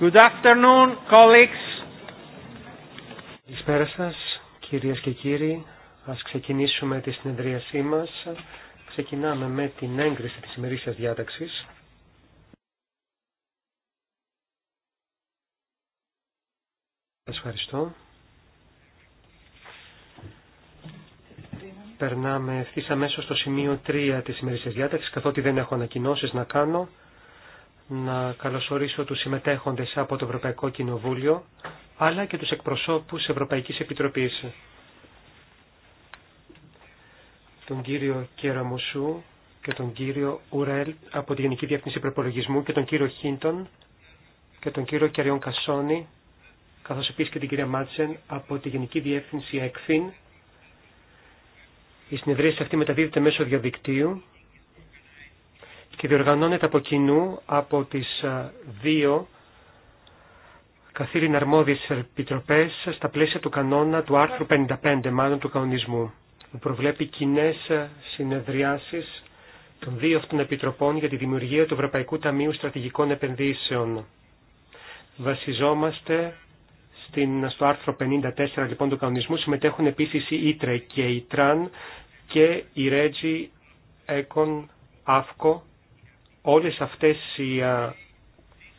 Good afternoon, colleagues. Καλησπέρα σα, κυρίε και κύριοι. Α ξεκινήσουμε τη συνεδρίασή μα. Ξεκινάμε με την έγκριση τη ημερήσια διάταξη. Σα ευχαριστώ. Περνάμε ευθύ αμέσω στο σημείο 3 τη ημερήσια διάταξη, καθότι δεν έχω ανακοινώσει να κάνω να καλωσορίσω τους συμμετέχοντες από το Ευρωπαϊκό Κοινοβούλιο, αλλά και τους εκπροσώπους Ευρωπαϊκής Επιτροπής. Τον κύριο Κεραμουσού και τον κύριο Ουρέλ από τη Γενική Διεύθυνση Προπολογισμού και τον κύριο Χίντον και τον κύριο Κεριόν Κασόνη, καθώς επίσης και την κυρία Μάτσεν από τη Γενική Διεύθυνση ΕΚΦΙΝ. Η συνεδρία αυτή μεταδίδεται μέσω διαδικτύου και διοργανώνεται από κοινού από τις ε, δύο καθήλυνα αρμόδιες επιτροπές στα πλαίσια του κανόνα του άρθρου 55 μάλλον του κανονισμού που προβλέπει κοινέ ε, συνεδριάσεις των δύο αυτών επιτροπών για τη δημιουργία του Ευρωπαϊκού Ταμείου Στρατηγικών Επενδύσεων. Βασιζόμαστε στην, στο άρθρο 54 λοιπόν του κανονισμού συμμετέχουν επίσης η Ίτρε και η Τραν και η Ρέτζι Έκον Αύκο Όλες αυτές οι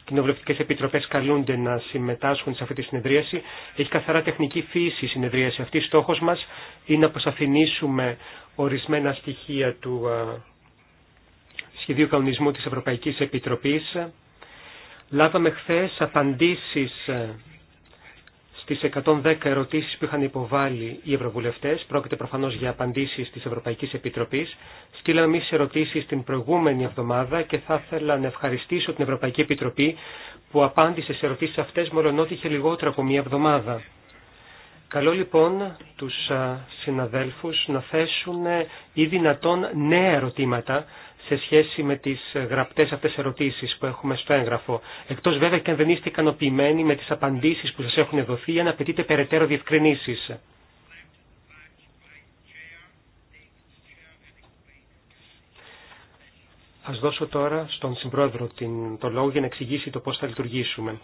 κοινοβουλευτικέ επιτροπές καλούνται να συμμετάσχουν σε αυτή τη συνεδρίαση. Έχει καθαρά τεχνική φύση η συνεδρίαση αυτή. στόχος μας είναι να προσαφηνίσουμε ορισμένα στοιχεία του σχεδίου κανονισμού της Ευρωπαϊκής Επιτροπής. Λάβαμε χθε απαντήσεις τις 110 ερωτήσεις που είχαν υποβάλει οι Ευρωβουλευτές. Πρόκειται προφανώς για απαντήσεις της Ευρωπαϊκής Επιτροπής. Στείλαμε εμεί ερωτήσεις την προηγούμενη εβδομάδα και θα ήθελα να ευχαριστήσω την Ευρωπαϊκή Επιτροπή που απάντησε σε ερωτήσεις αυτές ότι είχε λιγότερο από μία εβδομάδα. Καλό λοιπόν τους συναδέλφους να θέσουν ε, ή δυνατόν νέα ερωτήματα σε σχέση με τις γραπτές αυτές ερωτήσεις που έχουμε στο έγγραφο. Εκτός βέβαια και αν δεν είστε ικανοποιημένοι με τις απαντήσεις που σας έχουν δοθεί για να απαιτείτε περαιτέρω διευκρινήσεις. Ας δώσω τώρα στον Συμπρόεδρο την, το λόγο για να εξηγήσει το πώς θα λειτουργήσουμε.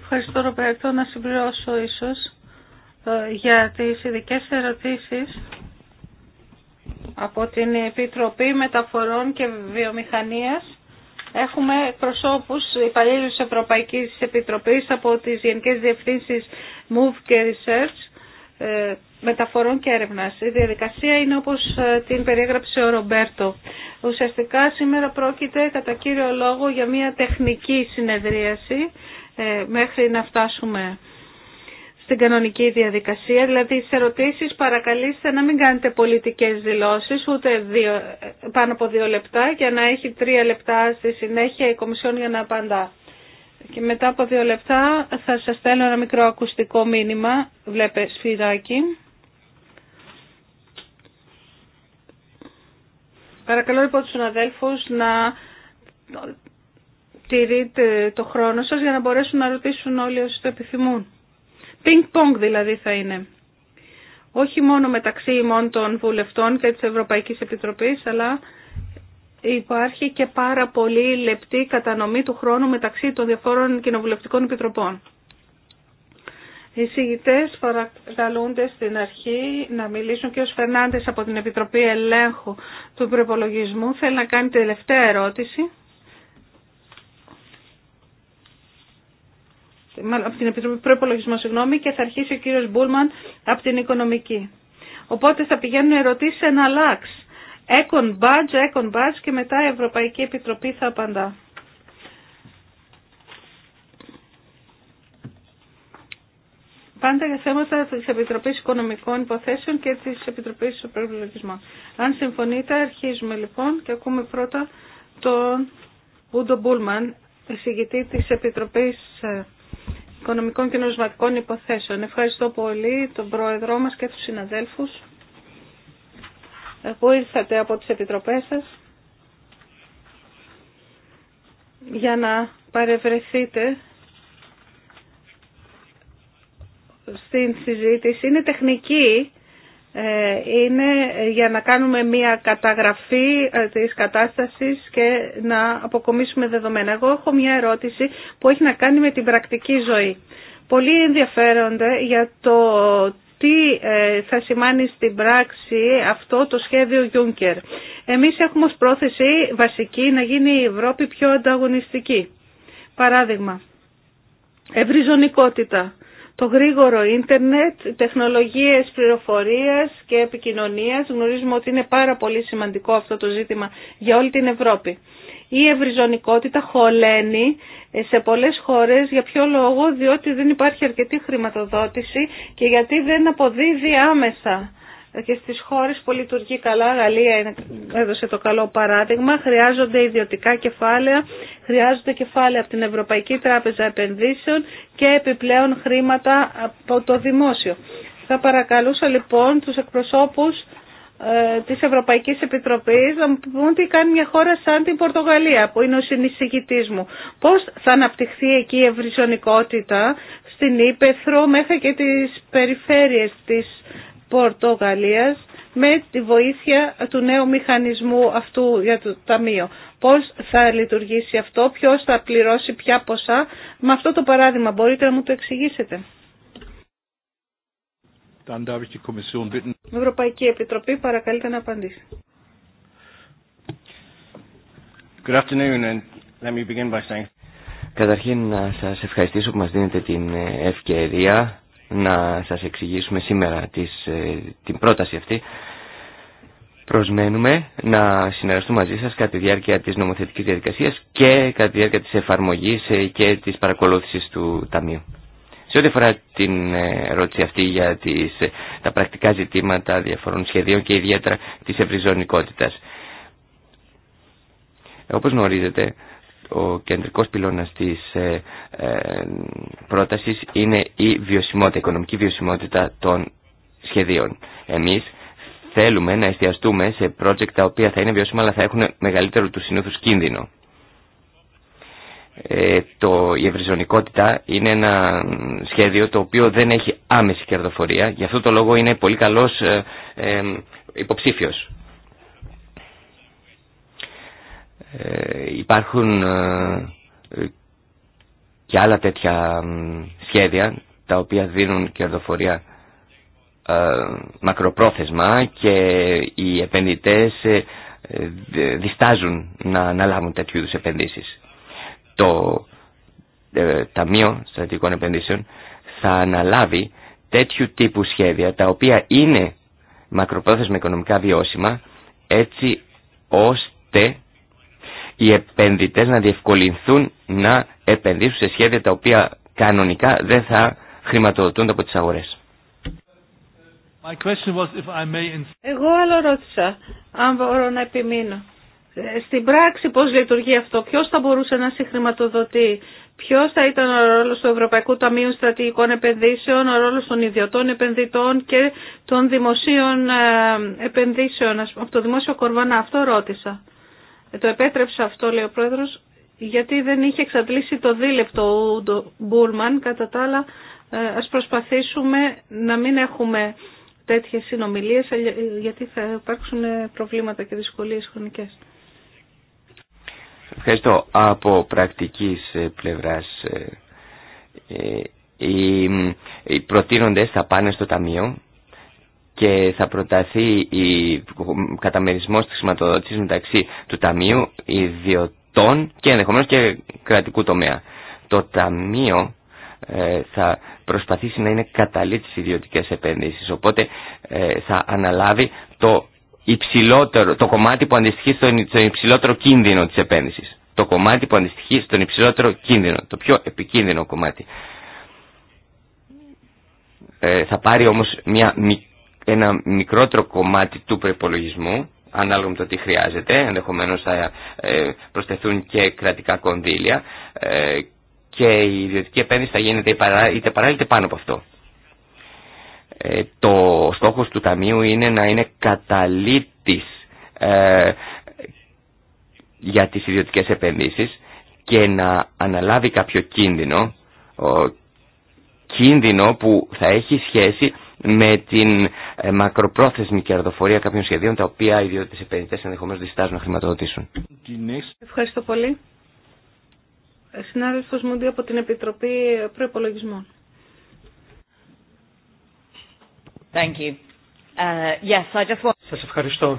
Ευχαριστώ Ροπέρτο. Να συμπληρώσω ίσως ε, για τις ειδικέ ερωτήσεις από την Επιτροπή Μεταφορών και Βιομηχανίας. Έχουμε προσώπους υπαλλήλου της Ευρωπαϊκής Επιτροπής από τις Γενικές Διευθύνσεις MOVE και Research ε, μεταφορών και έρευνας. Η διαδικασία είναι όπως ε, την περιέγραψε ο Ρομπέρτο. Ουσιαστικά σήμερα πρόκειται κατά κύριο λόγο για μια τεχνική συνεδρίαση ε, μέχρι να φτάσουμε στην κανονική διαδικασία. Δηλαδή, σε ερωτήσεις παρακαλείστε να μην κάνετε πολιτικές δηλώσεις, ούτε δύο, πάνω από δύο λεπτά, και να έχει τρία λεπτά στη συνέχεια η Κομισιόν για να απαντά. Και μετά από δύο λεπτά θα σας στέλνω ένα μικρό ακουστικό μήνυμα, βλέπε σφυράκι. Παρακαλώ λοιπόν τους συναδέλφους να τηρείτε το χρόνο σας για να μπορέσουν να ρωτήσουν όλοι όσοι το επιθυμούν. Πινκ-πονγκ δηλαδή θα είναι. Όχι μόνο μεταξύ ημών των βουλευτών και της Ευρωπαϊκής Επιτροπής, αλλά υπάρχει και πάρα πολύ λεπτή κατανομή του χρόνου μεταξύ των διαφόρων κοινοβουλευτικών επιτροπών. Οι συγητές παρακαλούνται στην αρχή να μιλήσουν και ως Φερνάντες από την Επιτροπή Ελέγχου του Προπολογισμού. Θέλει να κάνει τελευταία ερώτηση. από την Επιτροπή Προπολογισμού, συγγνώμη, και θα αρχίσει ο κύριος Μπούλμαν από την Οικονομική. Οπότε θα πηγαίνουν ερωτήσει σε ένα λάξ. Έκον μπάτζ, έκον μπάτζ και μετά η Ευρωπαϊκή Επιτροπή θα απαντά. Πάντα για θέματα τη Επιτροπή Οικονομικών Υποθέσεων και τη Επιτροπή Προπολογισμού. Αν συμφωνείτε, αρχίζουμε λοιπόν και ακούμε πρώτα τον Ούντο Μπούλμαν, εισηγητή τη Επιτροπή ε, Οικονομικών και νοσηματικών Υποθέσεων. Ευχαριστώ πολύ τον Πρόεδρό μας και τους συναδέλφους που ήρθατε από τις επιτροπές σας για να παρευρεθείτε στην συζήτηση. Είναι τεχνική ε, είναι για να κάνουμε μια καταγραφή ε, της κατάστασης και να αποκομίσουμε δεδομένα. Εγώ έχω μια ερώτηση που έχει να κάνει με την πρακτική ζωή. Πολλοί ενδιαφέρονται για το τι ε, θα σημάνει στην πράξη αυτό το σχέδιο Juncker. Εμείς έχουμε ως πρόθεση βασική να γίνει η Ευρώπη πιο ανταγωνιστική. Παράδειγμα, ευρυζωνικότητα το γρήγορο ίντερνετ, τεχνολογίες πληροφορίας και επικοινωνίας. Γνωρίζουμε ότι είναι πάρα πολύ σημαντικό αυτό το ζήτημα για όλη την Ευρώπη. Η ευρυζωνικότητα χωλαίνει σε πολλές χώρες. Για ποιο λόγο, διότι δεν υπάρχει αρκετή χρηματοδότηση και γιατί δεν αποδίδει άμεσα και στις χώρες που λειτουργεί καλά, Γαλλία έδωσε το καλό παράδειγμα, χρειάζονται ιδιωτικά κεφάλαια, χρειάζονται κεφάλαια από την Ευρωπαϊκή Τράπεζα Επενδύσεων και επιπλέον χρήματα από το δημόσιο. Θα παρακαλούσα λοιπόν τους εκπροσώπους ε, της Ευρωπαϊκής Επιτροπής να μου πούν τι κάνει μια χώρα σαν την Πορτογαλία που είναι ο συνεισηγητής μου. Πώς θα αναπτυχθεί εκεί η ευρυζωνικότητα στην Ήπεθρο μέχρι και τις περιφέρειες της Πορτογαλίας με τη βοήθεια του νέου μηχανισμού αυτού για το Ταμείο. Πώς θα λειτουργήσει αυτό, ποιος θα πληρώσει ποια ποσά. Με αυτό το παράδειγμα μπορείτε να μου το εξηγήσετε. Ευρωπαϊκή Επιτροπή παρακαλείται να απαντήσει. Καταρχήν να σας ευχαριστήσω που μας δίνετε την ευκαιρία να σας εξηγήσουμε σήμερα τις, ε, την πρόταση αυτή. Προσμένουμε να συνεργαστούμε μαζί σας κατά τη διάρκεια της νομοθετικής διαδικασίας και κατά τη διάρκεια της εφαρμογής ε, και της παρακολούθησης του Ταμείου. Σε ό,τι αφορά την ε, ερώτηση αυτή για τις, τα πρακτικά ζητήματα διαφορών σχεδίων και ιδιαίτερα της ευρυζωνικότητας. Όπως γνωρίζετε, ο κεντρικός πυλώνας της ε, ε, πρότασης είναι η βιωσιμότητα, η οικονομική βιωσιμότητα των σχεδίων. Εμείς θέλουμε να εστιαστούμε σε project τα οποία θα είναι βιώσιμα αλλά θα έχουν μεγαλύτερο του συνήθους κίνδυνο. Ε, το, η ευρυζωνικότητα είναι ένα σχέδιο το οποίο δεν έχει άμεση κερδοφορία. Γι' αυτό το λόγο είναι πολύ καλός ε, ε υποψήφιος Ε, υπάρχουν ε, και άλλα τέτοια σχέδια τα οποία δίνουν κερδοφορία ε, μακροπρόθεσμα και οι επενδυτές διστάζουν να αναλάβουν τέτοιου είδους επενδύσεις. Το Ταμείο Στρατηγικών Επενδύσεων θα αναλάβει τέτοιου τύπου σχέδια τα οποία είναι μακροπρόθεσμα οικονομικά βιώσιμα έτσι ώστε οι επενδυτές να διευκολυνθούν να επενδύσουν σε σχέδια τα οποία κανονικά δεν θα χρηματοδοτούνται από τις αγορές. Εγώ άλλο ρώτησα, αν μπορώ να επιμείνω. Ε, στην πράξη πώς λειτουργεί αυτό, ποιος θα μπορούσε να συγχρηματοδοτεί, ποιος θα ήταν ο ρόλος του Ευρωπαϊκού Ταμείου Στρατηγικών Επενδύσεων, ο ρόλος των ιδιωτών επενδυτών και των δημοσίων ε, επενδύσεων, από το δημόσιο κορβανά, αυτό ρώτησα. Ε, το επέτρεψε αυτό, λέει ο πρόεδρος, γιατί δεν είχε εξαντλήσει το δίλεπτο ο Μπούλμαν. Κατά τα άλλα, ε, ας προσπαθήσουμε να μην έχουμε τέτοιες συνομιλίες, γιατί θα υπάρξουν προβλήματα και δυσκολίες χρονικές. Ευχαριστώ. Από πρακτικής ε, πλευράς, οι προτείνοντες θα πάνε στο ταμείο και θα προταθεί η καταμερισμός της χρηματοδότησης μεταξύ του Ταμείου Ιδιωτών και ενδεχομένως και κρατικού τομέα. Το Ταμείο ε, θα προσπαθήσει να είναι καταλή ιδιωτικές επενδύσεις, οπότε ε, θα αναλάβει το, υψηλότερο, το κομμάτι που αντιστοιχεί στον υψηλότερο κίνδυνο της επένδυσης. Το κομμάτι που αντιστοιχεί στον υψηλότερο κίνδυνο, το πιο επικίνδυνο κομμάτι. Ε, θα πάρει όμως μια ένα μικρότερο κομμάτι του προπολογισμού, ανάλογα με το τι χρειάζεται, ενδεχομένως θα ε, προσθεθούν και κρατικά κονδύλια ε, και η ιδιωτική επένδυση θα γίνεται είτε παράλληλα είτε πάνω από αυτό. Ε, το στόχος του Ταμείου είναι να είναι καταλήτης για τις ιδιωτικές επενδύσεις και να αναλάβει κάποιο κίνδυνο, κίνδυνο που θα έχει σχέση με την ε, μακροπρόθεσμη κερδοφορία κάποιων σχεδίων τα οποία οι ιδιώτες επενδυτές ενδεχομένως διστάζουν να χρηματοδοτήσουν. Ευχαριστώ πολύ. Ε, συνάδελφος Μούντι από την Επιτροπή Προϋπολογισμών. Thank you. Uh, yes, I just want... Σας ευχαριστώ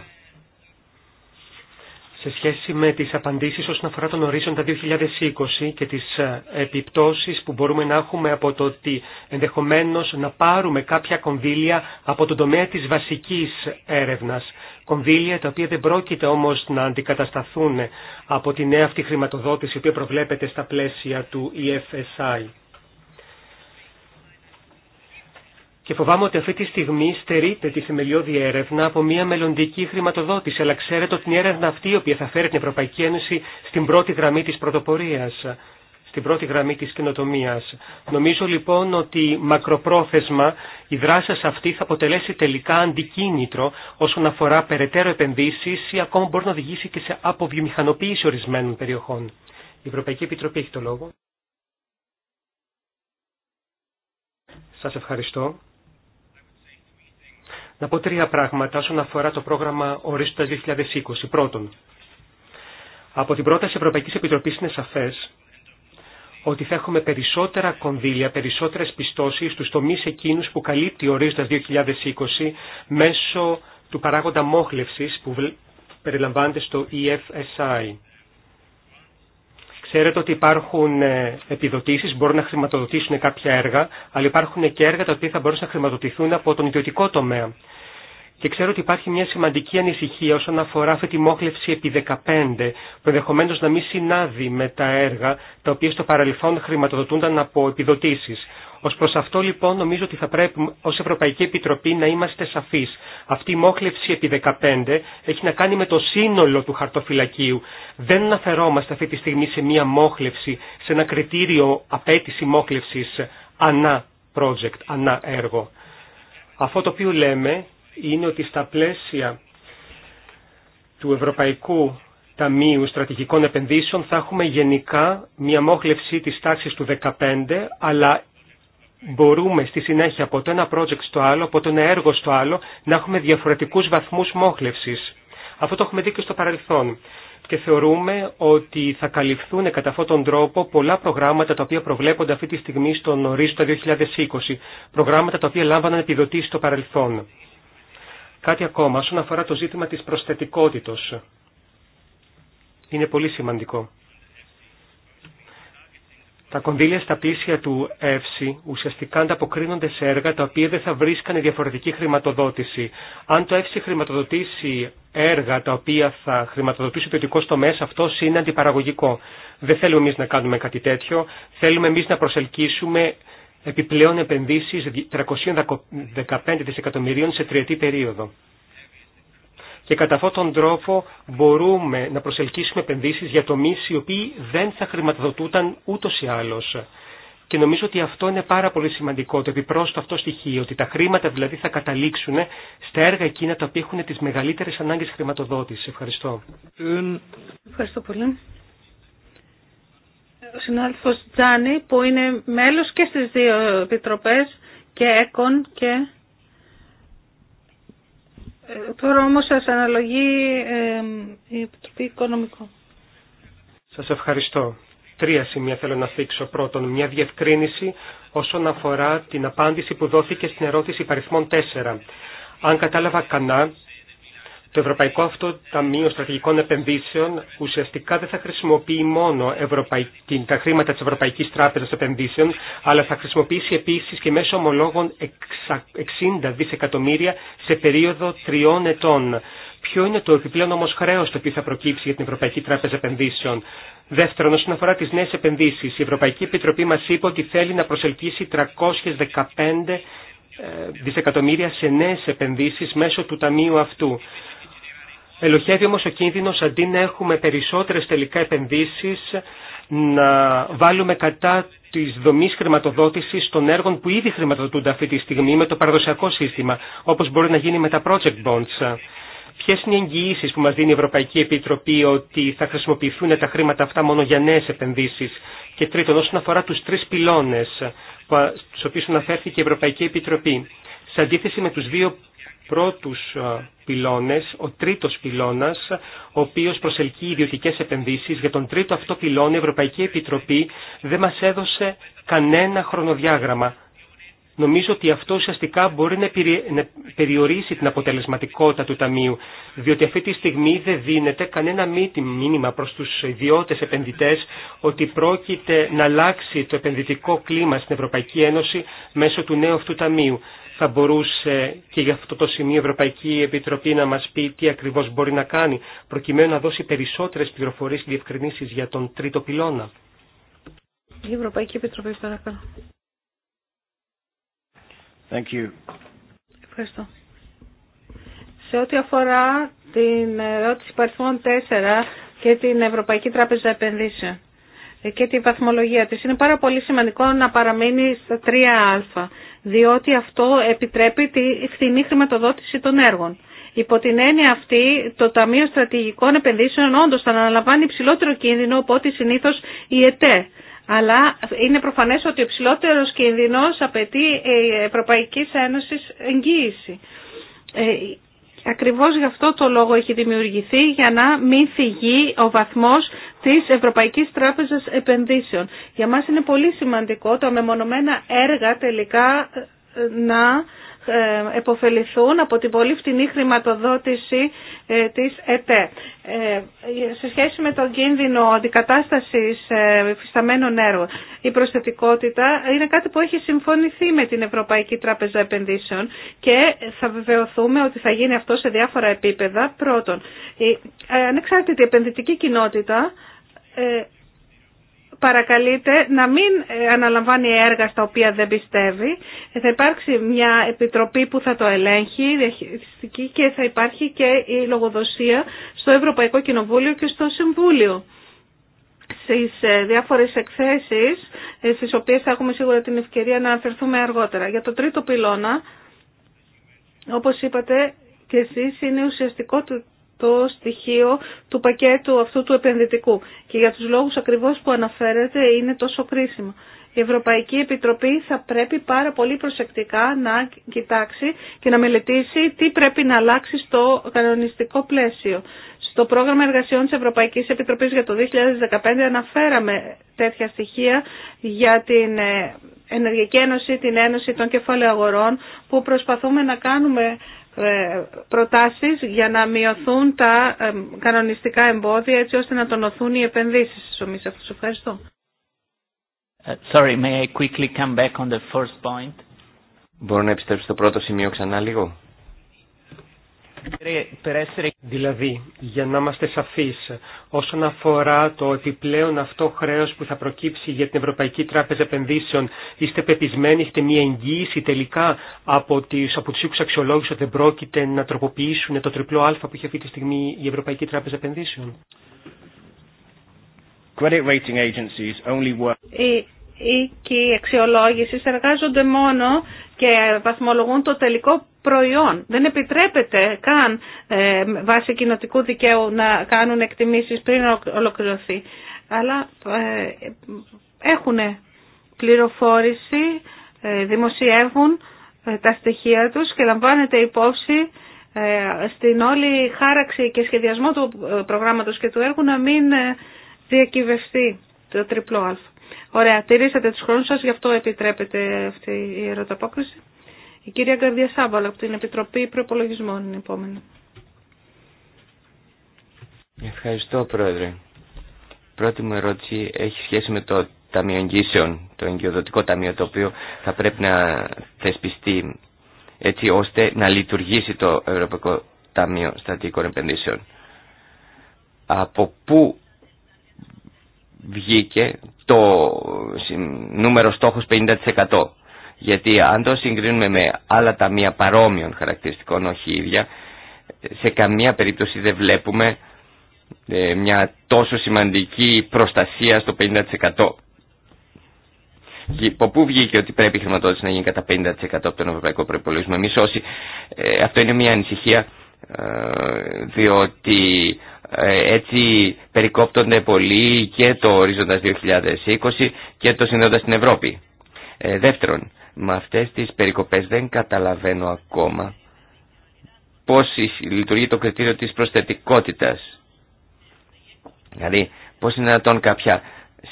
σε σχέση με τις απαντήσεις όσον αφορά τον ορίζοντα 2020 και τις ε, επιπτώσεις που μπορούμε να έχουμε από το ότι ενδεχομένως να πάρουμε κάποια κονδύλια από τον τομέα της βασικής έρευνας. Κονδύλια τα οποία δεν πρόκειται όμως να αντικατασταθούν από τη νέα αυτή χρηματοδότηση η οποία προβλέπεται στα πλαίσια του EFSI. και φοβάμαι ότι αυτή τη στιγμή στερείται τη θεμελιώδη έρευνα από μια μελλοντική χρηματοδότηση. Αλλά ξέρετε ότι είναι έρευνα αυτή η οποία θα φέρει την Ευρωπαϊκή Ένωση στην πρώτη γραμμή της πρωτοπορίας, στην πρώτη γραμμή της καινοτομία. Νομίζω λοιπόν ότι μακροπρόθεσμα η δράση αυτή θα αποτελέσει τελικά αντικίνητρο όσον αφορά περαιτέρω επενδύσεις ή ακόμα μπορεί να οδηγήσει και σε αποβιομηχανοποίηση ορισμένων περιοχών. Η Ευρωπαϊκή Επιτροπή έχει το λόγο. Σας ευχαριστώ να πω τρία πράγματα όσον αφορά το πρόγραμμα Ορίζοντας 2020. Πρώτον, από την πρόταση Ευρωπαϊκής Επιτροπής είναι σαφέ ότι θα έχουμε περισσότερα κονδύλια, περισσότερες πιστώσεις στους τομείς εκείνους που καλύπτει ορίζοντας 2020 μέσω του παράγοντα μόχλευσης που περιλαμβάνεται στο EFSI. Ξέρετε ότι υπάρχουν ε, επιδοτήσεις, μπορούν να χρηματοδοτήσουν κάποια έργα, αλλά υπάρχουν και έργα τα οποία θα μπορούσαν να χρηματοδοτηθούν από τον ιδιωτικό τομέα. Και ξέρω ότι υπάρχει μια σημαντική ανησυχία όσον αφορά αυτή τη μόχλευση επί 15, που ενδεχομένω να μην συνάδει με τα έργα τα οποία στο παρελθόν χρηματοδοτούνταν από επιδοτήσει. Ω προ αυτό λοιπόν νομίζω ότι θα πρέπει ω Ευρωπαϊκή Επιτροπή να είμαστε σαφείς. Αυτή η μόχλευση επί 15 έχει να κάνει με το σύνολο του χαρτοφυλακίου. Δεν αναφερόμαστε αυτή τη στιγμή σε μία μόχλευση, σε ένα κριτήριο απέτηση μόχλευσης ανά project, ανά έργο. Αυτό το οποίο λέμε είναι ότι στα πλαίσια του Ευρωπαϊκού Ταμείου Στρατηγικών Επενδύσεων θα έχουμε γενικά μια μόχλευση της τάξης του 15, αλλά μπορούμε στη συνέχεια από το ένα project στο άλλο, από το ένα έργο στο άλλο, να έχουμε διαφορετικούς βαθμούς μόχλευσης. Αυτό το έχουμε δει και στο παρελθόν. Και θεωρούμε ότι θα καλυφθούν κατά αυτόν τον τρόπο πολλά προγράμματα τα οποία προβλέπονται αυτή τη στιγμή στον ορίζοντα 2020. Προγράμματα τα οποία λάμβαναν επιδοτήσει στο παρελθόν. Κάτι ακόμα όσον αφορά το ζήτημα της προσθετικότητος. Είναι πολύ σημαντικό. Τα κονδύλια στα πλήσια του ΕΦΣΥ ουσιαστικά ανταποκρίνονται σε έργα τα οποία δεν θα βρίσκανε διαφορετική χρηματοδότηση. Αν το ΕΦΣΥ χρηματοδοτήσει έργα τα οποία θα χρηματοδοτήσει το ιδιωτικό τομέα, αυτό είναι αντιπαραγωγικό. Δεν θέλουμε εμεί να κάνουμε κάτι τέτοιο. Θέλουμε εμεί να προσελκύσουμε επιπλέον επενδύσει 315 δισεκατομμυρίων σε τριετή περίοδο και κατά αυτόν τον τρόπο μπορούμε να προσελκύσουμε επενδύσεις για τομείς οι οποίοι δεν θα χρηματοδοτούταν ούτως ή άλλως. Και νομίζω ότι αυτό είναι πάρα πολύ σημαντικό, το επιπρόσθετο αυτό στοιχείο, ότι τα χρήματα δηλαδή θα καταλήξουν στα έργα εκείνα τα οποία έχουν τις μεγαλύτερες ανάγκες χρηματοδότησης. Ευχαριστώ. Ευχαριστώ πολύ. Ο συνάδελφος Τζάνι που είναι μέλος και στις δύο επιτροπές και ΕΚΟΝ και ε, τώρα όμως σας αναλογεί ε, η Επιτροπή Οικονομικών. Σας ευχαριστώ. Τρία σημεία θέλω να θίξω. Πρώτον, μια διευκρίνηση όσον αφορά την απάντηση που δόθηκε στην ερώτηση παριθμών 4. Αν κατάλαβα κανά, το Ευρωπαϊκό αυτό Ταμείο Στρατηγικών Επενδύσεων ουσιαστικά δεν θα χρησιμοποιεί μόνο τα χρήματα της Ευρωπαϊκής Τράπεζας Επενδύσεων, αλλά θα χρησιμοποιήσει επίσης και μέσω ομολόγων 60 δισεκατομμύρια σε περίοδο τριών ετών. Ποιο είναι το επιπλέον όμως χρέος το οποίο θα προκύψει για την Ευρωπαϊκή Τράπεζα Επενδύσεων. Δεύτερον, όσον αφορά τις νέες επενδύσεις, η Ευρωπαϊκή Επιτροπή μας είπε ότι θέλει να προσελκύσει 315 ε, δισεκατομμύρια σε νέες επενδύσεις μέσω του ταμείου αυτού. Ελοχεύει όμως ο κίνδυνος αντί να έχουμε περισσότερες τελικά επενδύσεις, να βάλουμε κατά της δομής χρηματοδότησης των έργων που ήδη χρηματοδοτούνται αυτή τη στιγμή με το παραδοσιακό σύστημα, όπως μπορεί να γίνει με τα project bonds. Ποιε είναι οι εγγυήσεις που μας δίνει η Ευρωπαϊκή Επιτροπή ότι θα χρησιμοποιηθούν τα χρήματα αυτά μόνο για νέε επενδύσει. Και τρίτον, όσον αφορά του τρει πυλώνες στου οποίου αναφέρθηκε η Ευρωπαϊκή Επιτροπή, σε αντίθεση με τους δύο πρώτους ε, πυλώνες, ο τρίτος πυλώνας, ο οποίος προσελκύει ιδιωτικές επενδύσεις. Για τον τρίτο αυτό πυλώνα η Ευρωπαϊκή Επιτροπή δεν μας έδωσε κανένα χρονοδιάγραμμα. Νομίζω ότι αυτό ουσιαστικά μπορεί να περιορίσει την αποτελεσματικότητα του Ταμείου, διότι αυτή τη στιγμή δεν δίνεται κανένα μήνυμα προς τους ιδιώτες επενδυτές ότι πρόκειται να αλλάξει το επενδυτικό κλίμα στην Ευρωπαϊκή Ένωση μέσω του νέου αυτού Ταμείου θα μπορούσε και για αυτό το σημείο η Ευρωπαϊκή Επιτροπή να μας πει τι ακριβώς μπορεί να κάνει, προκειμένου να δώσει περισσότερες πληροφορίες και διευκρινήσεις για τον τρίτο πυλώνα. Η Ευρωπαϊκή Επιτροπή, παρακαλώ. Thank you. Ευχαριστώ. Σε ό,τι αφορά την ερώτηση παριθμών 4 και την Ευρωπαϊκή Τράπεζα Επενδύσεων και τη βαθμολογία της, είναι πάρα πολύ σημαντικό να παραμείνει στα 3α διότι αυτό επιτρέπει τη φθηνή χρηματοδότηση των έργων. Υπό την έννοια αυτή, το Ταμείο Στρατηγικών Επενδύσεων όντω θα αναλαμβάνει υψηλότερο κίνδυνο από ό,τι συνήθω η ΕΤΕ. Αλλά είναι προφανές ότι ο υψηλότερο κίνδυνο απαιτεί η Ευρωπαϊκή Ένωση εγγύηση. Ε, Ακριβώς γι' αυτό το λόγο έχει δημιουργηθεί για να μην φυγεί ο βαθμός της Ευρωπαϊκής Τράπεζας Επενδύσεων. Για μας είναι πολύ σημαντικό τα μεμονωμένα έργα τελικά ε, να ε, εποφεληθούν από την πολύ φτηνή χρηματοδότηση ε, της ΕΤΕ. Ε, σε σχέση με τον κίνδυνο αντικατάστασης φυσταμένων έργων, η προσθετικότητα είναι κάτι που έχει συμφωνηθεί με την Ευρωπαϊκή Τράπεζα Επενδύσεων και θα βεβαιωθούμε ότι θα γίνει αυτό σε διάφορα επίπεδα. Πρώτον, η ανεξάρτητη επενδυτική κοινότητα παρακαλείται να μην ε, αναλαμβάνει έργα στα οποία δεν πιστεύει. Ε, θα υπάρξει μια επιτροπή που θα το ελέγχει διαχειριστική και θα υπάρχει και η λογοδοσία στο Ευρωπαϊκό Κοινοβούλιο και στο Συμβούλιο. Στις ε, διάφορες εκθέσεις, στις οποίες θα έχουμε σίγουρα την ευκαιρία να αναφερθούμε αργότερα. Για το τρίτο πυλώνα, όπως είπατε και εσείς, είναι ουσιαστικό το στοιχείο του πακέτου αυτού του επενδυτικού. Και για τους λόγους ακριβώς που αναφέρεται είναι τόσο κρίσιμο. Η Ευρωπαϊκή Επιτροπή θα πρέπει πάρα πολύ προσεκτικά να κοιτάξει και να μελετήσει τι πρέπει να αλλάξει στο κανονιστικό πλαίσιο. Στο πρόγραμμα εργασιών της Ευρωπαϊκής Επιτροπής για το 2015 αναφέραμε τέτοια στοιχεία για την ε, Ενεργειακή Ένωση, την Ένωση των Κεφαλαίων Αγορών που προσπαθούμε να κάνουμε ε, προτάσεις για να μειωθούν τα ε, κανονιστικά εμπόδια έτσι ώστε να τονωθούν οι επενδύσεις στις ομίλους αυτούς. Ευχαριστώ. Ε, sorry, may I quickly come back on the first point? Μπορώ να επιστρέψω στο πρώτο σημείο ξανά λίγο. Δηλαδή, για να είμαστε σαφείς, όσον αφορά το επιπλέον αυτό χρέος που θα προκύψει για την Ευρωπαϊκή Τράπεζα Επενδύσεων, είστε πεπισμένοι, είστε μια εγγύηση τελικά από, τις, από τους οίκους αξιολόγους ότι δεν πρόκειται να τροποποιήσουν το τριπλό α που έχει αυτή τη στιγμή η Ευρωπαϊκή Τράπεζα Επενδύσεων. Οι οίκοι αξιολόγησης εργάζονται μόνο και βαθμολογούν το τελικό προϊόν. Δεν επιτρέπεται καν ε, βάσει κοινοτικού δικαίου να κάνουν εκτιμήσεις πριν ολοκληρωθεί. Αλλά ε, έχουν πληροφόρηση, ε, δημοσιεύουν τα στοιχεία τους και λαμβάνεται υπόψη στην όλη χάραξη και σχεδιασμό του προγράμματος και του έργου να μην διακυβευτεί το τριπλό α. Ωραία, τηρήσατε τους χρόνους σας, γι' αυτό επιτρέπεται αυτή η ερωταπόκριση. Η κυρία Γκαρδία Σάβαλα από την Επιτροπή Προπολογισμών είναι επόμενη. Ευχαριστώ Πρόεδρε. Πρώτη μου ερώτηση έχει σχέση με το Ταμείο Εγγύσεων, το εγγυοδοτικό ταμείο το οποίο θα πρέπει να θεσπιστεί έτσι ώστε να λειτουργήσει το Ευρωπαϊκό Ταμείο Στατικών Επενδύσεων. Από πού βγήκε το νούμερο στόχος 50%. Γιατί αν το συγκρίνουμε με άλλα ταμεία παρόμοιων χαρακτηριστικών, όχι ίδια, σε καμία περίπτωση δεν βλέπουμε ε, μια τόσο σημαντική προστασία στο 50%. Από πού βγήκε ότι πρέπει η χρηματοδότηση να γίνει κατά 50% από τον Ευρωπαϊκό Προπολογισμό. Εμεί όσοι. Ε, αυτό είναι μια ανησυχία, ε, διότι έτσι περικόπτονται πολύ και το ορίζοντα 2020 και το συνδέοντα στην Ευρώπη. δεύτερον, με αυτές τις περικοπές δεν καταλαβαίνω ακόμα πώς λειτουργεί το κριτήριο της προσθετικότητας. Δηλαδή, πώς είναι να κάποια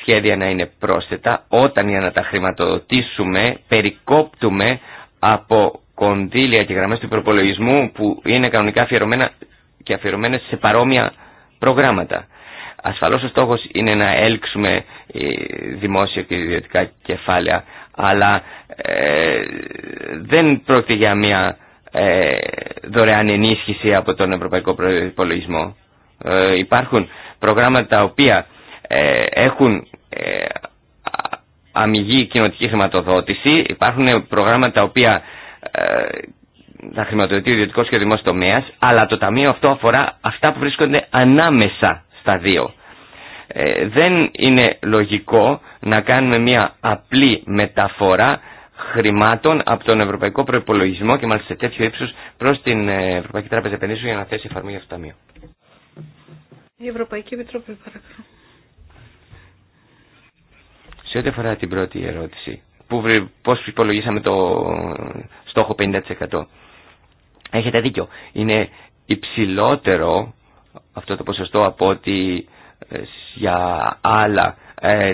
σχέδια να είναι πρόσθετα όταν για να τα χρηματοδοτήσουμε περικόπτουμε από κονδύλια και γραμμές του προπολογισμού που είναι κανονικά αφιερωμένα και αφιερωμένες σε παρόμοια προγράμματα. Ασφαλώς ο στόχος είναι να έλξουμε ε, δημόσια και ιδιωτικά κεφάλαια αλλά ε, δεν πρόκειται για μια ε, δωρεάν ενίσχυση από τον Ευρωπαϊκό Προϋπολογισμό. Ε, υπάρχουν προγράμματα τα οποία ε, έχουν αμυγή κοινοτική χρηματοδότηση, υπάρχουν προγράμματα τα οποία θα χρηματοδοτεί ο ιδιωτικός και ο τομέα, αλλά το ταμείο αυτό αφορά αυτά που βρίσκονται ανάμεσα στα δύο. Ε, δεν είναι λογικό να κάνουμε μια απλή μεταφορά χρημάτων από τον Ευρωπαϊκό Προπολογισμό και μάλιστα σε τέτοιο ύψο προ την ε, Ευρωπαϊκή Τράπεζα Επενδύσεων για να θέσει εφαρμογή αυτό το ταμείο. Η Ευρωπαϊκή Επιτροπή, παρακαλώ. Σε ό,τι αφορά την πρώτη ερώτηση, Πώ πώς υπολογίσαμε το στόχο 50%. Έχετε δίκιο. Είναι υψηλότερο αυτό το ποσοστό από ότι για άλλα ε,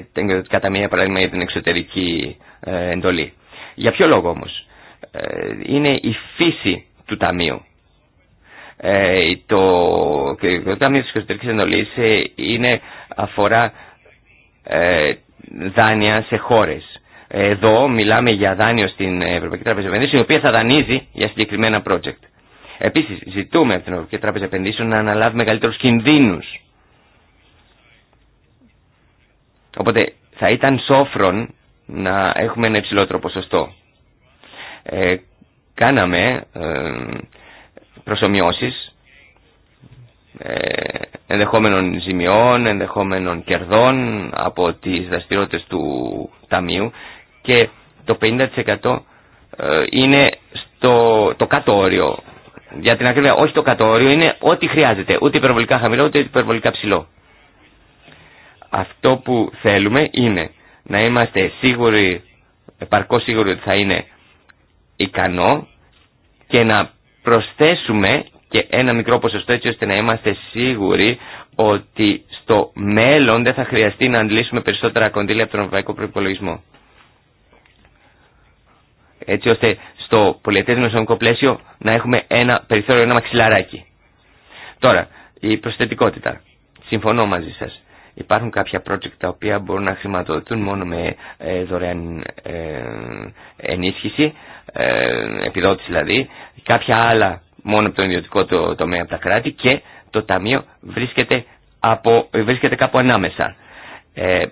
κατά μία παράδειγμα για την εξωτερική ε, εντολή. Για ποιο λόγο όμως. Ε, είναι η φύση του Ταμείου. Ε, το, το Ταμείο της Εξωτερικής Εντολής είναι, αφορά δάνεια σε χώρες. Εδώ μιλάμε για δάνειο στην Ευρωπαϊκή Τράπεζα Επενδύσεων, η οποία θα δανείζει για συγκεκριμένα project. Επίσης, ζητούμε από την Ευρωπαϊκή Τράπεζα Επενδύσεων να αναλάβει μεγαλύτερους κινδύνους Οπότε θα ήταν σόφρον να έχουμε ένα υψηλότερο ποσοστό. Ε, κάναμε ε, προσωμιώσεις ε, ενδεχόμενων ζημιών, ενδεχόμενων κερδών από τις δραστηριότητες του Ταμείου και το 50% ε, είναι στο, το κάτω όριο. Για την ακρίβεια, όχι το κάτω είναι ό,τι χρειάζεται. Ούτε υπερβολικά χαμηλό, ούτε υπερβολικά ψηλό. Αυτό που θέλουμε είναι να είμαστε σίγουροι, επαρκώ σίγουροι ότι θα είναι ικανό και να προσθέσουμε και ένα μικρό ποσοστό έτσι ώστε να είμαστε σίγουροι ότι στο μέλλον δεν θα χρειαστεί να αντλήσουμε περισσότερα κονδύλια από τον ευρωπαϊκό προπολογισμό. Έτσι ώστε στο πολιετές δημοσιονομικό πλαίσιο να έχουμε ένα περιθώριο, ένα μαξιλαράκι. Τώρα, η προσθετικότητα. Συμφωνώ μαζί σας. Υπάρχουν κάποια project τα οποία μπορούν να χρηματοδοτούν μόνο με ε, δωρεάν ε, ενίσχυση, ε, επιδότηση δηλαδή, κάποια άλλα μόνο από τον ιδιωτικό το, τομέα από τα κράτη και το Ταμείο βρίσκεται, από, βρίσκεται κάπου ανάμεσα. Ε,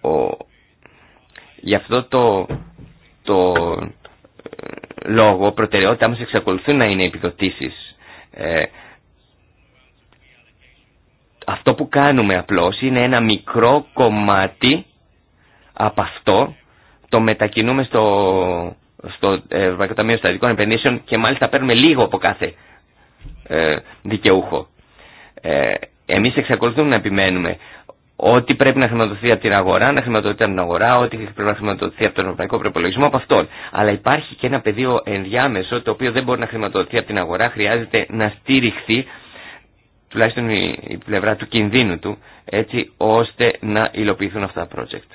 ο, γι' αυτό το, το λόγο προτεραιότητά μας εξακολουθούν να είναι επιδοτήσεις. Ε, αυτό που κάνουμε απλώς είναι ένα μικρό κομμάτι από αυτό το μετακινούμε στο, στο ε, Ευρωπαϊκό Ταμείο Στατικών Επενδύσεων και μάλιστα παίρνουμε λίγο από κάθε ε, δικαιούχο. Ε, εμείς εξακολουθούμε να επιμένουμε ότι πρέπει να χρηματοδοθεί από την αγορά, να χρηματοδοτηθεί από την αγορά, ότι πρέπει να χρηματοδοτηθεί από τον ευρωπαϊκό προπολογισμό, από αυτόν. Αλλά υπάρχει και ένα πεδίο ενδιάμεσο το οποίο δεν μπορεί να χρηματοδοτηθεί από την αγορά, χρειάζεται να στήριχθει τουλάχιστον η πλευρά του κινδύνου του, έτσι ώστε να υλοποιηθούν αυτά τα project.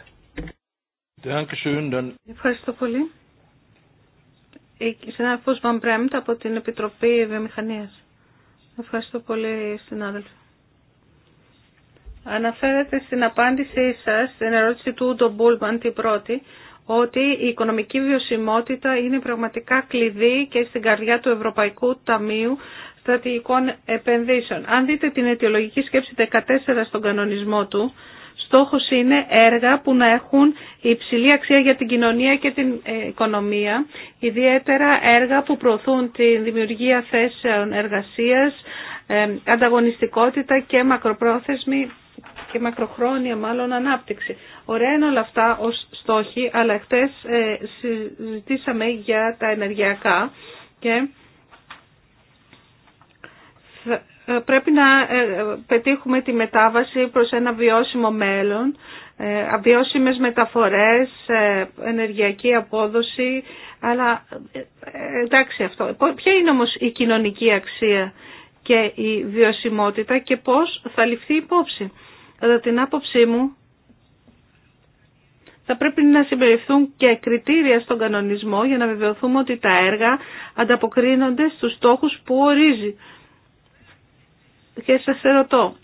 Ευχαριστώ πολύ. Η συνάδελφος Βαμπρέμπτ από την Επιτροπή Βιομηχανία. Ευχαριστώ πολύ, συνάδελφε. Αναφέρεται στην απάντησή σα στην ερώτηση του Ούντο Μπούλμαν, την πρώτη, ότι η οικονομική βιωσιμότητα είναι πραγματικά κλειδί και στην καρδιά του Ευρωπαϊκού Ταμείου στρατηγικών επενδύσεων. Αν δείτε την αιτιολογική σκέψη 14 στον κανονισμό του, στόχος είναι έργα που να έχουν υψηλή αξία για την κοινωνία και την ε, οικονομία, ιδιαίτερα έργα που προωθούν τη δημιουργία θέσεων εργασίας, ε, ανταγωνιστικότητα και μακροπρόθεσμη και μακροχρόνια μάλλον ανάπτυξη. Ωραία είναι όλα αυτά ως στόχοι, αλλά χτες ε, συζητήσαμε για τα ενεργειακά και πρέπει να ε, πετύχουμε τη μετάβαση προς ένα βιώσιμο μέλλον, ε, αβιώσιμες μεταφορές, ε, ενεργειακή απόδοση, αλλά εντάξει αυτό. Ποια είναι όμως η κοινωνική αξία και η βιωσιμότητα και πώς θα ληφθεί υπόψη. Κατά την άποψή μου θα πρέπει να συμπεριφθούν και κριτήρια στον κανονισμό για να βεβαιωθούμε ότι τα έργα ανταποκρίνονται στους στόχους που ορίζει και σας ερωτώ,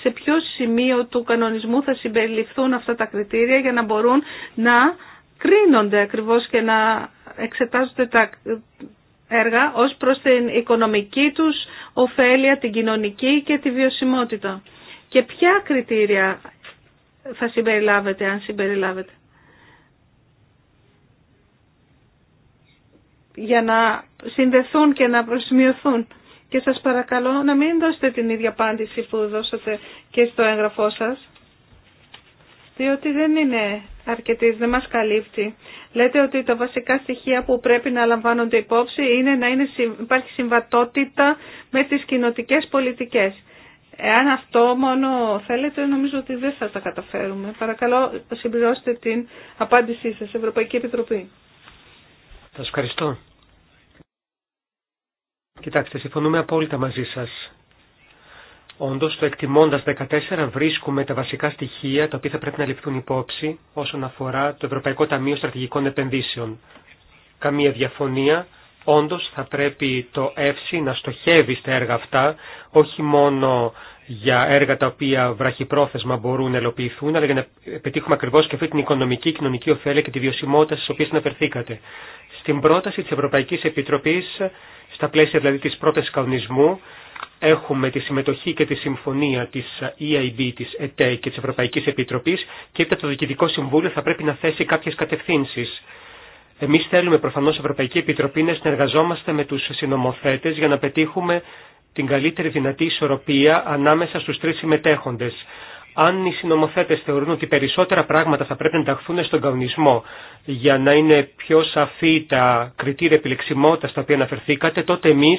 σε ποιο σημείο του κανονισμού θα συμπεριληφθούν αυτά τα κριτήρια για να μπορούν να κρίνονται ακριβώς και να εξετάζονται τα έργα ως προς την οικονομική τους ωφέλεια, την κοινωνική και τη βιωσιμότητα. Και ποια κριτήρια θα συμπεριλάβετε, αν συμπεριλάβετε. Για να συνδεθούν και να προσημειωθούν και σας παρακαλώ να μην δώσετε την ίδια απάντηση που δώσατε και στο έγγραφό σας, διότι δεν είναι αρκετή, δεν μας καλύπτει. Λέτε ότι τα βασικά στοιχεία που πρέπει να λαμβάνονται υπόψη είναι να υπάρχει συμβατότητα με τις κοινοτικές πολιτικές. Εάν αυτό μόνο θέλετε, νομίζω ότι δεν θα τα καταφέρουμε. Παρακαλώ, συμπληρώστε την απάντησή σας, Ευρωπαϊκή Επιτροπή. Σας ευχαριστώ. Κοιτάξτε, συμφωνούμε απόλυτα μαζί σας. Όντως, το εκτιμώντας 14 βρίσκουμε τα βασικά στοιχεία τα οποία θα πρέπει να ληφθούν υπόψη όσον αφορά το Ευρωπαϊκό Ταμείο Στρατηγικών Επενδύσεων. Καμία διαφωνία, όντως θα πρέπει το ΕΦΣΙ να στοχεύει στα έργα αυτά, όχι μόνο για έργα τα οποία βραχυπρόθεσμα μπορούν να ελοποιηθούν, αλλά για να πετύχουμε ακριβώς και αυτή την οικονομική, κοινωνική ωφέλεια και τη βιωσιμότητα στις οποίες αναφερθήκατε. Στην πρόταση της Ευρωπαϊκής Επιτροπής στα πλαίσια δηλαδή της πρώτης κανονισμού έχουμε τη συμμετοχή και τη συμφωνία της EIB, ε της ΕΤΕ και της Ευρωπαϊκής Επιτροπής και έπειτα το Διοικητικό Συμβούλιο θα πρέπει να θέσει κάποιες κατευθύνσεις. Εμείς θέλουμε προφανώς η Ευρωπαϊκή Επιτροπή να συνεργαζόμαστε με τους συνομοθέτες για να πετύχουμε την καλύτερη δυνατή ισορροπία ανάμεσα στους τρεις συμμετέχοντες αν οι συνομοθέτε θεωρούν ότι περισσότερα πράγματα θα πρέπει να ενταχθούν στον κανονισμό για να είναι πιο σαφή τα κριτήρια επιλεξιμότητας τα οποία αναφερθήκατε, τότε εμεί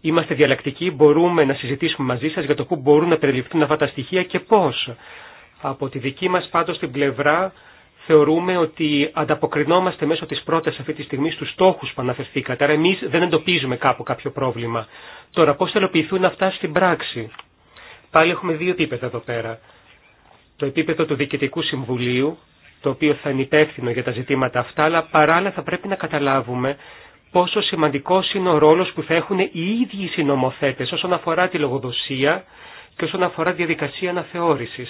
είμαστε διαλλακτικοί, μπορούμε να συζητήσουμε μαζί σα για το πού μπορούν να περιληφθούν αυτά τα στοιχεία και πώς. Από τη δική μας πάντως την πλευρά θεωρούμε ότι ανταποκρινόμαστε μέσω της πρώτας αυτή τη στιγμή στους στόχους που μπορουν να περιληφθουν αυτα τα στοιχεια και πω απο τη δικη ενλοποιηθούν παντω την πλευρα θεωρουμε οτι ανταποκρινομαστε μεσω τη προταση αυτη τη στιγμη στου στοχου που αναφερθηκατε αρα εμεις δεν εντοπίζουμε κάπου κάποιο πρόβλημα. Τώρα πω θα αυτά στην πράξη. Πάλι έχουμε δύο επίπεδα εδώ πέρα. Το επίπεδο του Διοικητικού Συμβουλίου, το οποίο θα είναι υπεύθυνο για τα ζητήματα αυτά, αλλά παράλληλα θα πρέπει να καταλάβουμε πόσο σημαντικός είναι ο ρόλος που θα έχουν οι ίδιοι οι συνομοθέτε όσον αφορά τη λογοδοσία και όσον αφορά τη διαδικασία αναθεώρηση.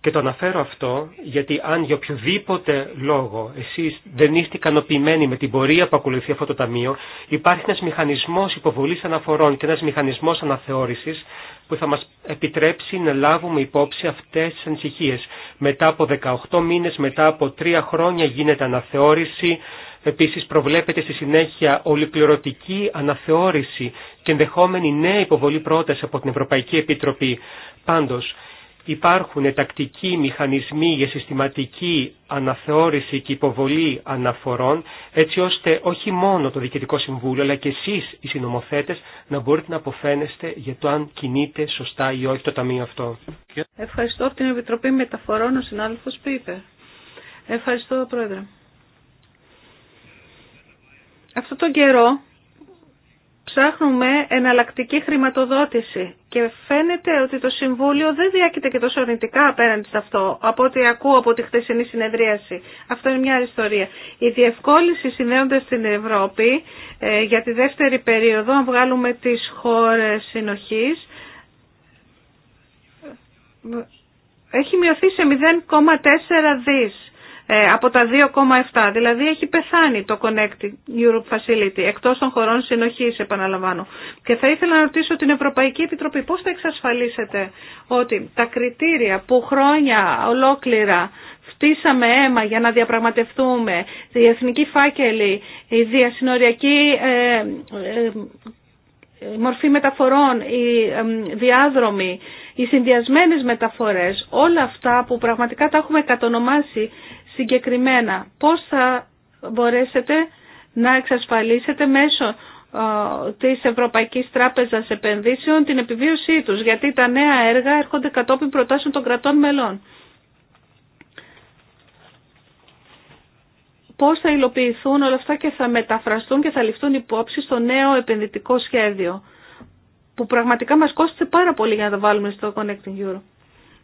Και το αναφέρω αυτό γιατί αν για οποιοδήποτε λόγο εσείς δεν είστε ικανοποιημένοι με την πορεία που ακολουθεί αυτό το ταμείο, υπάρχει ένας μηχανισμός υποβολής αναφορών και ένας μηχανισμός αναθεώρησης που θα μας επιτρέψει να λάβουμε υπόψη αυτές τις ανησυχίες. Μετά από 18 μήνες, μετά από 3 χρόνια γίνεται αναθεώρηση, Επίσης προβλέπεται στη συνέχεια ολοκληρωτική αναθεώρηση και ενδεχόμενη νέα υποβολή πρόταση από την Ευρωπαϊκή Επιτροπή. Πάντως, Υπάρχουν τακτικοί μηχανισμοί για συστηματική αναθεώρηση και υποβολή αναφορών, έτσι ώστε όχι μόνο το Διοικητικό Συμβούλιο, αλλά και εσείς οι συνομοθέτες να μπορείτε να αποφαίνεστε για το αν κινείται σωστά ή όχι το Ταμείο αυτό. Ευχαριστώ από την Επιτροπή Μεταφορών, ο συνάδελφος Πίπε. Ευχαριστώ, Πρόεδρε. Αυτό τον καιρό ψάχνουμε εναλλακτική χρηματοδότηση και φαίνεται ότι το Συμβούλιο δεν διάκειται και τόσο αρνητικά απέναντι σε αυτό από ό,τι ακούω από τη χθεσινή συνεδρίαση. Αυτό είναι μια άλλη ιστορία. Η διευκόλυνση συνδέοντας στην Ευρώπη ε, για τη δεύτερη περίοδο, αν βγάλουμε τις χώρες συνοχής, ε, έχει μειωθεί σε 0,4 δις ε, από τα 2,7. Δηλαδή έχει πεθάνει το Connecting Europe Facility εκτός των χωρών συνοχής, επαναλαμβάνω. Και θα ήθελα να ρωτήσω την Ευρωπαϊκή Επιτροπή πώς θα εξασφαλίσετε ότι τα κριτήρια που χρόνια ολόκληρα φτύσαμε αίμα για να διαπραγματευτούμε, η εθνική φάκελη, η διασυνοριακή ε, ε, μορφή μεταφορών, οι διάδρομοι, οι συνδυασμένες μεταφορές, όλα αυτά που πραγματικά τα έχουμε κατονομάσει συγκεκριμένα πώς θα μπορέσετε να εξασφαλίσετε μέσω της Ευρωπαϊκής Τράπεζας Επενδύσεων την επιβίωσή τους, γιατί τα νέα έργα έρχονται κατόπιν προτάσεων των κρατών μελών. Πώς θα υλοποιηθούν όλα αυτά και θα μεταφραστούν και θα ληφθούν υπόψη στο νέο επενδυτικό σχέδιο, που πραγματικά μας κόστησε πάρα πολύ για να το βάλουμε στο Connecting Euro.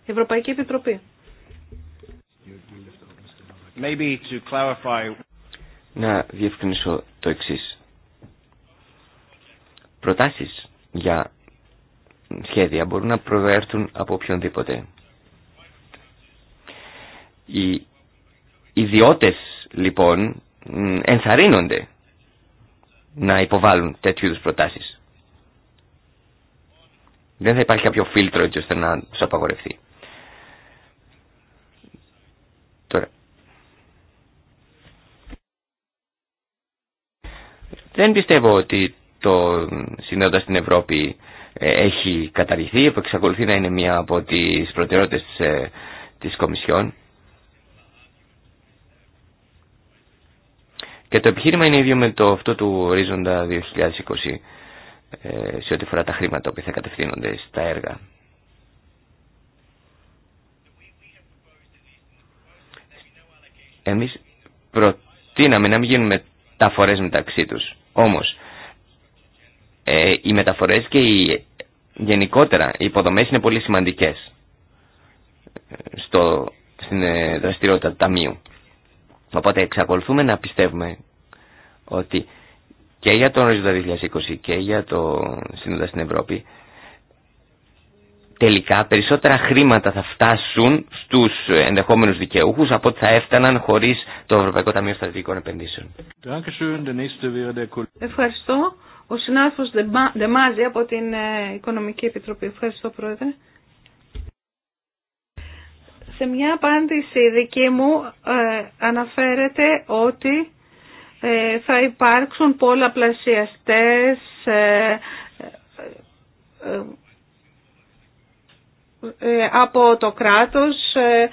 Ευρωπαϊκή Επιτροπή. Να διευκρινίσω το εξή. Προτάσει για σχέδια μπορούν να προέρθουν από οποιονδήποτε. Οι ιδιώτε λοιπόν ενθαρρύνονται να υποβάλουν τέτοιου είδου προτάσεις. Δεν θα υπάρχει κάποιο φίλτρο έτσι ώστε να του απαγορευτεί. Δεν πιστεύω ότι το συνέοντα στην Ευρώπη ε, έχει καταργηθεί, που εξακολουθεί να είναι μία από τις προτεραιότητες ε, της Κομισιόν. Και το επιχείρημα είναι ίδιο με το αυτό του ορίζοντα 2020 ε, σε ό,τι φορά τα χρήματα που θα κατευθύνονται στα έργα. Εμείς προτείναμε να μην γίνουν μεταφορές μεταξύ τους. Όμως, ε, οι μεταφορές και οι, γενικότερα οι υποδομές είναι πολύ σημαντικές ε, στο, στην ε, δραστηριότητα του Ταμείου. Οπότε εξακολουθούμε να πιστεύουμε ότι και για τον Ρίζοντα 2020 και για το Σύνοδο στην Ευρώπη τελικά περισσότερα χρήματα θα φτάσουν στους ενδεχόμενους δικαιούχους από ότι θα έφταναν χωρίς το Ευρωπαϊκό Ταμείο Στατικών Επενδύσεων. Ευχαριστώ. Ο συνάδελφος Δεμάζη από την ε, Οικονομική Επιτροπή. Ευχαριστώ Πρόεδρε. Σε μια απάντηση δική μου ε, αναφέρεται ότι ε, θα υπάρξουν πολλαπλασιαστές ε, ε, από το κράτος ε,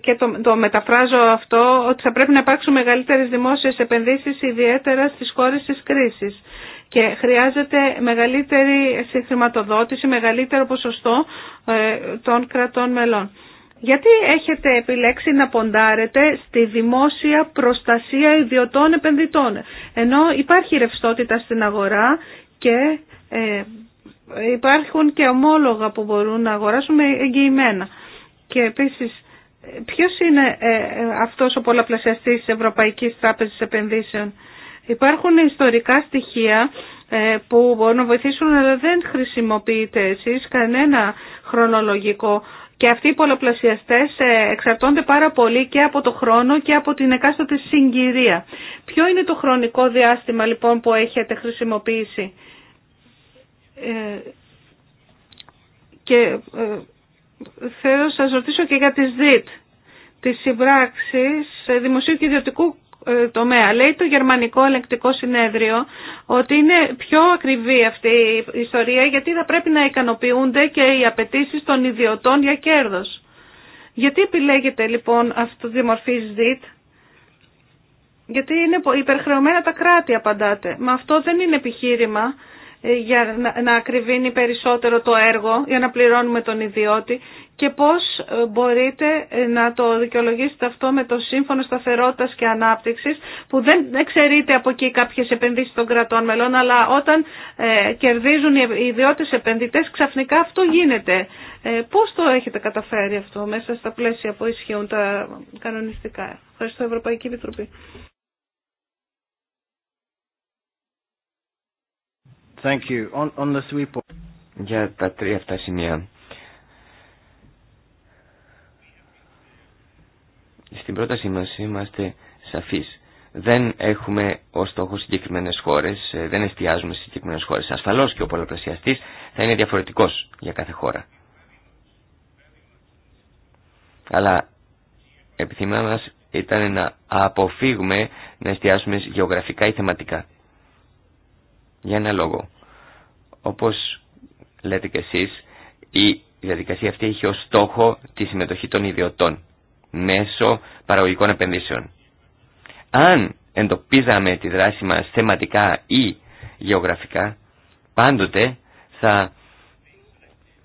και το, το μεταφράζω αυτό ότι θα πρέπει να υπάρξουν μεγαλύτερες δημόσιες επενδύσεις ιδιαίτερα στις χώρες της κρίσης και χρειάζεται μεγαλύτερη συγχρηματοδότηση μεγαλύτερο ποσοστό ε, των κρατών μελών. Γιατί έχετε επιλέξει να ποντάρετε στη δημόσια προστασία ιδιωτών επενδυτών, ενώ υπάρχει ρευστότητα στην αγορά και υπάρχουν και ομόλογα που μπορούν να αγοράσουμε εγγυημένα. Και επίσης, ποιος είναι ε, αυτός ο πολλαπλασιαστής της Ευρωπαϊκής Τράπεζας Επενδύσεων. Υπάρχουν ιστορικά στοιχεία ε, που μπορούν να βοηθήσουν, αλλά δεν χρησιμοποιείτε εσείς κανένα χρονολογικό. Και αυτοί οι πολλαπλασιαστές ε, εξαρτώνται πάρα πολύ και από το χρόνο και από την εκάστοτε συγκυρία. Ποιο είναι το χρονικό διάστημα λοιπόν που έχετε χρησιμοποιήσει ε, και ε, θέλω να σας ρωτήσω και για τις ΔΙΤ, τις συμπράξεις δημοσίου και ιδιωτικού ε, τομέα. Λέει το Γερμανικό Ελεκτικό Συνέδριο ότι είναι πιο ακριβή αυτή η ιστορία γιατί θα πρέπει να ικανοποιούνται και οι απαιτήσει των ιδιωτών για κέρδος. Γιατί επιλέγετε λοιπόν αυτό τη μορφή ΔΙΤ, γιατί είναι υπερχρεωμένα τα κράτη απαντάτε. Μα αυτό δεν είναι επιχείρημα ε, για να ακριβίνει περισσότερο το έργο, για να πληρώνουμε τον ιδιώτη και πώς ε, μπορείτε ε, να το δικαιολογήσετε αυτό με το Σύμφωνο Σταθερότητας και Ανάπτυξης που δεν εξαιρείται από εκεί κάποιες επενδύσεις των κρατών μελών αλλά όταν κερδίζουν οι ιδιώτες επενδυτές ξαφνικά αυτό γίνεται. Πώς το έχετε καταφέρει αυτό μέσα στα πλαίσια που ισχύουν τα κανονιστικά. Ευχαριστώ Ευρωπαϊκή Επιτροπή. Για τα τρία αυτά σημεία. Στην πρότασή μας είμαστε σαφείς. Δεν έχουμε ως στόχο συγκεκριμένες χώρες, ε, δεν εστιάζουμε σε συγκεκριμένες χώρες. Ασφαλώς και ο πολλαπλασιαστής θα είναι διαφορετικός για κάθε χώρα. Αλλά επιθυμία μας ήταν να αποφύγουμε να εστιάσουμε γεωγραφικά ή θεματικά. Για ένα λόγο. Όπως λέτε και εσείς, η διαδικασία αυτή έχει ως στόχο τη συμμετοχή των ιδιωτών μέσω παραγωγικών επενδύσεων. Αν εντοπίζαμε τη δράση μας θεματικά ή γεωγραφικά, πάντοτε θα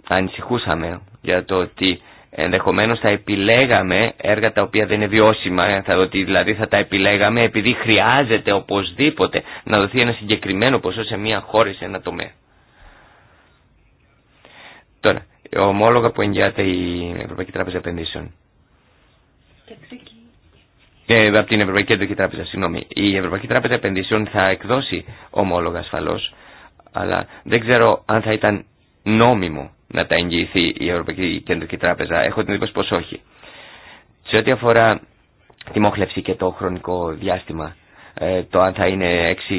ανησυχούσαμε για το ότι ενδεχομένως θα επιλέγαμε έργα τα οποία δεν είναι βιώσιμα, ε, θα ότι δηλαδή θα τα επιλέγαμε επειδή χρειάζεται οπωσδήποτε να δοθεί ένα συγκεκριμένο ποσό σε μια χώρα, σε ένα τομέα. Τώρα, ομόλογα που εγγυάται η Ευρωπαϊκή Τράπεζα Επενδύσεων. Ε, από την Ευρωπαϊκή Κεντρική Τράπεζα, συγγνώμη. Η Ευρωπαϊκή Τράπεζα Επενδύσεων θα εκδώσει ομόλογα ασφαλώ, αλλά δεν ξέρω αν θα ήταν νόμιμο να τα εγγυηθεί η Ευρωπαϊκή Κεντρική Τράπεζα. Έχω την εντύπωση πω όχι. Σε ό,τι αφορά τη μόχλευση και το χρονικό διάστημα, ε, το αν θα είναι έξι,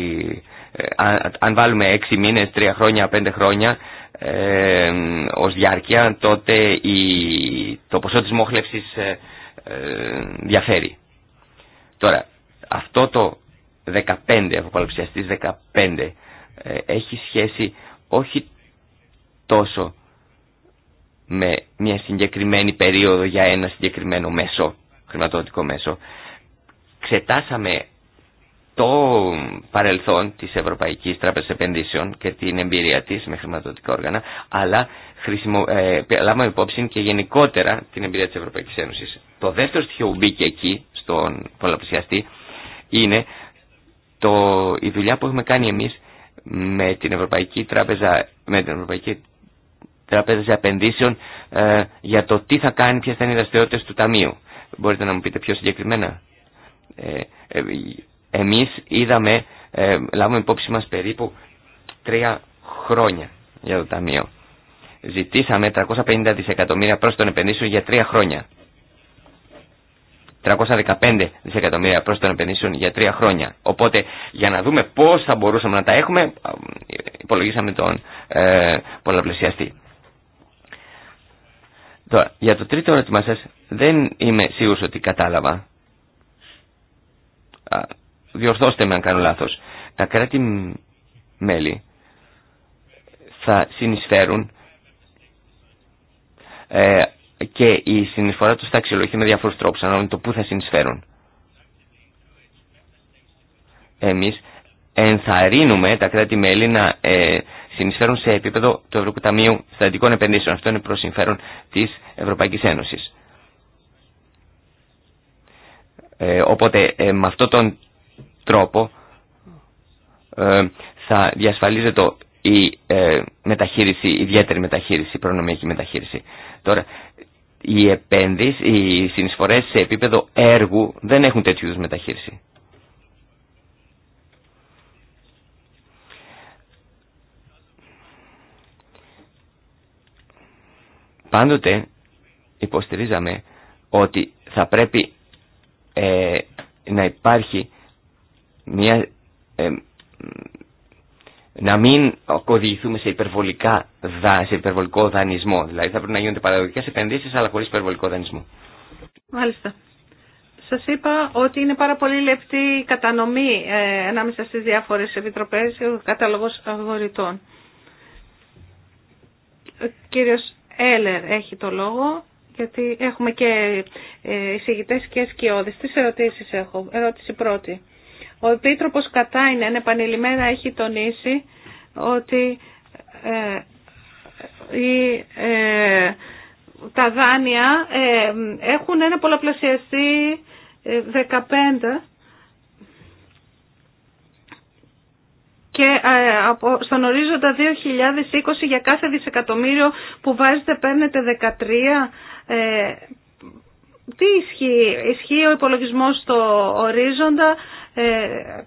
ε, αν, αν, βάλουμε 6 μήνες, 3 χρόνια, 5 χρόνια, ε, ως διάρκεια, τότε η, το ποσό της μόχλευσης ε, ε, διαφέρει. Τώρα, αυτό το 15, αποκαλυψιαστής 15, έχει σχέση όχι τόσο με μια συγκεκριμένη περίοδο για ένα συγκεκριμένο μέσο, χρηματοδοτικό μέσο. Ξετάσαμε το παρελθόν της Ευρωπαϊκής Τράπεζας Επενδύσεων και την εμπειρία της με χρηματοδοτικά όργανα, αλλά χρησιμο, ε, λάβαμε υπόψη και γενικότερα την εμπειρία της Ευρωπαϊκής Ένωσης. Το δεύτερο στοιχείο που μπήκε εκεί, στον πολλαπλασιαστή, είναι το, η δουλειά που έχουμε κάνει εμείς με την Ευρωπαϊκή Τράπεζα, με την Ευρωπαϊκή Τράπεζα Επενδύσεων ε, για το τι θα κάνει, ποιες θα είναι οι δραστηριότητε του Ταμείου. Μπορείτε να μου πείτε πιο συγκεκριμένα. Ε, ε εμείς είδαμε, ε, λάβουμε υπόψη μας περίπου τρία χρόνια για το Ταμείο. Ζητήσαμε 350 δισεκατομμύρια προς τον επενδύσεων για τρία χρόνια. 315 δισεκατομμύρια προς τον επενδύσεων για τρία χρόνια. Οπότε για να δούμε πώς θα μπορούσαμε να τα έχουμε υπολογίσαμε τον ε, πολλαπλασιαστή. Τώρα, για το τρίτο ερώτημα σας δεν είμαι σίγουρος ότι κατάλαβα διορθώστε με αν κάνω λάθος, τα κράτη-μέλη θα συνεισφέρουν ε, και η συνεισφορά τους θα αξιολογηθεί με διάφορους τρόπους, ανάλογα το πού θα συνεισφέρουν. Εμείς ενθαρρύνουμε τα κράτη-μέλη να ε, συνεισφέρουν σε επίπεδο του Ευρωπαϊκού Ταμείου Στατικών Επενδύσεων. Αυτό είναι προς συμφέρον της Ευρωπαϊκής Ένωσης. Ε, οπότε ε, με αυτόν τον τρόπο ε, θα διασφαλίζεται η ε, μεταχείριση, ιδιαίτερη μεταχείριση, προνομιακή μεταχείριση. Τώρα, οι επένδυσεις, οι συνεισφορές σε επίπεδο έργου δεν έχουν τέτοιου είδους μεταχείριση. Πάντοτε υποστηρίζαμε ότι θα πρέπει ε, να υπάρχει μια, να μην οδηγηθούμε σε, υπερβολικά, σε υπερβολικό δανεισμό. Δηλαδή θα πρέπει να γίνονται παραγωγικές επενδύσεις αλλά χωρίς υπερβολικό δανεισμό. Μάλιστα. Σας είπα ότι είναι πάρα πολύ λεπτή η κατανομή ε, ανάμεσα στις διάφορες επιτροπές ο κατάλογος αγορητών. Ο κύριος Έλερ έχει το λόγο, γιατί έχουμε και ε, εισηγητές και σκιώδες. Τις ερωτήσεις έχω. Ερώτηση πρώτη. Ο Επίτροπος Κατάινεν επανειλημμένα έχει τονίσει ότι η ε, ε, τα δάνεια ε, έχουν ένα πολλαπλασιαστή 15 και στον ορίζοντα 2020 για κάθε δισεκατομμύριο που βάζετε παίρνετε 13. τι ισχύει, ισχύει ο υπολογισμός στο ορίζοντα ε,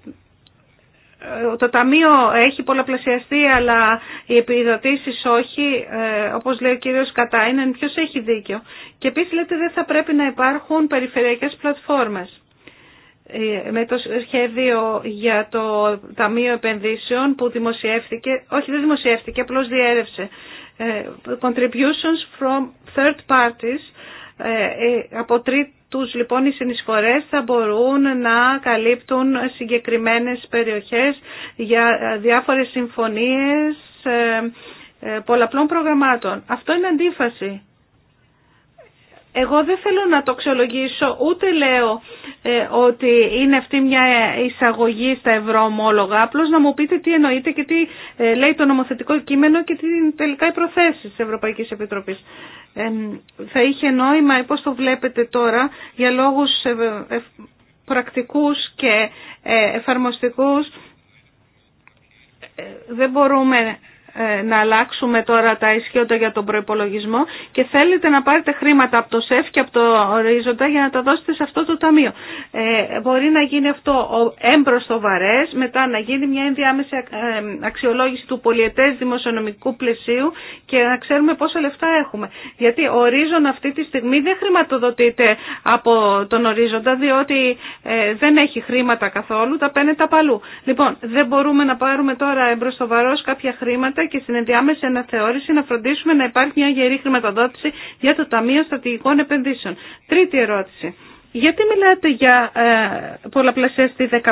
το ταμείο έχει πολλαπλασιαστεί αλλά οι επιδοτήσει όχι, ε, όπως λέει ο κύριος Κατάινεν, ποιος έχει δίκιο. Και επίσης λέτε δεν θα πρέπει να υπάρχουν περιφερειακές πλατφόρμες. Ε, με το σχέδιο για το Ταμείο Επενδύσεων που δημοσιεύτηκε, όχι δεν δημοσιεύτηκε, απλώ διέρευσε. Contributions from third parties από τρίτη τους λοιπόν οι συνεισφορές θα μπορούν να καλύπτουν συγκεκριμένες περιοχές για ε, διάφορες συμφωνίες ε, ε, πολλαπλών προγραμμάτων. Αυτό είναι αντίφαση. Εγώ δεν θέλω να το αξιολογήσω, ούτε λέω ότι είναι αυτή μια εισαγωγή στα ευρωομόλογα, απλώς να μου πείτε τι εννοείται και τι λέει το νομοθετικό κείμενο και τι είναι τελικά οι προθέσεις της Ευρωπαϊκής Επιτροπής θα είχε νόημα, πώς το βλέπετε τώρα, για λόγους πρακτικούς και ε, εφαρμοστικούς ε, δεν μπορούμε ε, να αλλάξουμε τώρα τα ισχύοντα για τον προπολογισμό και θέλετε να πάρετε χρήματα από το ΣΕΦ και από το ορίζοντα για να τα δώσετε σε αυτό το ταμείο. Ε, μπορεί να γίνει αυτό έμπροστο βαρέ, μετά να γίνει μια ενδιάμεση ε, αξιολόγηση του πολιετέ δημοσιονομικού πλαισίου και να ξέρουμε πόσα λεφτά έχουμε. Γιατί ο ορίζον αυτή τη στιγμή δεν χρηματοδοτείται από τον ορίζοντα, διότι ε, δεν έχει χρήματα καθόλου, τα παίρνετε απαλού. Λοιπόν, δεν μπορούμε να πάρουμε τώρα εμπροστοβαρό κάποια χρήματα και στην ενδιάμεση αναθεώρηση να φροντίσουμε να υπάρχει μια γερή χρηματοδότηση για το Ταμείο Στρατηγικών Επενδύσεων. Τρίτη ερώτηση. Γιατί μιλάτε για ε, στη 15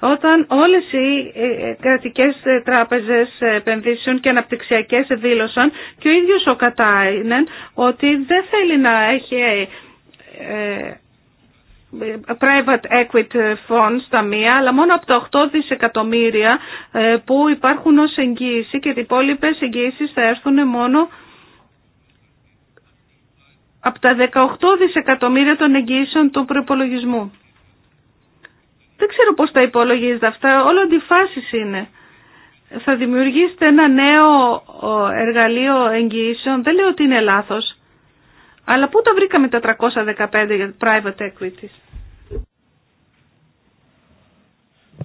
όταν όλες οι ε, κρατικές ε, τράπεζες ε, επενδύσεων και αναπτυξιακές δήλωσαν και ο ίδιος ο Κατάινεν ότι δεν θέλει να έχει private equity funds μία, αλλά μόνο από τα 8 δισεκατομμύρια ε, που υπάρχουν ως εγγύηση και οι υπόλοιπε εγγύησει θα έρθουν μόνο από τα 18 δισεκατομμύρια των εγγύησεων του προπολογισμού. Δεν ξέρω πώς τα υπολογίζετε αυτά, όλο αντιφάσει είναι. Θα δημιουργήσετε ένα νέο ε, εργαλείο εγγύησεων, δεν λέω ότι είναι λάθος, αλλά πού τα βρήκαμε τα 315 για private equities.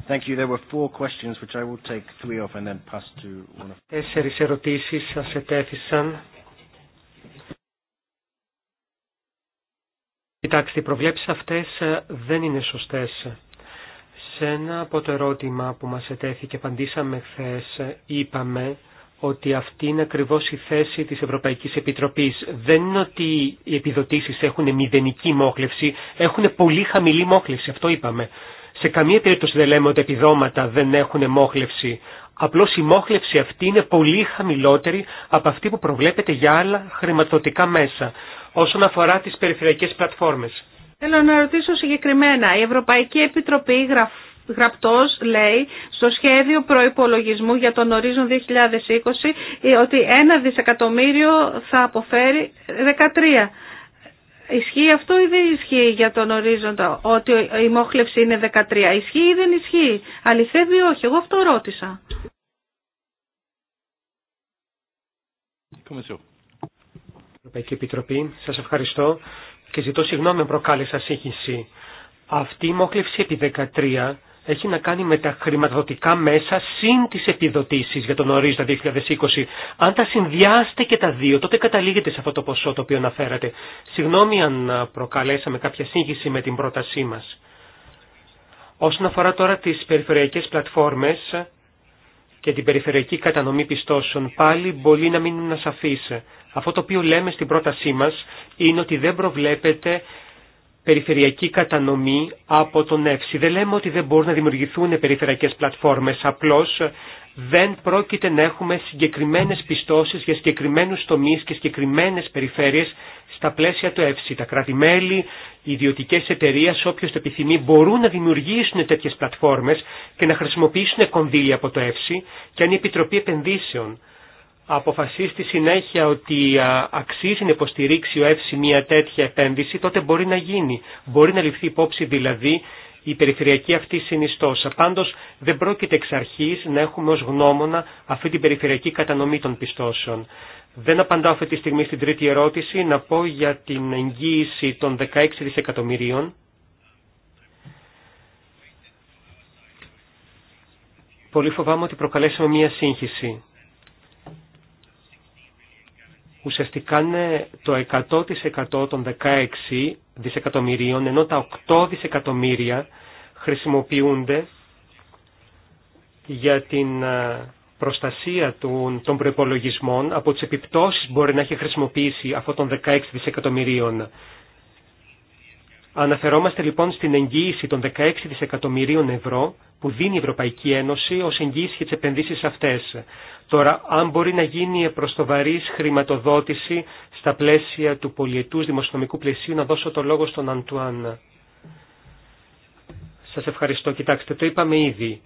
Thank you. There were four questions, which I will take three and then pass to one ερωτήσεις σας ετέθησαν. Κοιτάξτε, οι προβλέψεις αυτές ε, δεν είναι σωστές. Σε ένα από το ερώτημα που μας ετέθηκε, απαντήσαμε χθε, ε, είπαμε ότι αυτή είναι ακριβώς η θέση της Ευρωπαϊκής Επιτροπής. Δεν είναι ότι οι επιδοτήσεις έχουν μηδενική μόχλευση, έχουν πολύ χαμηλή μόχλευση, αυτό είπαμε. Σε καμία περίπτωση δεν λέμε ότι επιδόματα δεν έχουν μόχλευση. Απλώς η μόχλευση αυτή είναι πολύ χαμηλότερη από αυτή που προβλέπεται για άλλα χρηματοδοτικά μέσα, όσον αφορά τις περιφερειακές πλατφόρμες. Θέλω να ρωτήσω συγκεκριμένα, η Ευρωπαϊκή Επιτροπή γραπτός λέει στο σχέδιο προϋπολογισμού για τον ορίζον 2020 ε, ότι ένα δισεκατομμύριο θα αποφέρει 13. Ισχύει αυτό ή δεν ισχύει για τον ορίζοντα ότι η μόχλευση είναι 13. Ισχύει ή δεν ισχύει. Αληθεύει ή όχι. Εγώ αυτό ρώτησα. Ευρωπαϊκή Επιτροπή, σας ευχαριστώ και ζητώ συγγνώμη αν προκάλεσα σύγχυση. Αυτή η μόχλευση ευχαριστω και ζητω συγγνωμη προκαλεσα συγχυση αυτη η μοχλευση επι 13 έχει να κάνει με τα χρηματοδοτικά μέσα συν τις επιδοτήσεις για τον ορίζοντα 2020. Αν τα συνδυάσετε και τα δύο, τότε καταλήγετε σε αυτό το ποσό το οποίο αναφέρατε. Συγγνώμη αν προκαλέσαμε κάποια σύγχυση με την πρότασή μας. Όσον αφορά τώρα τις περιφερειακές πλατφόρμες και την περιφερειακή κατανομή πιστώσεων, πάλι μπορεί να μην είναι Αυτό το οποίο λέμε στην πρότασή μας είναι ότι δεν προβλέπεται περιφερειακή κατανομή από τον ΕΦΣΙ. Δεν λέμε ότι δεν μπορούν να δημιουργηθούν περιφερειακές πλατφόρμες, απλώς δεν πρόκειται να έχουμε συγκεκριμένες πιστώσεις για συγκεκριμένους τομείς και συγκεκριμένες περιφέρειες στα πλαίσια του ΕΦΣΙ. Τα κράτη-μέλη, οι ιδιωτικές εταιρείες, όποιος το επιθυμεί, μπορούν να δημιουργήσουν τέτοιες πλατφόρμες και να χρησιμοποιήσουν κονδύλια από το ΕΦΣΙ και αν η Επιτροπή Επενδύσεων αποφασίσει στη συνέχεια ότι αξίζει να υποστηρίξει ο ΕΦΣΙ μια τέτοια επένδυση, τότε μπορεί να γίνει. Μπορεί να ληφθεί υπόψη δηλαδή η περιφερειακή αυτή συνιστόσα. Πάντω δεν πρόκειται εξ αρχή να έχουμε ω γνώμονα αυτή την περιφερειακή κατανομή των πιστώσεων. Δεν απαντάω αυτή τη στιγμή στην τρίτη ερώτηση να πω για την εγγύηση των 16 δισεκατομμυρίων. Πολύ φοβάμαι ότι προκαλέσαμε μία σύγχυση ουσιαστικά είναι το 100% των 16 δισεκατομμυρίων, ενώ τα 8 δισεκατομμύρια χρησιμοποιούνται για την ε, προστασία των προπολογισμών από τις επιπτώσεις που μπορεί να έχει χρησιμοποιήσει αυτών των 16 δισεκατομμυρίων. Αναφερόμαστε λοιπόν στην εγγύηση των 16 δισεκατομμυρίων ευρώ που δίνει η Ευρωπαϊκή Ένωση ως εγγύηση για τις επενδύσεις αυτές. Τώρα, αν μπορεί να γίνει προς το βαρύς χρηματοδότηση στα πλαίσια του πολιετούς δημοσιονομικού πλαισίου, να δώσω το λόγο στον Αντουάν. Σας ευχαριστώ. Κοιτάξτε, το είπαμε ήδη.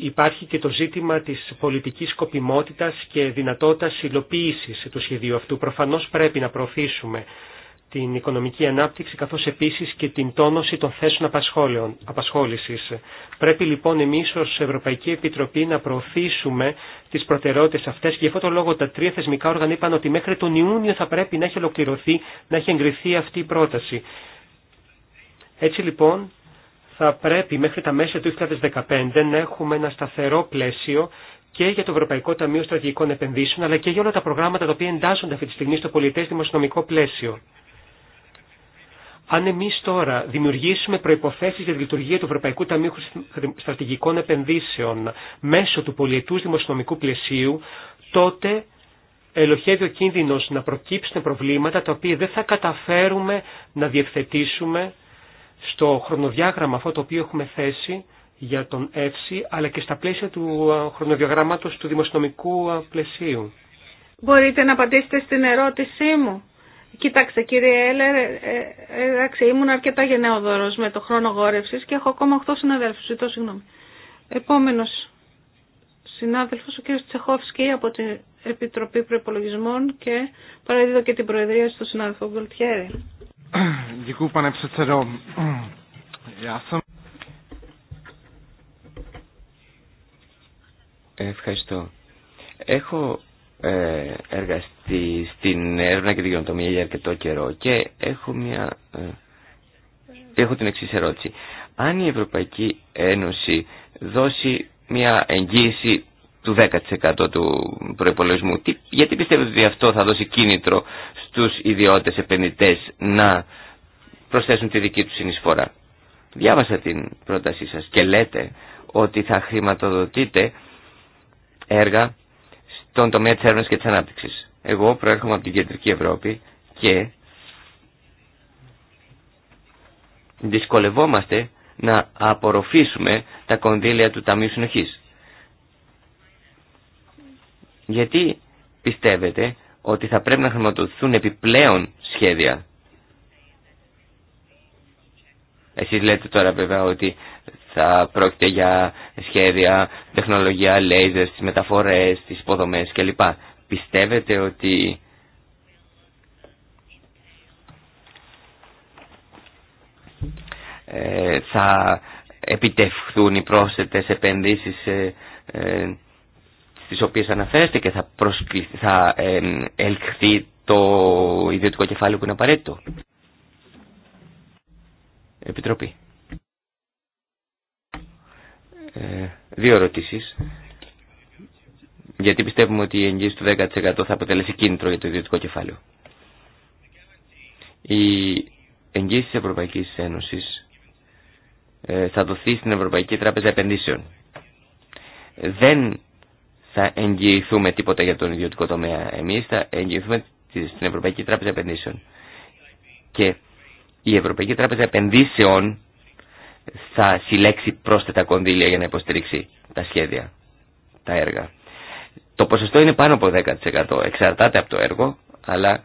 Υπάρχει και το ζήτημα της πολιτικής σκοπιμότητας και δυνατότητας υλοποίησης του σχεδίου αυτού. Προφανώς πρέπει να προωθήσουμε την οικονομική ανάπτυξη καθώς επίσης και την τόνωση των θέσεων απασχόλησης. Πρέπει λοιπόν εμείς ως Ευρωπαϊκή Επιτροπή να προωθήσουμε τις προτεραιότητες αυτές και γι' αυτό τον λόγο τα τρία θεσμικά όργανα είπαν ότι μέχρι τον Ιούνιο θα πρέπει να έχει ολοκληρωθεί, να έχει εγκριθεί αυτή η πρόταση. Έτσι λοιπόν θα πρέπει μέχρι τα μέσα του 2015 να έχουμε ένα σταθερό πλαίσιο και για το Ευρωπαϊκό Ταμείο Στρατηγικών Επενδύσεων, αλλά και για όλα τα προγράμματα τα οποία εντάσσονται αυτή τη στιγμή στο πολιτές δημοσιονομικό πλαίσιο. Αν εμείς τώρα δημιουργήσουμε προϋποθέσεις για τη λειτουργία του Ευρωπαϊκού Ταμείου Στρατηγικών Επενδύσεων μέσω του πολιετούς δημοσιονομικού πλαισίου, τότε ελοχεύει ο κίνδυνος να προκύψουν προβλήματα τα οποία δεν θα καταφέρουμε να διευθετήσουμε στο χρονοδιάγραμμα αυτό το οποίο έχουμε θέσει για τον ΕΦΣΥ, αλλά και στα πλαίσια του χρονοδιαγράμματος του δημοσιονομικού πλαισίου. Μπορείτε να απαντήσετε στην ερώτησή μου. Κοιτάξτε κύριε Έλερ, ε, ε, εντάξει, ήμουν αρκετά γενναιόδωρος με το χρόνο γόρευσης και έχω ακόμα 8 συναδέλφους, ζητώ συγγνώμη. Επόμενος συνάδελφος, ο κύριος Τσεχόφσκι από την Επιτροπή Προπολογισμών και παραδίδω και την Προεδρία στον συνάδελφο Γκολτιέρη. Ευχαριστώ. Έχω ε, εργαστή στην έρευνα και την κοινοτομία για αρκετό καιρό και έχω, μια, ε, έχω την εξή ερώτηση. Αν η Ευρωπαϊκή Ένωση δώσει μια εγγύηση του 10% του προϋπολογισμού, γιατί πιστεύετε ότι αυτό θα δώσει κίνητρο στους ιδιώτες επενδυτές να προσθέσουν τη δική τους συνεισφορά. Διάβασα την πρότασή σας και λέτε ότι θα χρηματοδοτείτε έργα τον τομέα της έρευνας και της ανάπτυξης. Εγώ προέρχομαι από την Κεντρική Ευρώπη και δυσκολευόμαστε να απορροφήσουμε τα κονδύλια του Ταμείου Συνοχής. Γιατί πιστεύετε ότι θα πρέπει να χρηματοδοτηθούν επιπλέον σχέδια. Εσείς λέτε τώρα βέβαια ότι θα πρόκειται για σχέδια, τεχνολογία, λέιζερ, τις μεταφορές, τις υποδομές κλπ. Πιστεύετε ότι ε, θα επιτευχθούν οι πρόσθετες επενδύσεις ε, ε, στις οποίες αναφέρεστε και θα, προσκληθεί θα το ιδιωτικό κεφάλαιο που είναι απαραίτητο. Επιτροπή. Ε, δύο ερωτήσεις. Γιατί πιστεύουμε ότι η εγγύηση του 10% θα αποτελέσει κίνητρο για το ιδιωτικό κεφάλαιο. Η εγγύηση της Ευρωπαϊκής Ένωσης ε, θα δοθεί στην Ευρωπαϊκή Τράπεζα Επενδύσεων. Δεν θα εγγυηθούμε τίποτα για τον ιδιωτικό τομέα. Εμείς θα εγγυηθούμε στην Ευρωπαϊκή Τράπεζα Επενδύσεων. Και η Ευρωπαϊκή Τράπεζα Επενδύσεων θα συλλέξει πρόσθετα κονδύλια για να υποστηρίξει τα σχέδια, τα έργα. Το ποσοστό είναι πάνω από 10%. Εξαρτάται από το έργο, αλλά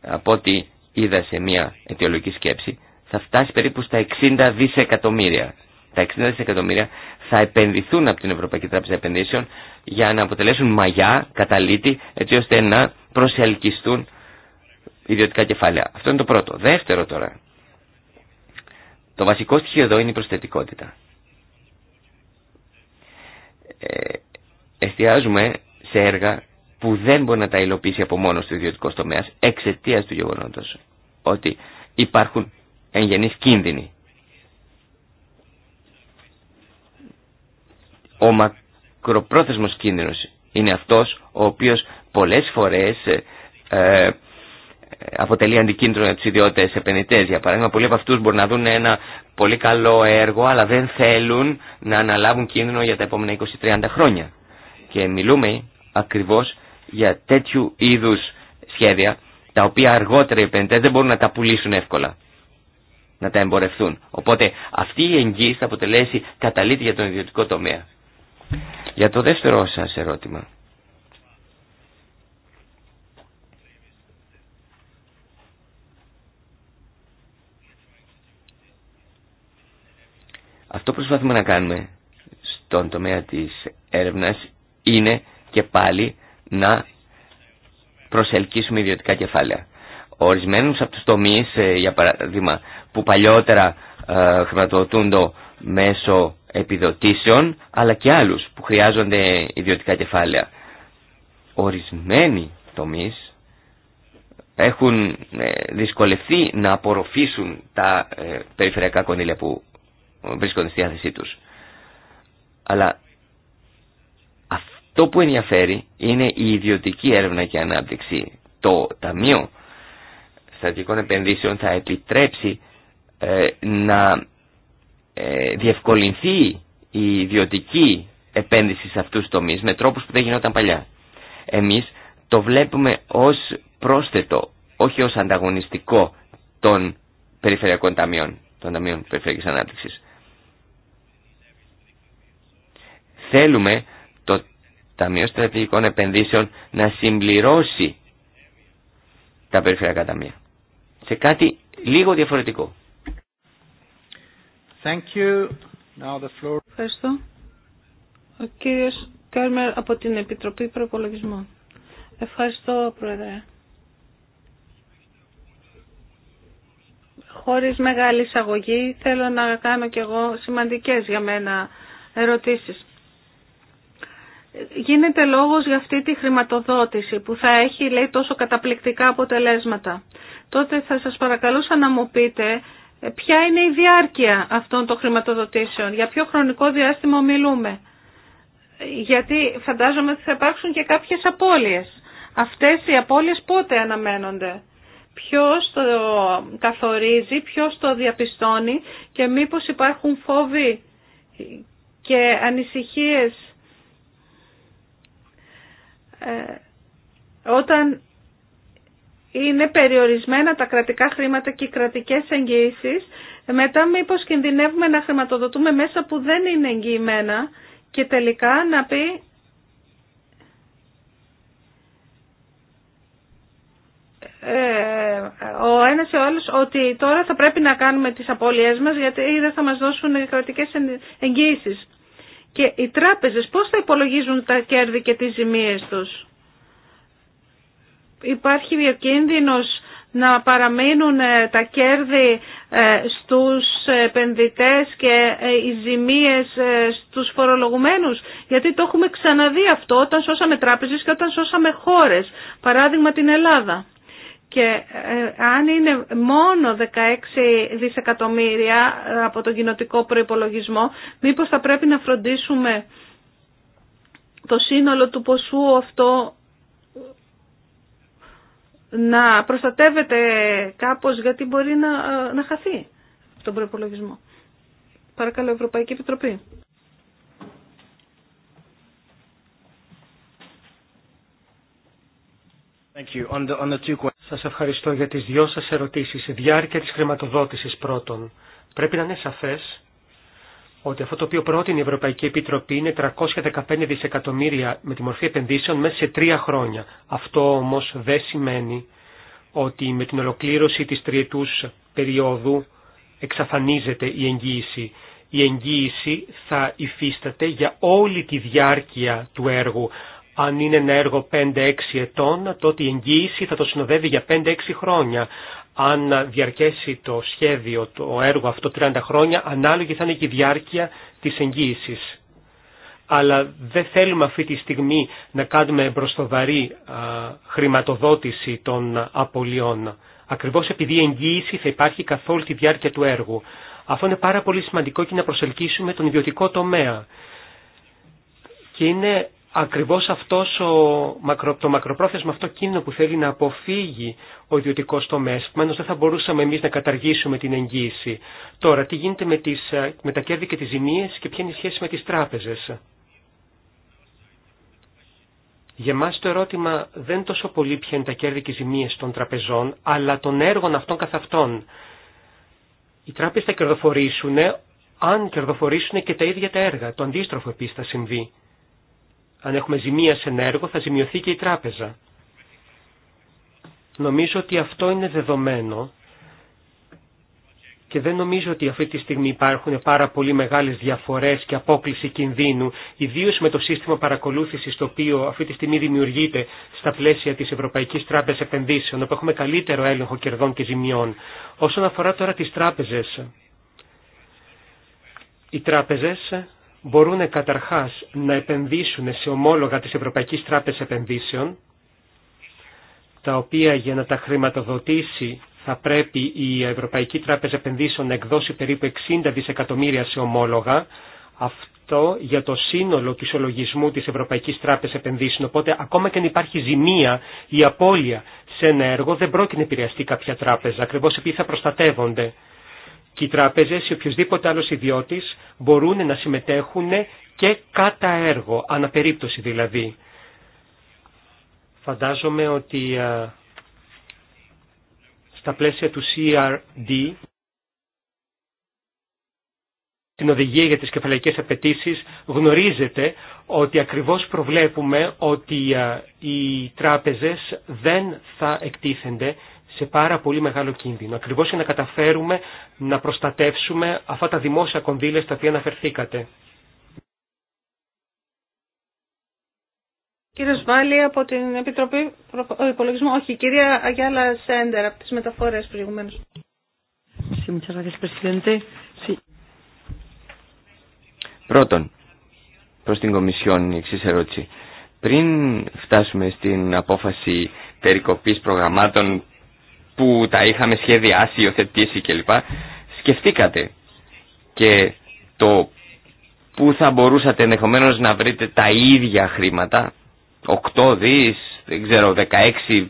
από ό,τι είδα σε μια αιτιολογική σκέψη, θα φτάσει περίπου στα 60 δισεκατομμύρια. Τα 60 δισεκατομμύρια θα επενδυθούν από την Ευρωπαϊκή Τράπεζα Επενδύσεων για να αποτελέσουν μαγιά, καταλήτη, έτσι ώστε να προσελκυστούν ιδιωτικά κεφάλαια. Αυτό είναι το πρώτο. Δεύτερο τώρα. Το βασικό στοιχείο εδώ είναι η προσθετικότητα. Ε, εστιάζουμε σε έργα που δεν μπορεί να τα υλοποιήσει από μόνο του ιδιωτικό τομέα εξαιτία του γεγονότο ότι υπάρχουν εγγενεί κίνδυνοι. Ο μακροπρόθεσμος κίνδυνος είναι αυτός ο οποίος πολλές φορές ε, ε, αποτελεί αντικίνητρο για του ιδιώτε επενδυτέ. Για παράδειγμα, πολλοί από αυτού μπορούν να δουν ένα πολύ καλό έργο, αλλά δεν θέλουν να αναλάβουν κίνδυνο για τα επόμενα 20-30 χρόνια. Και μιλούμε ακριβώ για τέτοιου είδου σχέδια, τα οποία αργότερα οι επενδυτέ δεν μπορούν να τα πουλήσουν εύκολα, να τα εμπορευτούν. Οπότε αυτή η εγγύηση θα αποτελέσει καταλήτη για τον ιδιωτικό τομέα. Για το δεύτερο σας ερώτημα. Αυτό που προσπαθούμε να κάνουμε στον τομέα της έρευνας είναι και πάλι να προσελκύσουμε ιδιωτικά κεφάλαια. Ορισμένους από τους τομείς, ε, για παράδειγμα, που παλιότερα ε, το μέσω επιδοτήσεων, αλλά και άλλους που χρειάζονται ιδιωτικά κεφάλαια. Ορισμένοι τομείς έχουν ε, δυσκολευτεί να απορροφήσουν τα περιφερειακά κονδύλια που βρίσκονται στη διάθεσή τους. Αλλά αυτό που ενδιαφέρει είναι η ιδιωτική έρευνα και ανάπτυξη. Το Ταμείο Στατικών Επενδύσεων θα επιτρέψει ε, να ε, διευκολυνθεί η ιδιωτική επένδυση σε αυτούς τους τομείς με τρόπους που δεν γινόταν παλιά. Εμείς το βλέπουμε ως πρόσθετο, όχι ως ανταγωνιστικό των περιφερειακών ταμείων, των ταμείων περιφερειακής ανάπτυξης. Θέλουμε το Ταμείο Στρατηγικών Επενδύσεων να συμπληρώσει τα περιφερειακά ταμεία σε κάτι λίγο διαφορετικό. Thank you. Now Ευχαριστώ. Ο κύριος Κέρμερ από την Επιτροπή Προπολογισμών. Ευχαριστώ, Πρόεδρε. Χωρίς μεγάλη εισαγωγή θέλω να κάνω κι εγώ σημαντικές για μένα ερωτήσεις γίνεται λόγος για αυτή τη χρηματοδότηση που θα έχει λέει τόσο καταπληκτικά αποτελέσματα. Τότε θα σας παρακαλούσα να μου πείτε ε, ποια είναι η διάρκεια αυτών των χρηματοδοτήσεων, για ποιο χρονικό διάστημα μιλούμε. Γιατί φαντάζομαι ότι θα υπάρξουν και κάποιες απώλειες. Αυτές οι απώλειες πότε αναμένονται. Ποιος το καθορίζει, ποιος το διαπιστώνει και μήπως υπάρχουν φόβοι και ανησυχίες ε, όταν είναι περιορισμένα τα κρατικά χρήματα και οι κρατικές εγγύησεις, μετά μήπως κινδυνεύουμε να χρηματοδοτούμε μέσα που δεν είναι εγγυημένα και τελικά να πει ε, ο ένας ή ο άλλος ότι τώρα θα πρέπει να κάνουμε τις απώλειές μας γιατί δεν θα μας δώσουν κρατικές εγγύησεις. Και οι τράπεζες πώς θα υπολογίζουν τα κέρδη και τις ζημίες τους. Υπάρχει διακίνδυνο να παραμείνουν ε, τα κέρδη ε, στους επενδυτές και ε, οι ζημίες στους φορολογουμένους. Γιατί το έχουμε ξαναδεί αυτό όταν σώσαμε τράπεζες και όταν σώσαμε χώρες. Παράδειγμα την Ελλάδα. Και ε, αν είναι μόνο 16 δισεκατομμύρια ε, από τον κοινοτικό προϋπολογισμό, μήπως θα πρέπει να φροντίσουμε το σύνολο του ποσού αυτό να προστατεύεται κάπως γιατί μπορεί να, ε, να χαθεί τον προϋπολογισμό. Παρακαλώ Ευρωπαϊκή Επιτροπή. Thank you. the two... Σας ευχαριστώ για τις δυο σας ερωτήσεις. Η διάρκεια της χρηματοδότησης πρώτον. Πρέπει να είναι σαφές ότι αυτό το οποίο πρότεινε η Ευρωπαϊκή Επιτροπή είναι 315 δισεκατομμύρια με τη μορφή επενδύσεων μέσα σε τρία χρόνια. Αυτό όμως δεν σημαίνει ότι με την ολοκλήρωση της τριετούς περίοδου εξαφανίζεται η εγγύηση. Η εγγύηση θα υφίσταται για όλη τη διάρκεια του έργου αν είναι ένα έργο 5-6 ετών, τότε η εγγύηση θα το συνοδεύει για 5-6 χρόνια. Αν διαρκέσει το σχέδιο, το έργο αυτό 30 χρόνια, ανάλογη θα είναι και η διάρκεια της εγγύησης. Αλλά δεν θέλουμε αυτή τη στιγμή να κάνουμε μπροστοβαρή χρηματοδότηση των απολειών. Ακριβώς επειδή η εγγύηση θα υπάρχει καθ' τη διάρκεια του έργου. Αυτό είναι πάρα πολύ σημαντικό και να προσελκύσουμε τον ιδιωτικό τομέα. Και είναι ακριβώς αυτός ο, το μακροπρόθεσμο αυτό κίνδυνο που θέλει να αποφύγει ο ιδιωτικό τομέας, που δεν θα μπορούσαμε εμείς να καταργήσουμε την εγγύηση. Τώρα, τι γίνεται με, τις, με τα κέρδη και τις ζημίες και ποια είναι η σχέση με τι τράπεζε. Για εμά το ερώτημα δεν τόσο πολύ ποια είναι τα κέρδη και ζημίες των τραπεζών, αλλά των έργων αυτών καθ' αυτών. Οι τράπεζε θα κερδοφορήσουν αν κερδοφορήσουν και τα ίδια τα έργα. Το αντίστροφο επίση θα συμβεί αν έχουμε ζημία σε ένα έργο, θα ζημιωθεί και η τράπεζα. Νομίζω ότι αυτό είναι δεδομένο και δεν νομίζω ότι αυτή τη στιγμή υπάρχουν πάρα πολύ μεγάλες διαφορές και απόκληση κινδύνου, ιδίως με το σύστημα παρακολούθησης το οποίο αυτή τη στιγμή δημιουργείται στα πλαίσια της Ευρωπαϊκής Τράπεζας Επενδύσεων, όπου έχουμε καλύτερο έλεγχο κερδών και ζημιών. Όσον αφορά τώρα τις τράπεζες, οι τράπεζες μπορούν καταρχάς να επενδύσουν σε ομόλογα της Ευρωπαϊκής Τράπεζας Επενδύσεων, τα οποία για να τα χρηματοδοτήσει θα πρέπει η Ευρωπαϊκή Τράπεζα Επενδύσεων να εκδώσει περίπου 60 δισεκατομμύρια σε ομόλογα. Αυτό για το σύνολο του ισολογισμού της Ευρωπαϊκής Τράπεζας Επενδύσεων. Οπότε ακόμα και αν υπάρχει ζημία ή απώλεια σε ένα έργο δεν πρόκειται να επηρεαστεί κάποια τράπεζα, ακριβώς επειδή θα προστατεύονται και οι τράπεζε ή οποιοδήποτε άλλο ιδιώτη μπορούν να συμμετέχουν και κατά έργο, αναπερίπτωση δηλαδή. Φαντάζομαι ότι στα πλαίσια του CRD, την οδηγία για τις κεφαλαϊκές απαιτήσει γνωρίζετε ότι ακριβώς προβλέπουμε ότι οι τράπεζες δεν θα εκτίθενται σε πάρα πολύ μεγάλο κίνδυνο. Ακριβώ για να καταφέρουμε να προστατεύσουμε αυτά τα δημόσια κονδύλια στα οποία αναφερθήκατε. Κύριε από την Επιτροπή ε, Υπολογισμού, όχι, κυρία Αγιάλα Σέντερ από τις μεταφορές προηγουμένω. Πρώτον, προ την Κομισιόν η εξή ερώτηση. Πριν φτάσουμε στην απόφαση περικοπής προγραμμάτων που τα είχαμε σχεδιάσει, υιοθετήσει κλπ. Σκεφτήκατε και το που θα μπορούσατε ενδεχομένω να βρείτε τα ίδια χρήματα, 8 δις, δεν ξέρω, 16,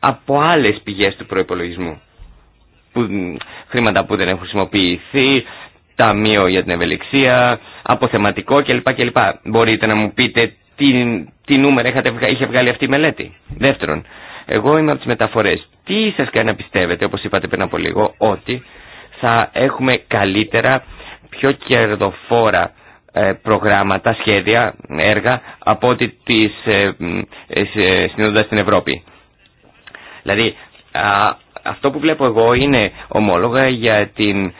από άλλες πηγές του προϋπολογισμού. Που, χρήματα που δεν έχουν χρησιμοποιηθεί, ταμείο για την ευελιξία, αποθεματικό κλπ. κλπ. Μπορείτε να μου πείτε τι, τι νούμερα είχε βγάλει αυτή η μελέτη. Δεύτερον, εγώ είμαι από τις μεταφορές. Τι σας κάνει να πιστεύετε, όπως είπατε πριν από λίγο, ότι θα έχουμε καλύτερα, πιο κερδοφόρα ε, προγράμματα, σχέδια, έργα από ό,τι τις ε, ε, στην Ευρώπη. Δηλαδή, αυτό που βλέπω εγώ είναι ομόλογα για την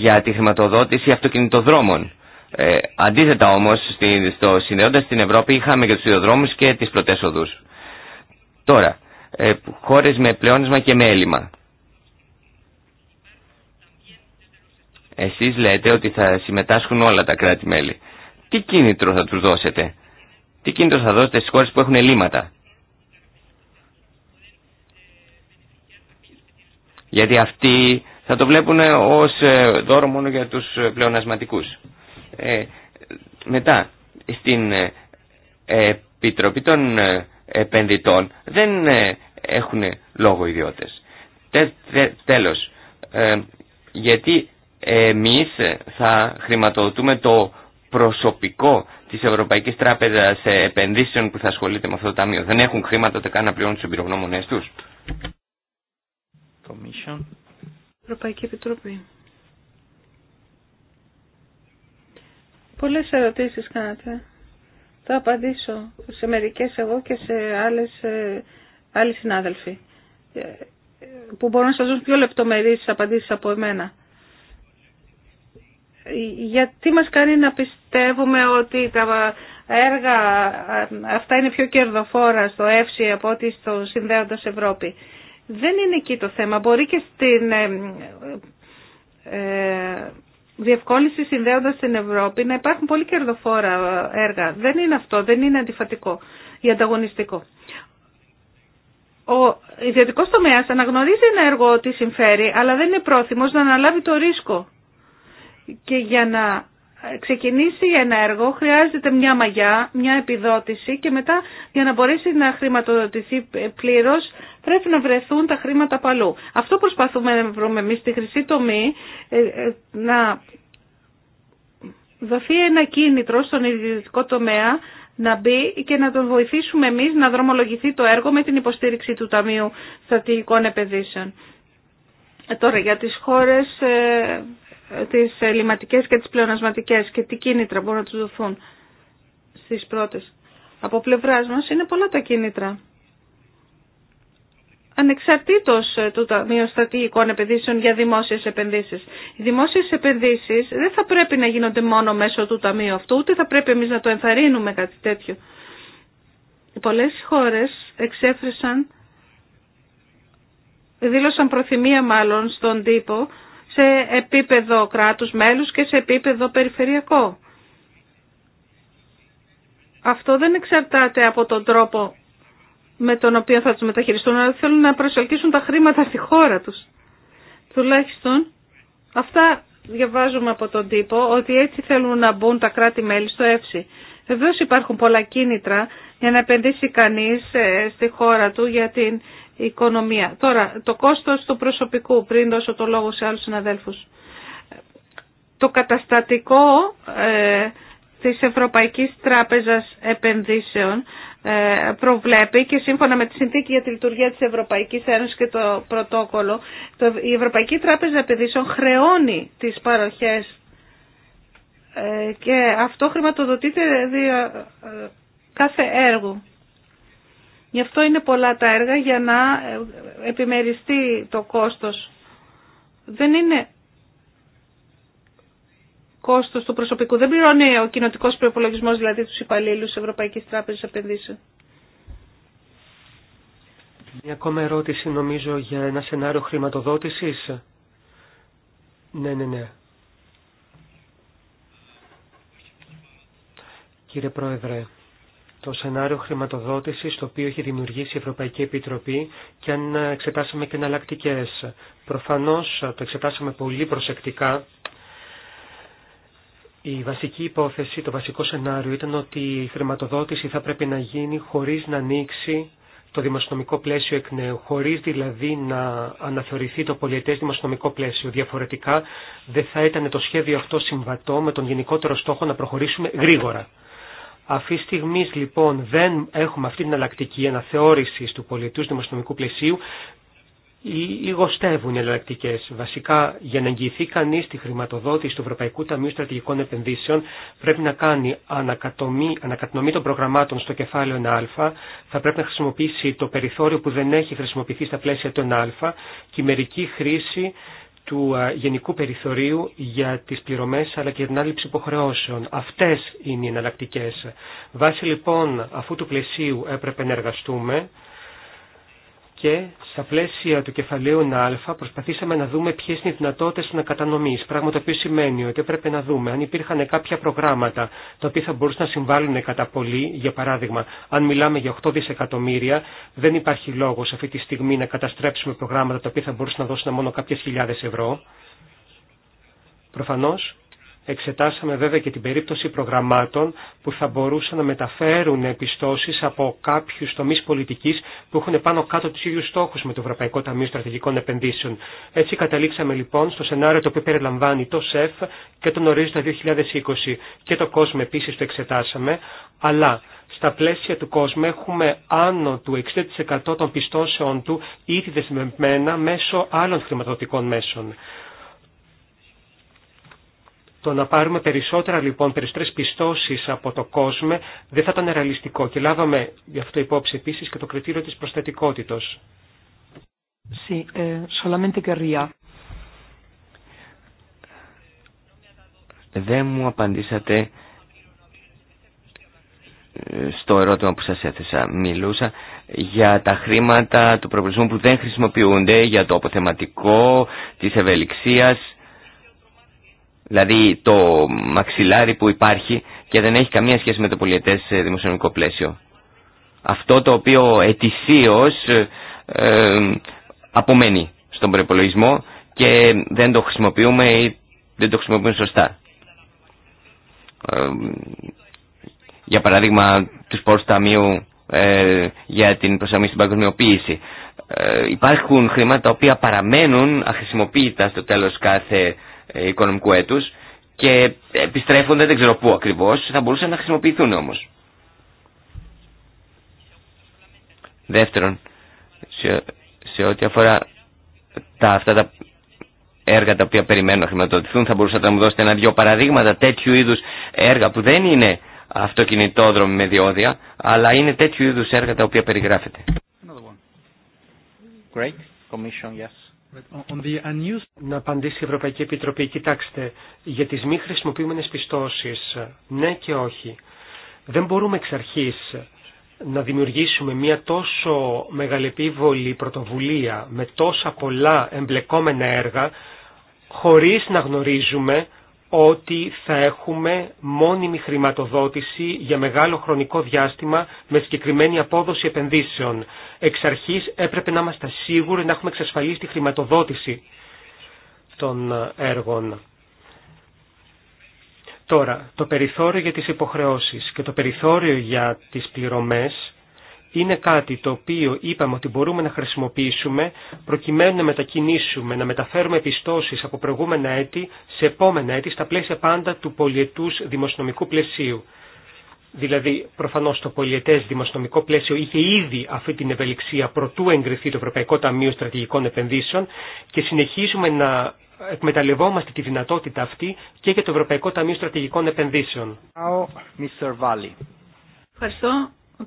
για τη χρηματοδότηση αυτοκινητοδρόμων. Ε, αντίθετα όμως, στο συνδέοντας την Ευρώπη είχαμε και τους ιδιοδρόμους και τις πλωτές οδούς. Τώρα, ε, χώρες με πλεόνασμα και με έλλειμμα. Εσείς λέτε ότι θα συμμετάσχουν όλα τα κράτη-μέλη. Τι κίνητρο θα τους δώσετε. Τι κίνητρο θα δώσετε στις χώρες που έχουν ελλείμματα. Γιατί αυτοί θα το βλέπουν ως ε, δώρο μόνο για τους ε, πλεονασματικούς. Ε, μετά, στην ε, Επιτροπή των ε, Επενδυτών δεν ε, έχουν λόγο ιδιώτες. Τε, τέλος, γιατί εμείς θα χρηματοδοτούμε το προσωπικό της Ευρωπαϊκής Τράπεζας Επενδύσεων που θα ασχολείται με αυτό το ταμείο. Δεν έχουν χρήματα ούτε καν να πληρώνουν τους εμπειρογνώμονές τους. Ευρωπαϊκή Επιτροπή. Πολλές ερωτήσεις κάνατε. Θα απαντήσω σε μερικές εγώ και σε άλλες, ε, άλλοι συνάδελφοι ε, που μπορούν να σας δουν πιο λεπτομερείς απαντήσεις από εμένα. Γιατί μας κάνει να πιστεύουμε ότι τα έργα ε, αυτά είναι πιο κερδοφόρα στο ΕΦΣΙ από ότι στο Συνδέοντας Ευρώπη. Δεν είναι εκεί το θέμα. Μπορεί και στην διευκόλυνση συνδέοντα την Ευρώπη να υπάρχουν πολύ κερδοφόρα έργα. Δεν είναι αυτό, δεν είναι αντιφατικό ή ανταγωνιστικό. Ο ιδιωτικό τομέα αναγνωρίζει ένα έργο ότι συμφέρει, αλλά δεν είναι πρόθυμος να αναλάβει το ρίσκο. Και για να ξεκινήσει ένα έργο χρειάζεται μια μαγιά, μια επιδότηση και μετά για να μπορέσει να χρηματοδοτηθεί πλήρως πρέπει να βρεθούν τα χρήματα παλού. Αυτό προσπαθούμε να βρούμε εμείς στη χρυσή τομή, ε, ε, να δοθεί ένα κίνητρο στον ιδιωτικό τομέα να μπει και να τον βοηθήσουμε εμείς να δρομολογηθεί το έργο με την υποστήριξη του Ταμείου Στατηγικών Επενδύσεων. Ε, τώρα για τις χώρες ε, τις λιματικές και τις πλεονασματικές και τι κίνητρα μπορούν να τους δοθούν στις πρώτες. Από πλευράς μας είναι πολλά τα κίνητρα ανεξαρτήτως ε, του Ταμείου Στρατηγικών Επενδύσεων για δημόσιες επενδύσεις. Οι δημόσιες επενδύσεις δεν θα πρέπει να γίνονται μόνο μέσω του Ταμείου αυτού, ούτε θα πρέπει εμείς να το ενθαρρύνουμε κάτι τέτοιο. Πολλές χώρες εξέφρασαν, δήλωσαν προθυμία μάλλον στον τύπο, σε επίπεδο κράτους μέλους και σε επίπεδο περιφερειακό. Αυτό δεν εξαρτάται από τον τρόπο με τον οποίο θα τους μεταχειριστούν, αλλά θέλουν να προσελκύσουν τα χρήματα στη χώρα τους. Τουλάχιστον αυτά διαβάζουμε από τον τύπο ότι έτσι θέλουν να μπουν τα κράτη-μέλη στο ΕΦΣΥ. Βεβαίω υπάρχουν πολλά κίνητρα για να επενδύσει κανείς ε, στη χώρα του για την οικονομία. Τώρα, το κόστος του προσωπικού, πριν δώσω το λόγο σε άλλους συναδέλφους. Το καταστατικό ε, της Ευρωπαϊκής Τράπεζας Επενδύσεων ε, προβλέπει και σύμφωνα με τη συνθήκη για τη λειτουργία της Ευρωπαϊκής Ένωσης και το πρωτόκολλο, η Ευρωπαϊκή Τράπεζα Επιδήσεων χρεώνει τις παροχές ε, και αυτό χρηματοδοτείται ε, κάθε έργο. Γι' αυτό είναι πολλά τα έργα για να επιμεριστεί το κόστος. Δεν είναι κόστος του προσωπικού. Δεν πληρώνει ο κοινοτικό προπολογισμό, δηλαδή του υπαλλήλους της Ευρωπαϊκής Τράπεζας Επενδύσεων. Μια ακόμα ερώτηση νομίζω για ένα σενάριο χρηματοδότησης. Ναι, ναι, ναι. Κύριε Πρόεδρε, το σενάριο χρηματοδότηση το οποίο έχει δημιουργήσει η Ευρωπαϊκή Επιτροπή και αν εξετάσαμε και εναλλακτικέ. Προφανώ το εξετάσαμε πολύ προσεκτικά η βασική υπόθεση, το βασικό σενάριο ήταν ότι η χρηματοδότηση θα πρέπει να γίνει χωρίς να ανοίξει το δημοσιονομικό πλαίσιο εκ νέου, χωρίς δηλαδή να αναθεωρηθεί το πολιετές δημοσιονομικό πλαίσιο. Διαφορετικά δεν θα ήταν το σχέδιο αυτό συμβατό με τον γενικότερο στόχο να προχωρήσουμε γρήγορα. Αυτή τη στιγμή λοιπόν δεν έχουμε αυτή την αλλακτική αναθεώρηση του πολιτού δημοσιονομικού πλαισίου λιγοστεύουν οι εναλλακτικέ. Βασικά, για να εγγυηθεί κανεί τη χρηματοδότηση του Ευρωπαϊκού Ταμείου Στρατηγικών Επενδύσεων, πρέπει να κάνει ανακατομή, ανακατονομή των προγραμμάτων στο κεφάλαιο 1α, θα πρέπει να χρησιμοποιήσει το περιθώριο που δεν έχει χρησιμοποιηθεί στα πλαίσια του 1α και η μερική χρήση του γενικού περιθωρίου για τις πληρωμές αλλά και την άλυψη υποχρεώσεων. Αυτές είναι οι εναλλακτικέ. Βάσει λοιπόν αφού του πλαισίου έπρεπε να εργαστούμε, και στα πλαίσια του κεφαλαίου Α προσπαθήσαμε να δούμε ποιες είναι οι δυνατότητες ανακατανομής, πράγμα το οποίο σημαίνει ότι έπρεπε να δούμε αν υπήρχαν κάποια προγράμματα τα οποία θα μπορούσαν να συμβάλλουν κατά πολύ, για παράδειγμα, αν μιλάμε για 8 δισεκατομμύρια, δεν υπάρχει λόγος αυτή τη στιγμή να καταστρέψουμε προγράμματα τα οποία θα μπορούσαν να δώσουν μόνο κάποιες χιλιάδες ευρώ. Προφανώς Εξετάσαμε βέβαια και την περίπτωση προγραμμάτων που θα μπορούσαν να μεταφέρουν επιστώσεις από κάποιους τομείς πολιτικής που έχουν πάνω κάτω τους ίδιους στόχους με το Ευρωπαϊκό Ταμείο Στρατηγικών Επενδύσεων. Έτσι καταλήξαμε λοιπόν στο σενάριο το οποίο περιλαμβάνει το ΣΕΦ και τον ορίζοντα 2020 και το κόσμο επίσης το εξετάσαμε, αλλά στα πλαίσια του κόσμου έχουμε άνω του 60% των πιστώσεων του ήδη δεσμευμένα μέσω άλλων χρηματοδοτικών μέσων. Το να πάρουμε περισσότερα λοιπόν, περισσότερε πιστώσει από το κόσμο δεν θα ήταν ρεαλιστικό και λάβαμε γι' αυτό υπόψη επίση και το κριτήριο τη προσθετικότητα. Sí, eh, solamente Δεν μου απαντήσατε ε, στο ερώτημα που σας έθεσα. Μιλούσα για τα χρήματα του προβλησμού που δεν χρησιμοποιούνται, για το αποθεματικό της ευελιξίας, δηλαδή το μαξιλάρι που υπάρχει και δεν έχει καμία σχέση με το πολιετές ε, δημοσιονομικό πλαίσιο. Αυτό το οποίο ετησίως ε, ε απομένει στον προπολογισμό και δεν το χρησιμοποιούμε ή δεν το χρησιμοποιούμε σωστά. Ε, για παράδειγμα, τους πόρους ταμείου για την προσαρμογή στην παγκοσμιοποίηση. υπάρχουν χρήματα τα οποία παραμένουν αχρησιμοποιητά στο τέλος κάθε ε, οικονομικού έτου, και επιστρέφονται δεν ξέρω πού ακριβώς, θα μπορούσαν να χρησιμοποιηθούν όμως. Δεύτερον, σε, σε ό,τι αφορά τα, αυτά τα έργα τα οποία περιμένουν να χρηματοδοτηθούν, θα μπορούσατε να μου δώσετε ένα-δυο παραδείγματα τέτοιου είδους έργα που δεν είναι αυτοκινητόδρομοι με διόδια, αλλά είναι τέτοιου είδους έργα τα οποία περιγράφεται. Great. Commission, yes. Να απαντήσει η Ευρωπαϊκή Επιτροπή. Κοιτάξτε, για τις μη χρησιμοποιούμενες πιστώσεις, ναι και όχι. Δεν μπορούμε εξ αρχής να δημιουργήσουμε μια τόσο μεγαλεπίβολη πρωτοβουλία με τόσα πολλά εμπλεκόμενα έργα χωρίς να γνωρίζουμε ότι θα έχουμε μόνιμη χρηματοδότηση για μεγάλο χρονικό διάστημα με συγκεκριμένη απόδοση επενδύσεων. Εξ αρχής έπρεπε να είμαστε σίγουροι να έχουμε εξασφαλίσει τη χρηματοδότηση των έργων. Τώρα, το περιθώριο για τις υποχρεώσεις και το περιθώριο για τις πληρωμές είναι κάτι το οποίο είπαμε ότι μπορούμε να χρησιμοποιήσουμε προκειμένου να μετακινήσουμε, να μεταφέρουμε επιστώσεις από προηγούμενα έτη σε επόμενα έτη στα πλαίσια πάντα του πολιετούς δημοσιονομικού πλαισίου. Δηλαδή, προφανώ το πολιετέ δημοσιονομικό πλαίσιο είχε ήδη αυτή την ευελιξία προτού εγκριθεί το Ευρωπαϊκό Ταμείο Στρατηγικών Επενδύσεων και συνεχίζουμε να εκμεταλλευόμαστε τη δυνατότητα αυτή και για το Ευρωπαϊκό Ταμείο Στρατηγικών Επενδύσεων. Ευχαριστώ, ο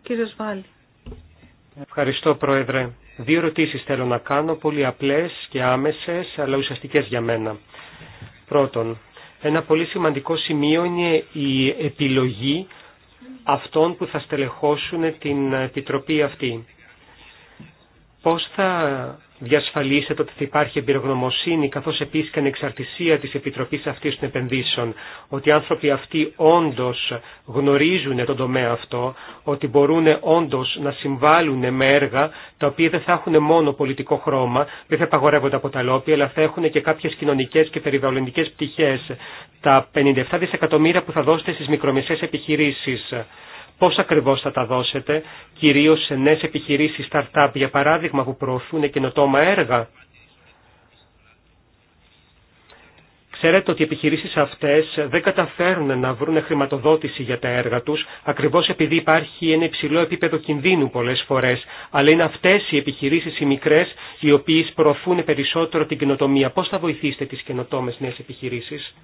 Ευχαριστώ, Πρόεδρε. Δύο ρωτήσεις θέλω να κάνω, πολύ απλές και άμεσες, αλλά ουσιαστικές για μένα. Πρώτον, ένα πολύ σημαντικό σημείο είναι η επιλογή αυτών που θα στελεχώσουν την επιτροπή αυτή. Πώς θα διασφαλίσετε ότι θα υπάρχει εμπειρογνωμοσύνη καθώς επίσης και ανεξαρτησία της Επιτροπής αυτής των επενδύσεων, ότι οι άνθρωποι αυτοί όντως γνωρίζουν τον τομέα αυτό, ότι μπορούν όντως να συμβάλλουν με έργα τα οποία δεν θα έχουν μόνο πολιτικό χρώμα, δεν θα απαγορεύονται από τα λόπια, αλλά θα έχουν και κάποιες κοινωνικές και περιβαλλοντικές πτυχές, τα 57 δισεκατομμύρια που θα δώσετε στις μικρομεσαίες επιχειρήσεις πώς ακριβώς θα τα δώσετε, κυρίως σε νέες επιχειρήσεις startup, για παράδειγμα, που προωθούν καινοτόμα έργα. Ξέρετε ότι οι επιχειρήσεις αυτές δεν καταφέρουν να βρουν χρηματοδότηση για τα έργα τους, ακριβώς επειδή υπάρχει ένα υψηλό επίπεδο κινδύνου πολλές φορές. Αλλά είναι αυτές οι επιχειρήσεις οι μικρές οι οποίες προωθούν περισσότερο την καινοτομία. Πώς θα βοηθήσετε τις καινοτόμες νέες επιχειρήσεις.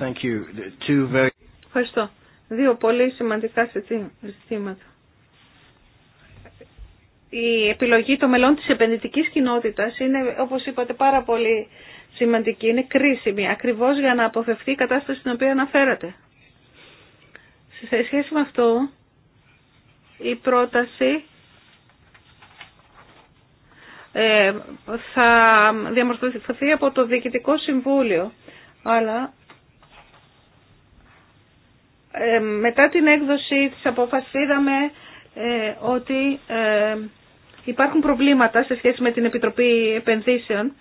Thank you. Two Ευχαριστώ. Δύο πολύ σημαντικά ζητήματα. Η επιλογή των μελών της επενδυτικής κοινότητας είναι, όπως είπατε, πάρα πολύ σημαντική. Είναι κρίσιμη, ακριβώς για να αποφευθεί η κατάσταση στην οποία αναφέρατε. Σε σχέση με αυτό, η πρόταση ε, θα διαμορφωθεί από το Διοικητικό Συμβούλιο. Αλλά ε, μετά την έκδοση της απόφασης είδαμε ε, ότι ε, υπάρχουν προβλήματα σε σχέση με την Επιτροπή Επενδύσεων.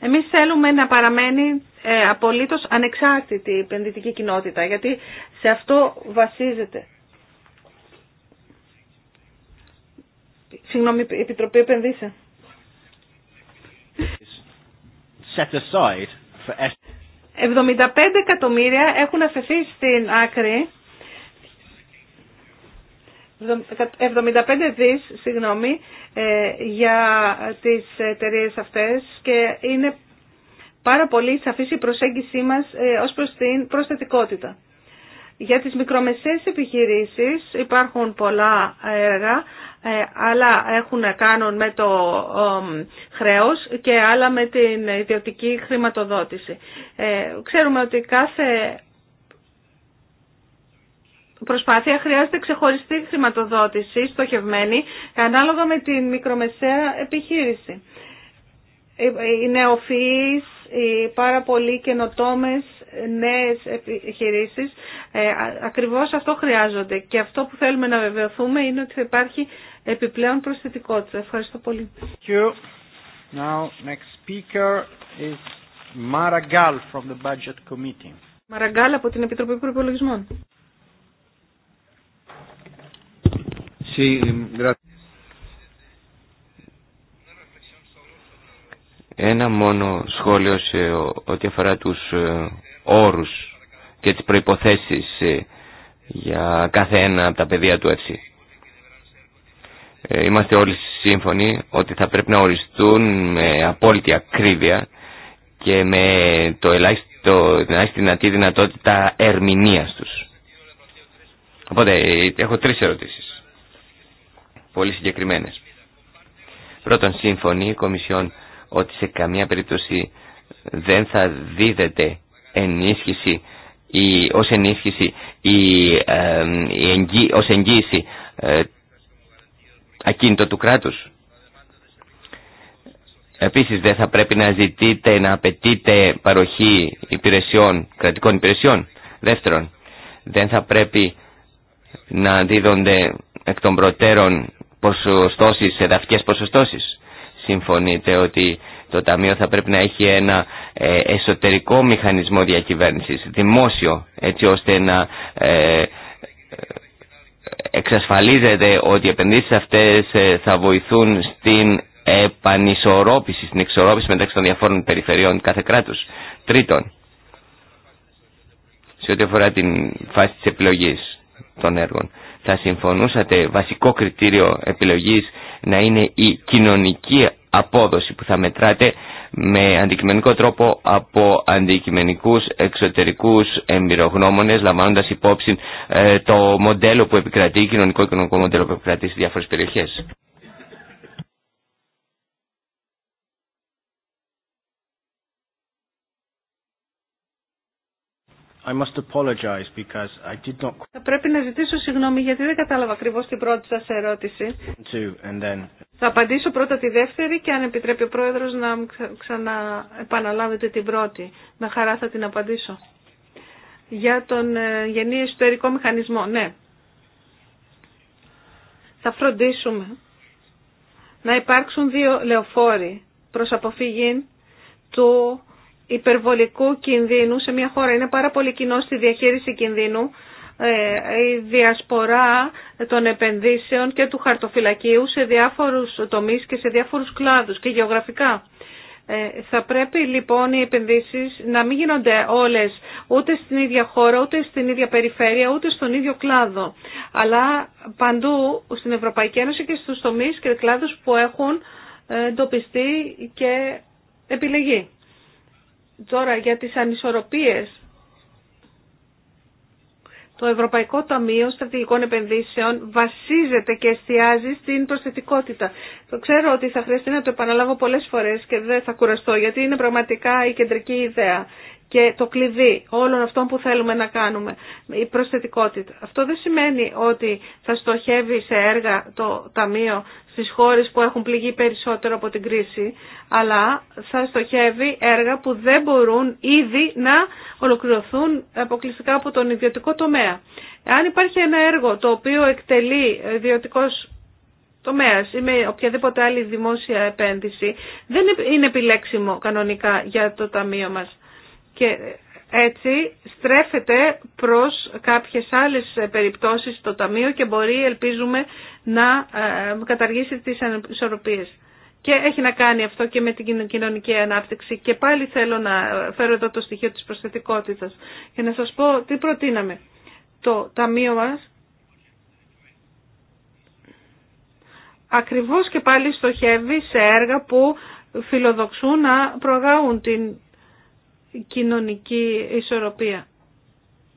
Εμείς θέλουμε να παραμένει απολύτως ανεξάρτητη η επενδυτική κοινότητα, γιατί σε αυτό βασίζεται. Συγγνώμη, Επιτροπή Επενδύσεων. Set 75 εκατομμύρια έχουν αφαιθεί στην άκρη 75 δις, συγγνώμη, ε, για τις εταιρείε αυτές και είναι πάρα πολύ σαφής η προσέγγιση μας ε, ως προς την προσθετικότητα. Για τις μικρομεσαίες επιχειρήσεις υπάρχουν πολλά έργα, ε, άλλα έχουν να κάνουν με το χρέος και άλλα με την ιδιωτική χρηματοδότηση. Ε, ξέρουμε ότι κάθε προσπάθεια χρειάζεται ξεχωριστή χρηματοδότηση, στοχευμένη, ανάλογα με την μικρομεσαία επιχείρηση. Ε, οι νεοφυείς, οι πάρα πολλοί καινοτόμες νέες επιχειρήσεις, ακριβώς αυτό χρειάζονται. Και αυτό που θέλουμε να βεβαιωθούμε είναι ότι υπάρχει επιπλέον προσθετικότητα. Ευχαριστώ πολύ. Thank you. Now, next speaker is Maragall from the Budget Committee. Maragall από την Επιτροπή Προπολογισμών. Ένα μόνο σχόλιο σε ό,τι αφορά τους ε, όρους και τις προϋποθέσεις ε, για κάθε ένα από τα παιδιά του ΕΦΣΥ. Ε, είμαστε όλοι σύμφωνοι ότι θα πρέπει να οριστούν με απόλυτη ακρίβεια και με το ελάχιστο, την ελάχιστη δυνατή δυνατότητα ερμηνείας τους. Οπότε έχω τρεις ερωτήσεις, πολύ συγκεκριμένες. Πρώτον, σύμφωνη η Κομισιόν ότι σε καμία περίπτωση δεν θα δίδεται ενίσχυση ή ως ενίσχυση ή ως εγγύηση ε, ακίνητο του κράτους. Επίσης δεν θα πρέπει να ζητείτε, να απαιτείτε παροχή υπηρεσιών, κρατικών υπηρεσιών. Δεύτερον, δεν θα πρέπει να δίδονται εκ των προτέρων ποσοστώσεις, εδαφικές ποσοστώσεις. Συμφωνείτε ότι το Ταμείο θα πρέπει να έχει ένα ε, εσωτερικό μηχανισμό διακυβέρνησης, δημόσιο, έτσι ώστε να ε, εξασφαλίζεται ότι οι επενδύσεις αυτές ε, θα βοηθούν στην επανισορρόπηση, στην εξορρόπηση μεταξύ των διαφόρων περιφερειών κάθε κράτους. Τρίτον, σε ό,τι αφορά την φάση της επιλογής των έργων, θα συμφωνούσατε βασικό κριτήριο επιλογής να είναι η κοινωνική απόδοση που θα μετράτε με αντικειμενικό τρόπο από αντικειμενικούς εξωτερικούς εμπειρογνώμονες λαμβάνοντας υπόψη ε, το μοντέλο που επικρατεί, κοινωνικό-οικονομικό μοντέλο που επικρατεί στις διάφορες περιοχές. I must apologize because I did not... Θα πρέπει να ζητήσω συγγνώμη γιατί δεν κατάλαβα ακριβώ την πρώτη σας ερώτηση. and then... Θα απαντήσω πρώτα τη δεύτερη και αν επιτρέπει ο Πρόεδρος να ξαναεπαναλάβετε την πρώτη. Με χαρά θα την απαντήσω. Για τον ε, γενή εσωτερικό μηχανισμό, ναι. Θα φροντίσουμε να υπάρξουν δύο λεωφόροι προς αποφυγή του υπερβολικού κινδύνου σε μια χώρα. Είναι πάρα πολύ κοινό στη διαχείριση κινδύνου ε, η διασπορά των επενδύσεων και του χαρτοφυλακίου σε διάφορους τομείς και σε διάφορους κλάδους και γεωγραφικά. Ε, θα πρέπει λοιπόν οι επενδύσεις να μην γίνονται όλες ούτε στην ίδια χώρα, ούτε στην ίδια περιφέρεια, ούτε στον ίδιο κλάδο. Αλλά παντού στην Ευρωπαϊκή Ένωση και στους τομείς και κλάδους που έχουν ε, εντοπιστεί και επιλεγεί. Τώρα για τις ανισορροπίες. Το Ευρωπαϊκό Ταμείο Στρατηγικών Επενδύσεων βασίζεται και εστιάζει στην προσθετικότητα. Το ξέρω ότι θα χρειαστεί να το επαναλάβω πολλές φορές και δεν θα κουραστώ γιατί είναι πραγματικά η κεντρική ιδέα και το κλειδί όλων αυτών που θέλουμε να κάνουμε, η προσθετικότητα. Αυτό δεν σημαίνει ότι θα στοχεύει σε έργα το Ταμείο στις χώρες που έχουν πληγεί περισσότερο από την κρίση, αλλά θα στοχεύει έργα που δεν μπορούν ήδη να ολοκληρωθούν αποκλειστικά από τον ιδιωτικό τομέα. Αν υπάρχει ένα έργο το οποίο εκτελεί ιδιωτικός τομέας ή με οποιαδήποτε άλλη δημόσια επένδυση, δεν είναι επιλέξιμο κανονικά για το Ταμείο μας και έτσι στρέφεται προς κάποιες άλλες περιπτώσεις το Ταμείο και μπορεί, ελπίζουμε, να ε, καταργήσει τις ανεπισορροπίες. Και έχει να κάνει αυτό και με την κοινωνική ανάπτυξη. Και πάλι θέλω να φέρω εδώ το στοιχείο της προσθετικότητας και να σας πω τι προτείναμε. Το Ταμείο μας ακριβώς και πάλι στοχεύει σε έργα που φιλοδοξούν να προαγάγουν την κοινωνική ισορροπία.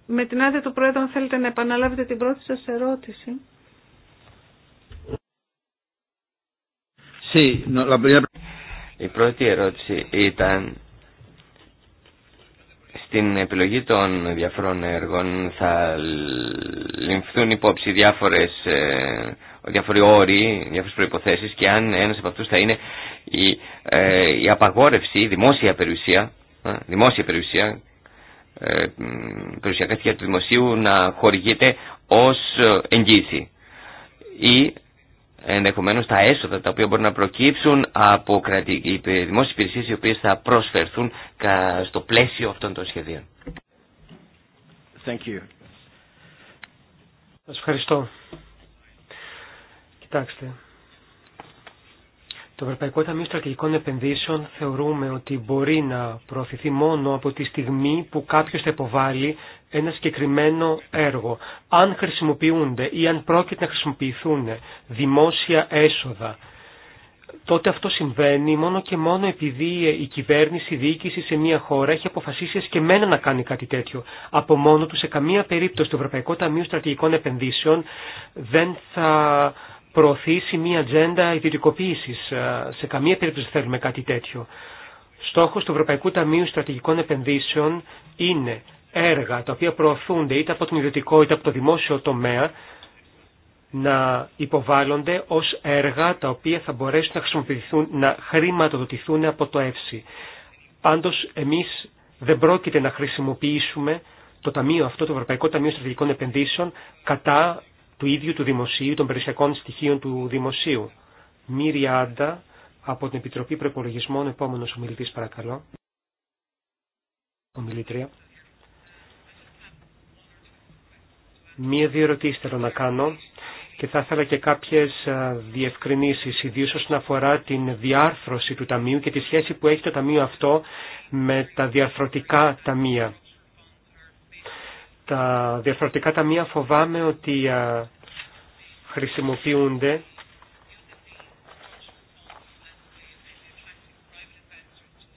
Με την άδεια του Πρόεδρου, θέλετε να επαναλάβετε την πρώτη σας ερώτηση. Η πρώτη ερώτηση ήταν στην επιλογή των διαφορών έργων θα λυμφθούν υπόψη διάφορες, ε, διάφοροι όροι, διάφορες προϋποθέσεις και αν ένας από αυτούς θα είναι η, ε, η απαγόρευση, η δημόσια περιουσία δημόσια περιουσία, ε, περιουσιακά στοιχεία του δημοσίου να χορηγείται ως ε, εγγύηση ή ενδεχομένως τα έσοδα τα οποία μπορούν να προκύψουν από δημόσιε δημόσιες υπηρεσίες οι οποίες θα προσφερθούν στο πλαίσιο αυτών των σχεδίων. Thank you. Σας ευχαριστώ. Κοιτάξτε, το Ευρωπαϊκό Ταμείο Στρατηγικών Επενδύσεων θεωρούμε ότι μπορεί να προωθηθεί μόνο από τη στιγμή που κάποιος θα υποβάλει ένα συγκεκριμένο έργο. Αν χρησιμοποιούνται ή αν πρόκειται να χρησιμοποιηθούν δημόσια έσοδα, τότε αυτό συμβαίνει μόνο και μόνο επειδή η κυβέρνηση, η διοίκηση σε μια χώρα έχει αποφασίσει μένα να κάνει κάτι τέτοιο. Από μόνο του σε καμία περίπτωση το Ευρωπαϊκό Ταμείο Στρατηγικών Επενδύσεων δεν θα προωθήσει μία ατζέντα ιδιωτικοποίηση ε, Σε καμία περίπτωση δεν θέλουμε κάτι τέτοιο. Στόχο του Ευρωπαϊκού Ταμείου Στρατηγικών Επενδύσεων είναι έργα τα οποία προωθούνται είτε από τον ιδιωτικό είτε από το δημόσιο τομέα να υποβάλλονται ως έργα τα οποία θα μπορέσουν να χρησιμοποιηθούν, να χρηματοδοτηθούν από το ΕΦΣΥ. Πάντως εμείς δεν πρόκειται να χρησιμοποιήσουμε το Ταμείο αυτό, το Ευρωπαϊκό Ταμείο Στρατηγικών Επενδύσεων, κατά του ίδιου του δημοσίου, των περιουσιακών στοιχείων του δημοσίου. Μύρια Άντα, από την Επιτροπή Προπολογισμών, Οπόμε ομιλητής παρακαλώ. Ομιλήτρια. Μία-δύο ερωτήσει να κάνω και θα ήθελα και κάποιες διευκρινήσεις, ιδίως όσον αφορά την διάρθρωση του Ταμείου και τη σχέση που έχει το Ταμείο αυτό με τα διαρθρωτικά ταμεία. Τα διαφορετικά ταμεία φοβάμαι ότι χρησιμοποιούνται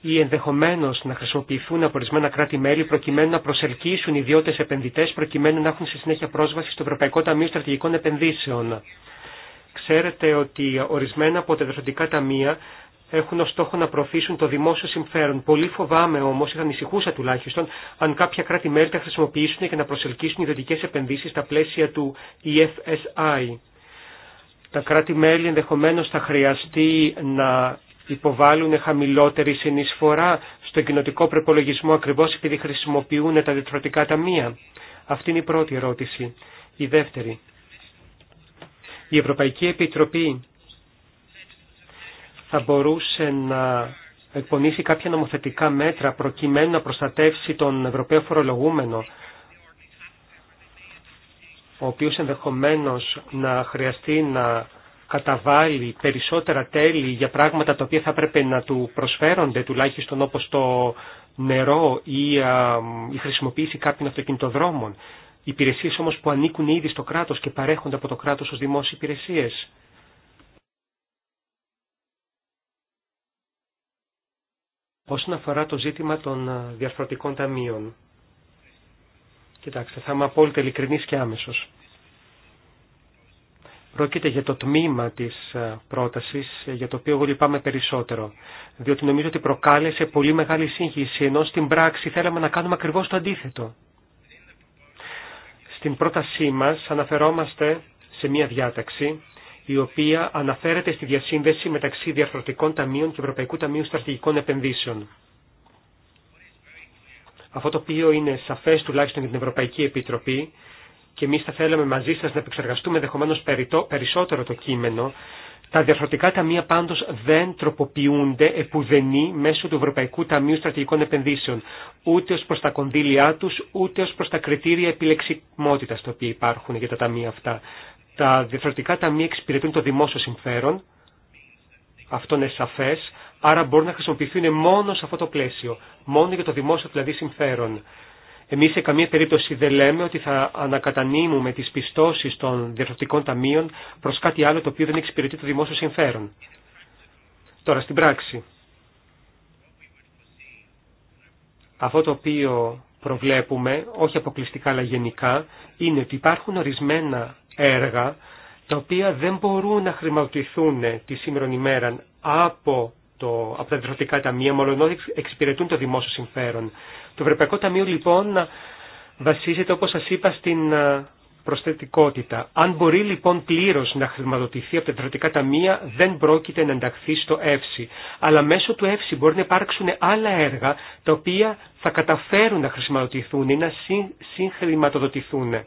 ή ενδεχομένω να χρησιμοποιηθούν από ορισμένα κράτη-μέλη προκειμένου να προσελκύσουν ιδιώτες επενδυτέ προκειμένου να έχουν στη συνέχεια πρόσβαση στο Ευρωπαϊκό Ταμείο Στρατηγικών Επενδύσεων. Ξέρετε ότι ορισμένα από τα διαφορετικά ταμεία έχουν ως στόχο να προωθήσουν το δημόσιο συμφέρον. Πολύ φοβάμαι όμως, είχα ανησυχούσα τουλάχιστον, αν κάποια κράτη-μέλη τα χρησιμοποιήσουν και να προσελκύσουν ιδιωτικές επενδύσεις στα πλαίσια του EFSI. Τα κράτη-μέλη ενδεχομένως θα χρειαστεί να υποβάλουν χαμηλότερη συνεισφορά στο κοινοτικό προπολογισμό ακριβώς επειδή χρησιμοποιούν τα διευθυντικά ταμεία. Αυτή είναι η πρώτη ερώτηση. Η δεύτερη. Η Ευρωπαϊκή Επιτροπή θα μπορούσε να εκπονήσει κάποια νομοθετικά μέτρα προκειμένου να προστατεύσει τον Ευρωπαίο φορολογούμενο, ο οποίος ενδεχομένως να χρειαστεί να καταβάλει περισσότερα τέλη για πράγματα τα οποία θα έπρεπε να του προσφέρονται, τουλάχιστον όπως το νερό ή η χρησιμοποίηση κάποιων αυτοκινητοδρόμων. Υπηρεσίες όμως που ανήκουν ήδη στο κράτος και παρέχονται από το κράτος ως δημόσιες υπηρεσίες. όσον αφορά το ζήτημα των ε, διαφορετικών ταμείων. Κοιτάξτε, θα είμαι απόλυτα ειλικρινής και άμεσος. Πρόκειται για το τμήμα της ε, πρότασης, ε, για το οποίο εγώ λυπάμαι περισσότερο, διότι νομίζω ότι προκάλεσε πολύ μεγάλη σύγχυση, ενώ στην πράξη θέλαμε να κάνουμε ακριβώς το αντίθετο. Στην πρότασή μας αναφερόμαστε σε μία διάταξη, η οποία αναφέρεται στη διασύνδεση μεταξύ διαρθρωτικών ταμείων και Ευρωπαϊκού Ταμείου Στρατηγικών Επενδύσεων. Αυτό το οποίο είναι σαφέ τουλάχιστον για την Ευρωπαϊκή Επιτροπή και εμεί θα θέλαμε μαζί σα να επεξεργαστούμε ενδεχομένω περισσότερο το κείμενο, τα διαρθρωτικά ταμεία πάντω δεν τροποποιούνται επουδενή μέσω του Ευρωπαϊκού Ταμείου Στρατηγικών Επενδύσεων, ούτε ω προ τα κονδύλια του, ούτε ω προ τα κριτήρια επιλεξιμότητα τα οποία υπάρχουν για τα ταμεία αυτά τα διαφορετικά ταμεία εξυπηρετούν το δημόσιο συμφέρον, αυτό είναι σαφέ, άρα μπορούν να χρησιμοποιηθούν μόνο σε αυτό το πλαίσιο, μόνο για το δημόσιο δηλαδή συμφέρον. Εμεί σε καμία περίπτωση δεν λέμε ότι θα ανακατανείμουμε τι πιστώσει των διαφορετικών ταμείων προ κάτι άλλο το οποίο δεν εξυπηρετεί το δημόσιο συμφέρον. Τώρα στην πράξη. Αυτό το οποίο προβλέπουμε, όχι αποκλειστικά αλλά γενικά, είναι ότι υπάρχουν ορισμένα έργα τα οποία δεν μπορούν να χρηματοδοτηθούν τη σήμερα ημέρα από, το, από τα διευθυντικά ταμεία, ενώ εξυπηρετούν το δημόσιο συμφέρον. Το Ευρωπαϊκό Ταμείο λοιπόν βασίζεται όπως σας είπα στην προσθετικότητα. Αν μπορεί λοιπόν πλήρω να χρηματοδοτηθεί από τα μία, ταμεία, δεν πρόκειται να ενταχθεί στο ΕΦΣΥ. Αλλά μέσω του ΕΦΣΥ μπορεί να υπάρξουν άλλα έργα τα οποία θα καταφέρουν να χρηματοδοτηθούν ή να συγχρηματοδοτηθούν.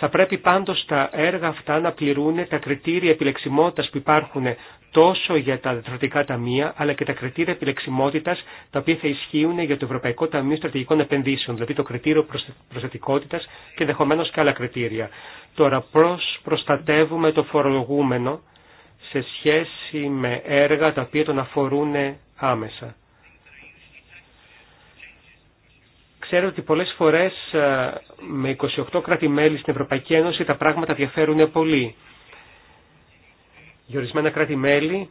Θα πρέπει πάντως τα έργα αυτά να πληρούν τα κριτήρια επιλεξιμότητας που υπάρχουν τόσο για τα δρατικά ταμεία, αλλά και τα κριτήρια επιλεξιμότητας τα οποία θα ισχύουν για το Ευρωπαϊκό Ταμείο Στρατηγικών Επενδύσεων, δηλαδή το κριτήριο προστατικότητας και ενδεχομένω και άλλα κριτήρια. Τώρα, πώς προστατεύουμε το φορολογούμενο σε σχέση με έργα τα οποία τον αφορούν άμεσα. Ξέρω ότι πολλές φορές ε, με 28 κράτη-μέλη στην Ευρωπαϊκή Ένωση τα πράγματα διαφέρουν πολύ. Για ορισμένα κράτη-μέλη,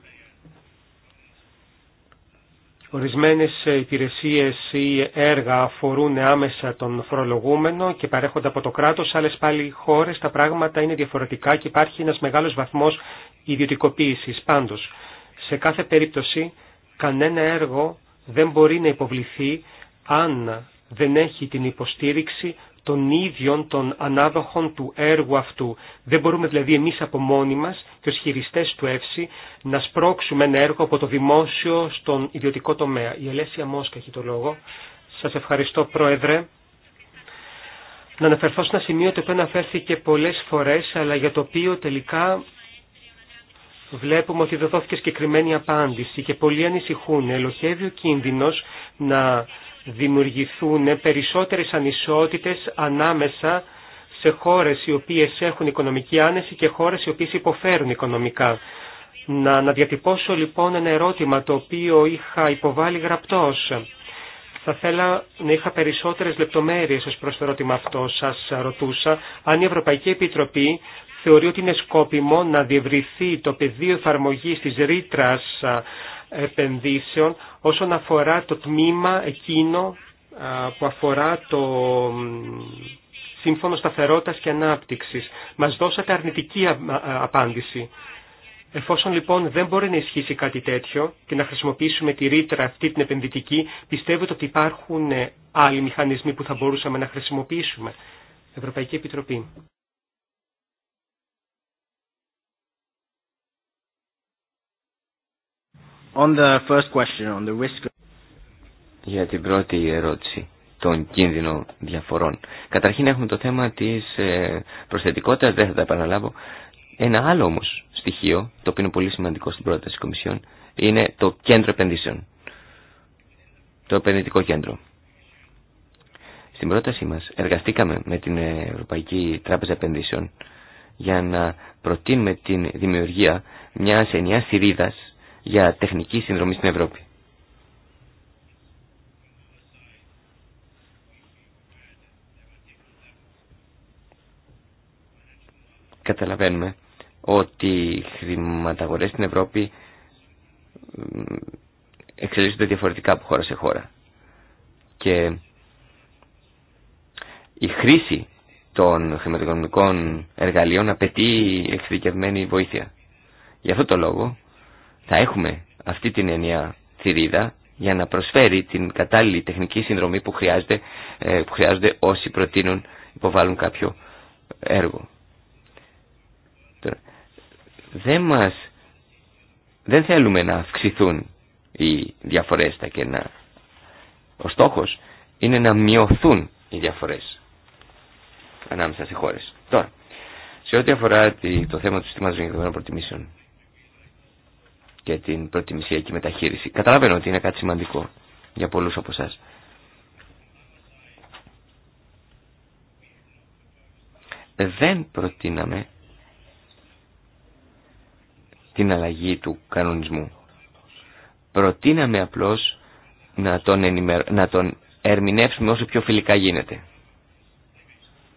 ορισμένες υπηρεσίες ή έργα αφορούν άμεσα τον φορολογούμενο και παρέχονται από το κράτος, άλλες πάλι χώρες τα πράγματα είναι διαφορετικά και υπάρχει ένας μεγάλος βαθμός ιδιωτικοποίησης. Πάντως, σε κάθε περίπτωση, κανένα έργο δεν μπορεί να υποβληθεί αν δεν έχει την υποστήριξη των ίδιων των ανάδοχων του έργου αυτού. Δεν μπορούμε δηλαδή εμείς από μόνοι μας και ως χειριστές του ΕΦΣΥ να σπρώξουμε ένα έργο από το δημόσιο στον ιδιωτικό τομέα. Η Ελέσια Μόσκα έχει το λόγο. Σας ευχαριστώ Πρόεδρε. Να αναφερθώ σε ένα σημείο το οποίο αναφέρθηκε πολλές φορές αλλά για το οποίο τελικά βλέπουμε ότι δεν δόθηκε συγκεκριμένη απάντηση και πολλοί ανησυχούν. Ελοχεύει ο κίνδυνος να δημιουργηθούν περισσότερες ανισότητες ανάμεσα σε χώρες οι οποίες έχουν οικονομική άνεση και χώρες οι οποίες υποφέρουν οικονομικά. Να διατυπώσω λοιπόν ένα ερώτημα το οποίο είχα υποβάλει γραπτός. Θα θέλα να είχα περισσότερες λεπτομέρειες ως προς το ερώτημα αυτό. Σας ρωτούσα αν η Ευρωπαϊκή Επιτροπή θεωρεί ότι είναι σκόπιμο να διευρυθεί το πεδίο εφαρμογή της ρήτρα ε, επενδύσεων όσον αφορά το τμήμα εκείνο που αφορά το Σύμφωνο Σταθερότητας και Ανάπτυξης. Μας δώσατε αρνητική απάντηση. Εφόσον λοιπόν δεν μπορεί να ισχύσει κάτι τέτοιο και να χρησιμοποιήσουμε τη ρήτρα αυτή την επενδυτική, πιστεύετε ότι υπάρχουν ε, άλλοι μηχανισμοί που θα μπορούσαμε να χρησιμοποιήσουμε. Ευρωπαϊκή Επιτροπή. Για την πρώτη ερώτηση, τον κίνδυνων διαφορών. Καταρχήν έχουμε το θέμα της ε, προσθετικότητας, δεν θα τα επαναλάβω. Ένα άλλο όμως στοιχείο, το οποίο είναι πολύ σημαντικό στην πρόταση της Κομισιόν, είναι το κέντρο επενδύσεων. Το επενδυτικό κέντρο. Στην πρότασή μας εργαστήκαμε με την Ευρωπαϊκή Τράπεζα Επενδύσεων για να προτείνουμε την δημιουργία μιας ενιαίας θηρίδας για τεχνική συνδρομή στην Ευρώπη. Καταλαβαίνουμε ότι οι χρηματαγορές στην Ευρώπη εξελίσσονται διαφορετικά από χώρα σε χώρα. Και η χρήση των χρηματοοικονομικών εργαλείων απαιτεί εξειδικευμένη βοήθεια. Για αυτό το λόγο θα έχουμε αυτή την ενιαία θηρίδα για να προσφέρει την κατάλληλη τεχνική συνδρομή που, χρειάζεται, ε, που χρειάζονται όσοι προτείνουν υποβάλλουν κάποιο έργο. Δεν, μας, δεν θέλουμε να αυξηθούν οι διαφορές τα κενά. Ο στόχος είναι να μειωθούν οι διαφορές ανάμεσα σε χώρες. Τώρα, σε ό,τι αφορά το θέμα του συστήματος προτιμήσεων, και την προτιμησιακή μεταχείριση. Καταλαβαίνω ότι είναι κάτι σημαντικό για πολλούς από εσά. Δεν προτείναμε την αλλαγή του κανονισμού. Προτείναμε απλώς να τον, να τον ερμηνεύσουμε όσο πιο φιλικά γίνεται.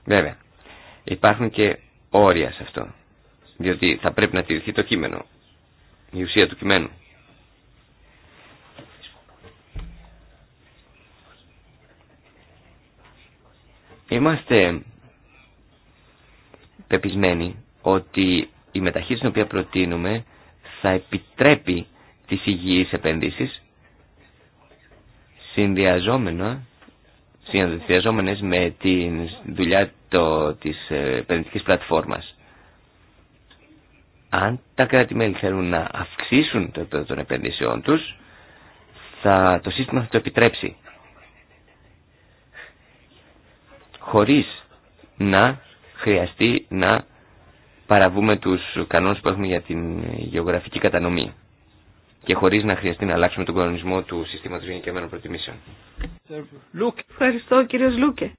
Βέβαια, υπάρχουν και όρια σε αυτό, διότι θα πρέπει να τηρηθεί το κείμενο η ουσία του κειμένου. Είμαστε πεπισμένοι ότι η μεταχείριση την οποία προτείνουμε θα επιτρέπει τις υγιείς επενδύσεις συνδυαζόμενα συνδυαζόμενες με τη δουλειά το, της επενδυτικής πλατφόρμας. Αν τα κράτη-μέλη θέλουν να αυξήσουν το επίπεδο των επενδύσεών τους, θα, το σύστημα θα το επιτρέψει. Χωρίς να χρειαστεί να παραβούμε τους κανόνες που έχουμε για την γεωγραφική κατανομή και χωρίς να χρειαστεί να αλλάξουμε τον κανονισμό του συστήματος γενικευμένων προτιμήσεων. Ευχαριστώ κύριος Λούκε.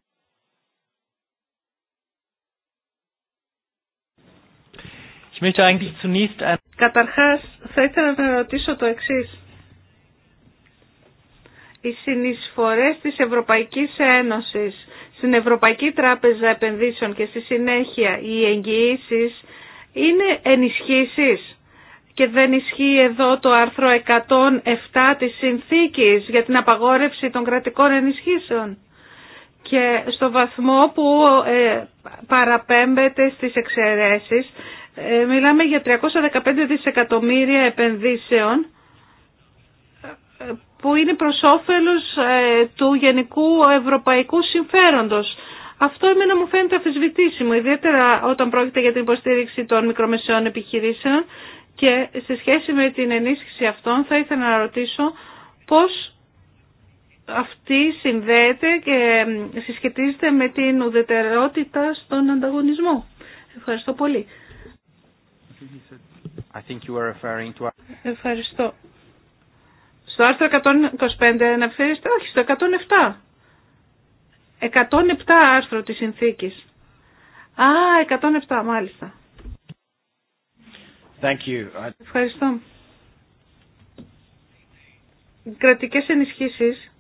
Καταρχάς, θα ήθελα να ρωτήσω το εξής. Οι συνεισφορές της Ευρωπαϊκής Ένωσης στην Ευρωπαϊκή Τράπεζα Επενδύσεων και στη συνέχεια οι εγγυήσει είναι ενισχύσεις και δεν ισχύει εδώ το άρθρο 107 της Συνθήκης για την απαγόρευση των κρατικών ενισχύσεων και στο βαθμό που ε, παραπέμπεται στις εξαιρέσεις ε, μιλάμε για 315 δισεκατομμύρια επενδύσεων ε, που είναι προς όφελος ε, του γενικού ευρωπαϊκού συμφέροντος. Αυτό εμένα μου φαίνεται αφισβητήσιμο, ιδιαίτερα όταν πρόκειται για την υποστήριξη των μικρομεσαίων επιχειρήσεων και σε σχέση με την ενίσχυση αυτών θα ήθελα να ρωτήσω πώς αυτή συνδέεται και συσχετίζεται με την ουδετερότητα στον ανταγωνισμό. Ευχαριστώ πολύ. Ευχαριστώ. Στο άρθρο 125 αναφέρεστε, όχι, στο 107. 107 άρθρο της συνθήκης. Α, 107, μάλιστα. Thank you. Ευχαριστώ. Κρατικές ενισχύσεις.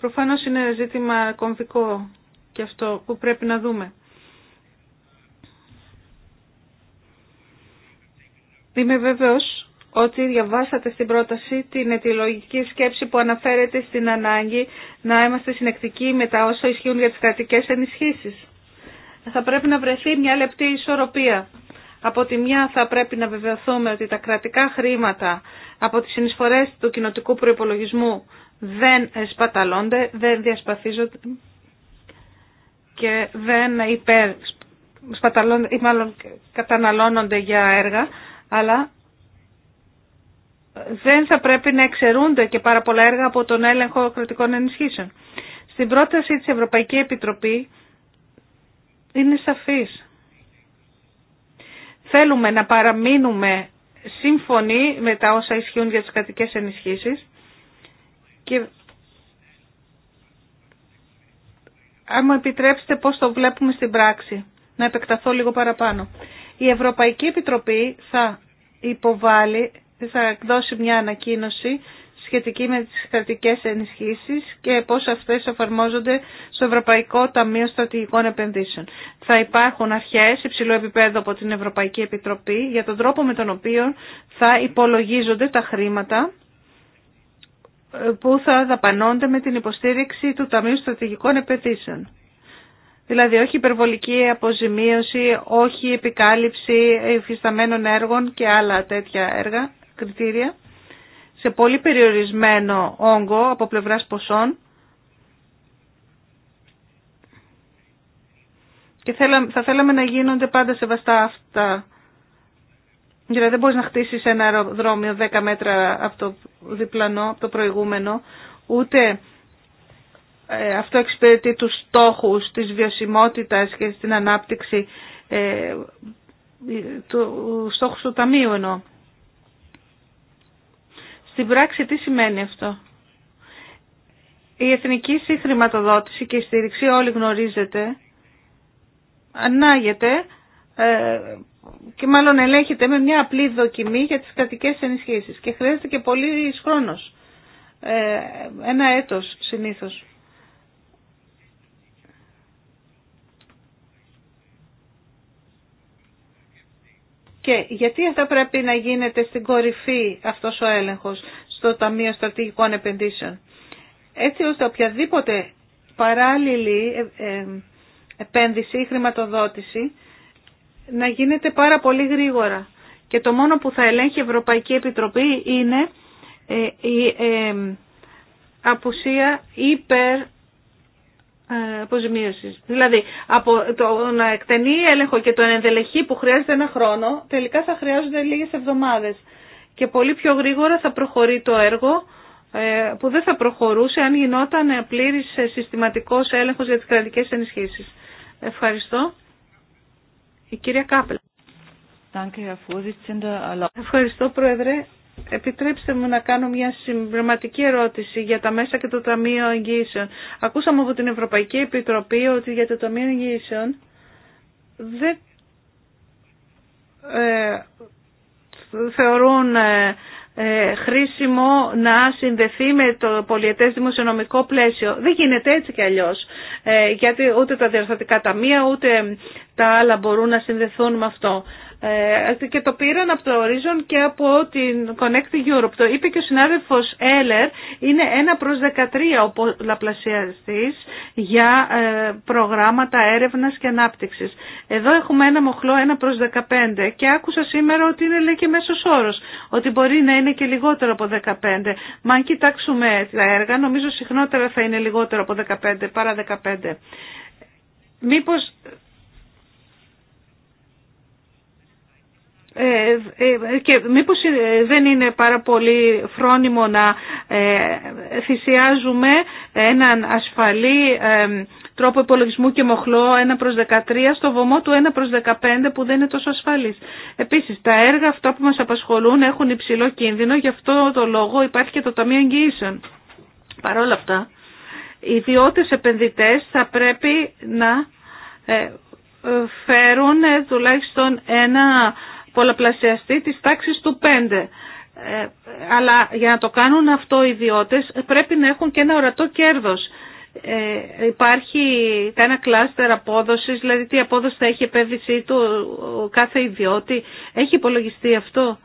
Προφανώς είναι ζήτημα κομβικό και αυτό που πρέπει να δούμε. Είμαι βεβαίως ότι διαβάσατε στην πρόταση την αιτιολογική σκέψη που αναφέρεται στην ανάγκη να είμαστε συνεκτικοί με τα όσα ισχύουν για τις κρατικές ενισχύσεις. Θα πρέπει να βρεθεί μια λεπτή ισορροπία. Από τη μια θα πρέπει να βεβαιωθούμε ότι τα κρατικά χρήματα από τις συνεισφορές του κοινοτικού προϋπολογισμού δεν σπαταλώνται, δεν διασπαθίζονται και δεν υπερ, σπαταλώνται ή μάλλον καταναλώνονται για έργα αλλά δεν θα πρέπει να εξαιρούνται και πάρα πολλά έργα από τον έλεγχο κρατικών ενισχύσεων. Στην πρόταση της Ευρωπαϊκή Επιτροπή είναι σαφής. Θέλουμε να παραμείνουμε σύμφωνοι με τα όσα ισχύουν για τις κρατικές ενισχύσεις και αν μου επιτρέψετε πώς το βλέπουμε στην πράξη, να επεκταθώ λίγο παραπάνω. Η Ευρωπαϊκή Επιτροπή θα υποβάλει, θα εκδώσει μια ανακοίνωση σχετική με τις κρατικές ενισχύσεις και πώς αυτές εφαρμόζονται στο Ευρωπαϊκό Ταμείο Στρατηγικών Επενδύσεων. Θα υπάρχουν αρχές υψηλό επίπεδου από την Ευρωπαϊκή Επιτροπή για τον τρόπο με τον οποίο θα υπολογίζονται τα χρήματα ε, που θα δαπανώνται με την υποστήριξη του Ταμείου Στρατηγικών Επενδύσεων. Δηλαδή όχι υπερβολική αποζημίωση, όχι επικάλυψη υφισταμένων έργων και άλλα τέτοια έργα, κριτήρια. Σε πολύ περιορισμένο όγκο από πλευράς ποσών. Και θα θέλαμε να γίνονται πάντα σεβαστά αυτά. Δηλαδή δεν μπορείς να χτίσεις ένα αεροδρόμιο 10 μέτρα από το διπλανό, από το προηγούμενο, ούτε ε, αυτό εξυπηρετεί τους στόχους της βιωσιμότητας και στην ανάπτυξη ε, του στόχου του Ταμείου εννοώ. Στην πράξη τι σημαίνει αυτό. Η εθνική συγχρηματοδότηση και η στήριξη όλοι γνωρίζετε, ανάγεται ε, και μάλλον ελέγχεται με μια απλή δοκιμή για τις κρατικές ενισχύσεις και χρειάζεται και πολύ χρόνος, ένα έτος συνήθως. Και γιατί θα πρέπει να γίνεται στην κορυφή αυτός ο έλεγχος στο Ταμείο Στρατηγικών Επενδύσεων. Έτσι ώστε οποιαδήποτε παράλληλη ε, ε, επένδυση ή χρηματοδότηση να γίνεται πάρα πολύ γρήγορα. Και το μόνο που θα ελέγχει η Ευρωπαϊκή Επιτροπή είναι ε, η απουσία υπερ ε, αποζημίωσης. Δηλαδή, από το τον εκτενή έλεγχο και το ενδελεχεί που χρειάζεται ένα χρόνο, τελικά θα χρειάζονται λίγες εβδομάδες. Και πολύ πιο γρήγορα θα προχωρεί το έργο, ε, που δεν θα προχωρούσε αν γινόταν πλήρης ε, συστηματικός έλεγχος για τις κρατικές ενισχύσεις. Ευχαριστώ. Η κυρία Κάπελ. Ευχαριστώ, Πρόεδρε. Επιτρέψτε μου να κάνω μια συμπληρωματική ερώτηση για τα μέσα και το Ταμείο Εγγύησεων. Ακούσαμε από την Ευρωπαϊκή Επιτροπή ότι για το Ταμείο Εγγύησεων δεν ε, θεωρούν ε, ε χρήσιμο να συνδεθεί με το πολιετές δημοσιονομικό πλαίσιο. Δεν γίνεται έτσι κι αλλιώς, ε, γιατί ούτε τα διορθωτικά ταμεία ούτε τα άλλα μπορούν να συνδεθούν με αυτό. Ε, και το πήραν από το Horizon και από την Connect Europe. Το είπε και ο συνάδελφος Έλερ, είναι 1 προς 13 ο πολλαπλασιαστής για ε, προγράμματα έρευνας και ανάπτυξης. Εδώ έχουμε ένα μοχλό 1 προς 15 και άκουσα σήμερα ότι είναι λέει και μέσος όρος, ότι μπορεί να είναι και λιγότερο από 15. Μα αν κοιτάξουμε τα έργα, νομίζω συχνότερα θα είναι λιγότερο από 15, παρά 15. Μήπως Ε, ε, και μήπως ε, δεν είναι πάρα πολύ φρόνιμο να θυσιάζουμε έναν ασφαλή τρόπο υπολογισμού και μοχλό 1 προς 13 στο βωμό του 1 προς 15 που δεν είναι τόσο ασφαλής. Επίσης τα έργα αυτά που μας απασχολούν έχουν υψηλό κίνδυνο γι' αυτό το λόγο υπάρχει και το Ταμείο Εγγυήσεων. Παρ' όλα αυτά οι ιδιώτες επενδυτές θα πρέπει να φέρουν τουλάχιστον ένα πολλαπλασιαστεί της τάξης του 5. Ε, αλλά για να το κάνουν αυτό οι ιδιώτες πρέπει να έχουν και ένα ορατό κέρδος. Ε, υπάρχει ένα κλάστερ απόδοσης, δηλαδή τι απόδοση θα έχει επέβησή του κάθε ιδιώτη. Έχει υπολογιστεί αυτό.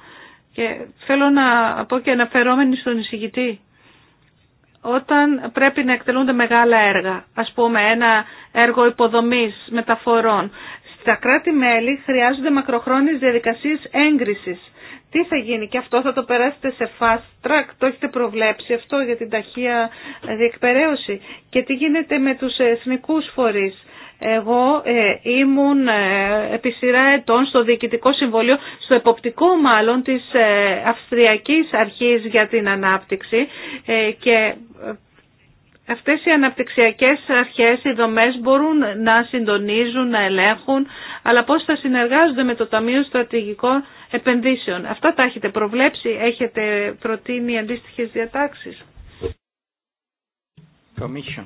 Και θέλω να πω και αναφερόμενοι στον εισηγητή. Όταν πρέπει να εκτελούνται μεγάλα έργα, ας πούμε ένα έργο υποδομής μεταφορών, στα κράτη-μέλη χρειάζονται μακροχρόνιες διαδικασίες έγκρισης. Τι θα γίνει και αυτό θα το περάσετε σε fast track, το έχετε προβλέψει αυτό για την ταχεία διεκπαιρέωση. Και τι γίνεται με τους εθνικούς φορείς. Εγώ ε, ήμουν ε, επί σειρά ετών στο Διοικητικό Συμβολίο, στο εποπτικό μάλλον της ε, Αυστριακής Αρχής για την Ανάπτυξη ε, και Αυτές οι αναπτυξιακές αρχές, οι δομές μπορούν να συντονίζουν, να ελέγχουν, αλλά πώς θα συνεργάζονται με το Ταμείο Στρατηγικών Επενδύσεων. Αυτά τα έχετε προβλέψει, έχετε προτείνει αντίστοιχες διατάξεις. Commission.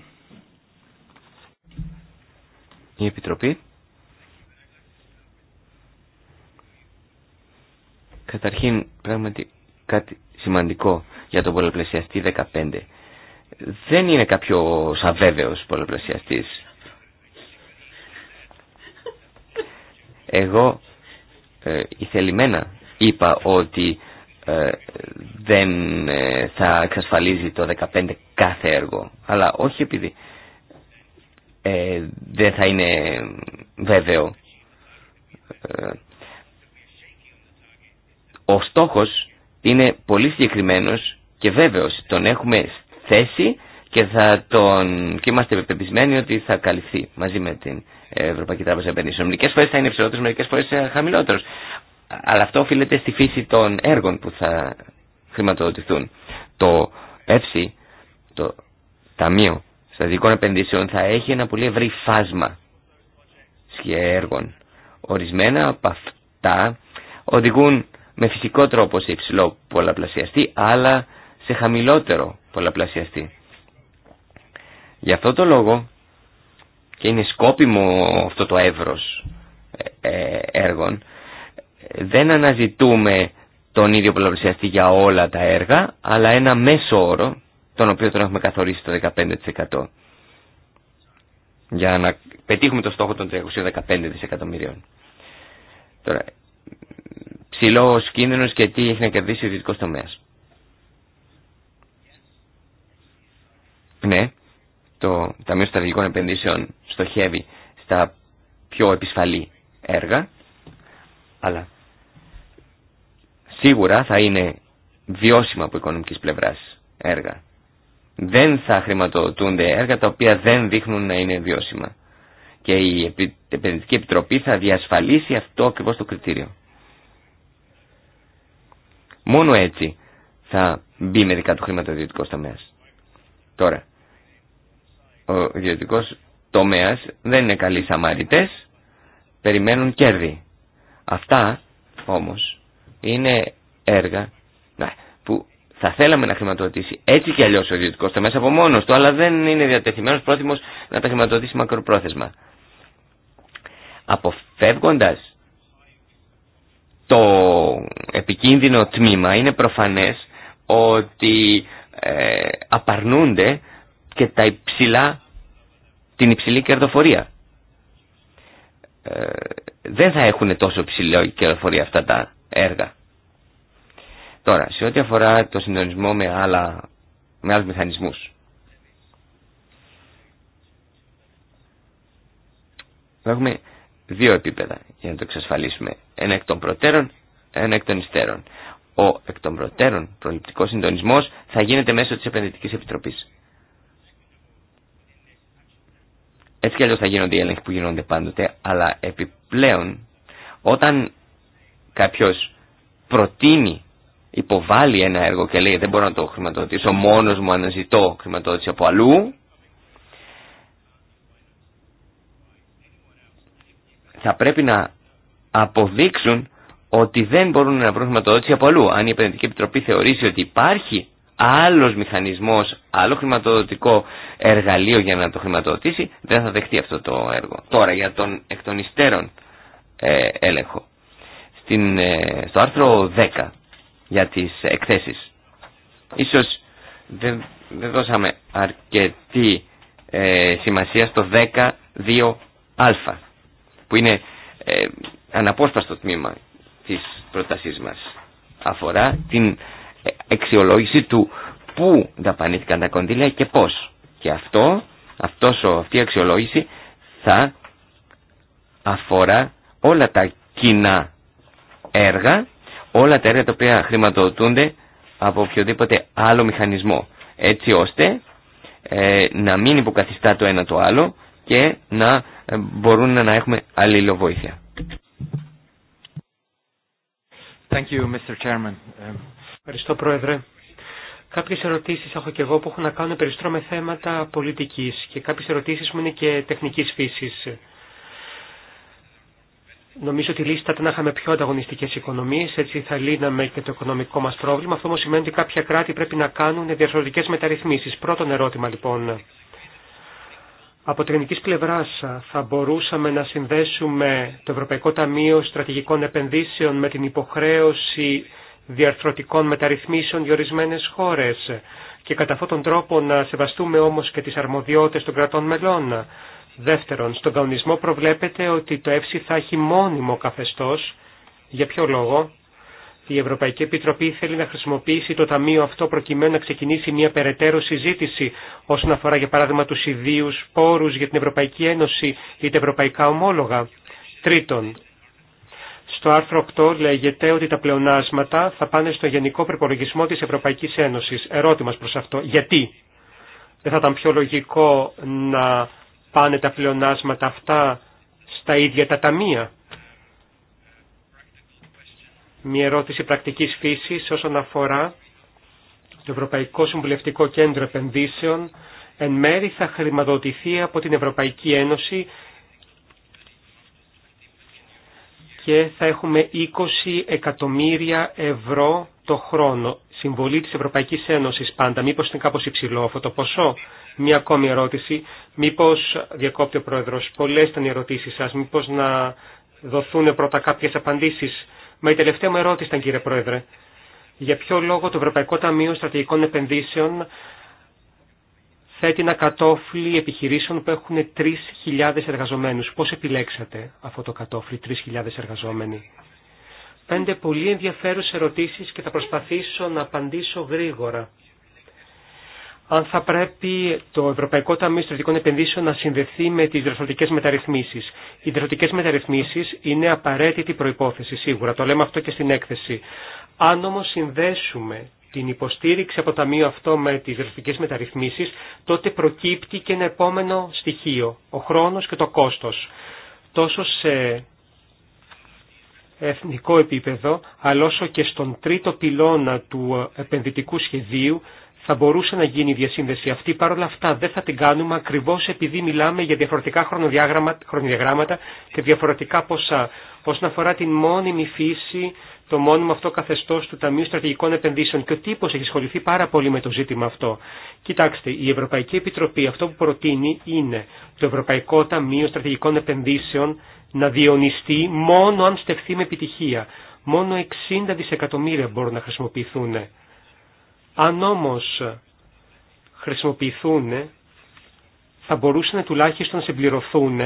Η Επιτροπή. Καταρχήν, πράγματι, κάτι σημαντικό για τον πολλαπλασιαστή 15 δεν είναι κάποιο αβέβαιο πολλαπλασιαστή. Εγώ ε, ηθελημένα είπα ότι ε, δεν ε, θα εξασφαλίζει το 15 κάθε έργο. Αλλά όχι επειδή ε, δεν θα είναι βέβαιο. ο στόχος είναι πολύ συγκεκριμένος και βέβαιος. Τον έχουμε θέση και, θα τον... και είμαστε πεπισμένοι ότι θα καλυφθεί μαζί με την Ευρωπαϊκή Τράπεζα Επενδύσεων. Μερικέ φορέ θα είναι υψηλότερο, μερικέ φορέ ε, χαμηλότερο. Αλλά αυτό οφείλεται στη φύση των έργων που θα χρηματοδοτηθούν. Το ΕΦΣΥ, το Ταμείο Στατικών Επενδύσεων, θα έχει ένα πολύ ευρύ φάσμα έργων. Ορισμένα από αυτά οδηγούν με φυσικό τρόπο σε υψηλό πολλαπλασιαστή, αλλά σε χαμηλότερο πολλαπλασιαστή. Γι' αυτό το λόγο και είναι σκόπιμο αυτό το εύρος ε, ε, έργων δεν αναζητούμε τον ίδιο πολλαπλασιαστή για όλα τα έργα αλλά ένα μέσο όρο τον οποίο τον έχουμε καθορίσει το 15% για να πετύχουμε το στόχο των 315 δισεκατομμυρίων. Τώρα, ψηλό κίνδυνος και τι έχει να κερδίσει ο ιδιωτικός τομέας. Ναι, το Ταμείο Στρατηγικών Επενδύσεων στοχεύει στα πιο επισφαλή έργα, αλλά σίγουρα θα είναι βιώσιμα από οικονομικής πλευράς έργα. Δεν θα χρηματοδοτούνται έργα τα οποία δεν δείχνουν να είναι βιώσιμα. Και η Επενδυτική Επιτροπή θα διασφαλίσει αυτό ακριβώ το κριτήριο. Μόνο έτσι θα μπει μερικά του χρηματοδιωτικό τομέα. Τώρα, ο ιδιωτικό τομέας δεν είναι καλοί σαμαριτές, περιμένουν κέρδη. Αυτά όμως είναι έργα ναι, που θα θέλαμε να χρηματοδοτήσει έτσι και αλλιώ ο ιδιωτικό τομέα από μόνος του, αλλά δεν είναι διατεθειμένος πρόθυμο να τα χρηματοδοτήσει μακροπρόθεσμα. Αποφεύγοντα το επικίνδυνο τμήμα είναι προφανές ότι ε, απαρνούνται και τα υψηλά, την υψηλή κερδοφορία. Ε, δεν θα έχουν τόσο υψηλή κερδοφορία αυτά τα έργα. Τώρα, σε ό,τι αφορά το συντονισμό με, άλλα, με άλλους μηχανισμούς. Έχουμε δύο επίπεδα για να το εξασφαλίσουμε. Ένα εκ των προτέρων, ένα εκ των υστέρων. Ο εκ των προτέρων προληπτικός συντονισμός θα γίνεται μέσω της Επενδυτικής Επιτροπής. Έτσι κι αλλιώς θα γίνονται οι έλεγχοι που γίνονται πάντοτε, αλλά επιπλέον όταν κάποιος προτείνει, υποβάλλει ένα έργο και λέει δεν μπορώ να το χρηματοδοτήσω, μόνος μου αναζητώ χρηματοδότηση από αλλού, θα πρέπει να αποδείξουν ότι δεν μπορούν να βρουν χρηματοδότηση από αλλού. Αν η Επενδυτική Επιτροπή θεωρήσει ότι υπάρχει άλλος μηχανισμός, άλλο χρηματοδοτικό εργαλείο για να το χρηματοδοτήσει, δεν θα δεχτεί αυτό το έργο. Τώρα για τον εκ των υστέρων ε, έλεγχο. Στην, ε, στο άρθρο 10 για τις εκθέσεις. Ίσως δεν, δεν δώσαμε αρκετή ε, σημασία στο 10.2α που είναι ε, αναπόσπαστο τμήμα της πρότασής μας. Αφορά την αξιολόγηση του πού δαπανήθηκαν τα κονδύλια και πώς. Και αυτό, αυτός, αυτή η αξιολόγηση θα αφορά όλα τα κοινά έργα, όλα τα έργα τα οποία χρηματοδοτούνται από οποιοδήποτε άλλο μηχανισμό. Έτσι ώστε ε, να μην υποκαθιστά το ένα το άλλο και να ε, μπορούν να έχουμε αλληλοβοήθεια. Thank you, Mr. Ευχαριστώ, Πρόεδρε. Κάποιες ερωτήσεις έχω και εγώ που έχουν να κάνουν περισσότερο με θέματα πολιτικής και κάποιες ερωτήσεις μου είναι και τεχνικής φύσης. Νομίζω ότι η λίστα ήταν να είχαμε πιο ανταγωνιστικές οικονομίες, έτσι θα λύναμε και το οικονομικό μας πρόβλημα. Αυτό όμως σημαίνει ότι κάποια κράτη πρέπει να κάνουν διαφορετικές μεταρρυθμίσεις. Πρώτον ερώτημα λοιπόν. Από τεχνική πλευρά θα μπορούσαμε να συνδέσουμε το Ευρωπαϊκό Ταμείο Στρατηγικών Επενδύσεων με την υποχρέωση διαρθρωτικών μεταρρυθμίσεων για ορισμένε χώρε. και κατά αυτόν τον τρόπο να σεβαστούμε όμω και τι αρμοδιότητε των κρατών μελών. Δεύτερον, στον κανονισμό προβλέπεται ότι το ΕΦΣΥ θα έχει μόνιμο καθεστώς. Για ποιο λόγο? Η Ευρωπαϊκή Επιτροπή θέλει να χρησιμοποιήσει το ταμείο αυτό προκειμένου να ξεκινήσει μια περαιτέρω συζήτηση όσον αφορά για παράδειγμα του Ιδίου, πόρου για την Ευρωπαϊκή Ένωση ή τα ευρωπαϊκά ομόλογα. Τρίτον, στο άρθρο 8 λέγεται ότι τα πλεονάσματα θα πάνε στο γενικό προπολογισμό της Ευρωπαϊκής Ένωσης. Ερώτημα προς αυτό. Γιατί δεν θα ήταν πιο λογικό να πάνε τα πλεονάσματα αυτά στα ίδια τα ταμεία. Μια ερώτηση πρακτικής φύσης όσον αφορά το Ευρωπαϊκό Συμβουλευτικό Κέντρο Επενδύσεων εν μέρη θα χρηματοδοτηθεί από την Ευρωπαϊκή Ένωση και θα έχουμε 20 εκατομμύρια ευρώ το χρόνο. Συμβολή της Ευρωπαϊκής Ένωσης πάντα. Μήπως είναι κάπως υψηλό αυτό το ποσό. Μία ακόμη ερώτηση. Μήπως, διακόπτει ο Πρόεδρος, πολλές ήταν οι ερωτήσεις σας. Μήπως να δοθούν πρώτα κάποιες απαντήσεις. Μα η τελευταία μου ερώτηση ήταν κύριε Πρόεδρε. Για ποιο λόγο το Ευρωπαϊκό Ταμείο Στρατηγικών Επενδύσεων θέτει ένα κατόφλι επιχειρήσεων που έχουν 3.000 εργαζομένους. Πώς επιλέξατε αυτό το κατόφλι 3.000 εργαζόμενοι. Πέντε πολύ ενδιαφέρουσες ερωτήσεις και θα προσπαθήσω να απαντήσω γρήγορα. Αν θα πρέπει το Ευρωπαϊκό Ταμείο Στρατηγικών Επενδύσεων να συνδεθεί με τις δραστηριοτικές μεταρρυθμίσεις. Οι δραστηριοτικές μεταρρυθμίσεις είναι απαραίτητη προϋπόθεση σίγουρα, το λέμε αυτό και στην έκθεση. Αν όμως συνδέσουμε την υποστήριξη από το Ταμείο αυτό με τις γραφικές μεταρρυθμίσεις, τότε προκύπτει και ένα επόμενο στοιχείο, ο χρόνος και το κόστος. Τόσο σε εθνικό επίπεδο, αλλά όσο και στον τρίτο πυλώνα του επενδυτικού σχεδίου, θα μπορούσε να γίνει η διασύνδεση αυτή. Παρ' όλα αυτά δεν θα την κάνουμε ακριβώ επειδή μιλάμε για διαφορετικά χρονοδιαγράμματα και διαφορετικά ποσά. Όσον αφορά την μόνιμη φύση το μόνιμο αυτό καθεστώ του Ταμείου Στρατηγικών Επενδύσεων και ο τύπο έχει ασχοληθεί πάρα πολύ με το ζήτημα αυτό. Κοιτάξτε, η Ευρωπαϊκή Επιτροπή αυτό που προτείνει είναι το Ευρωπαϊκό Ταμείο Στρατηγικών Επενδύσεων να διονυστεί μόνο αν στεφθεί με επιτυχία. Μόνο 60 δισεκατομμύρια μπορούν να χρησιμοποιηθούν. Αν όμω χρησιμοποιηθούν, θα μπορούσαν τουλάχιστον να συμπληρωθούν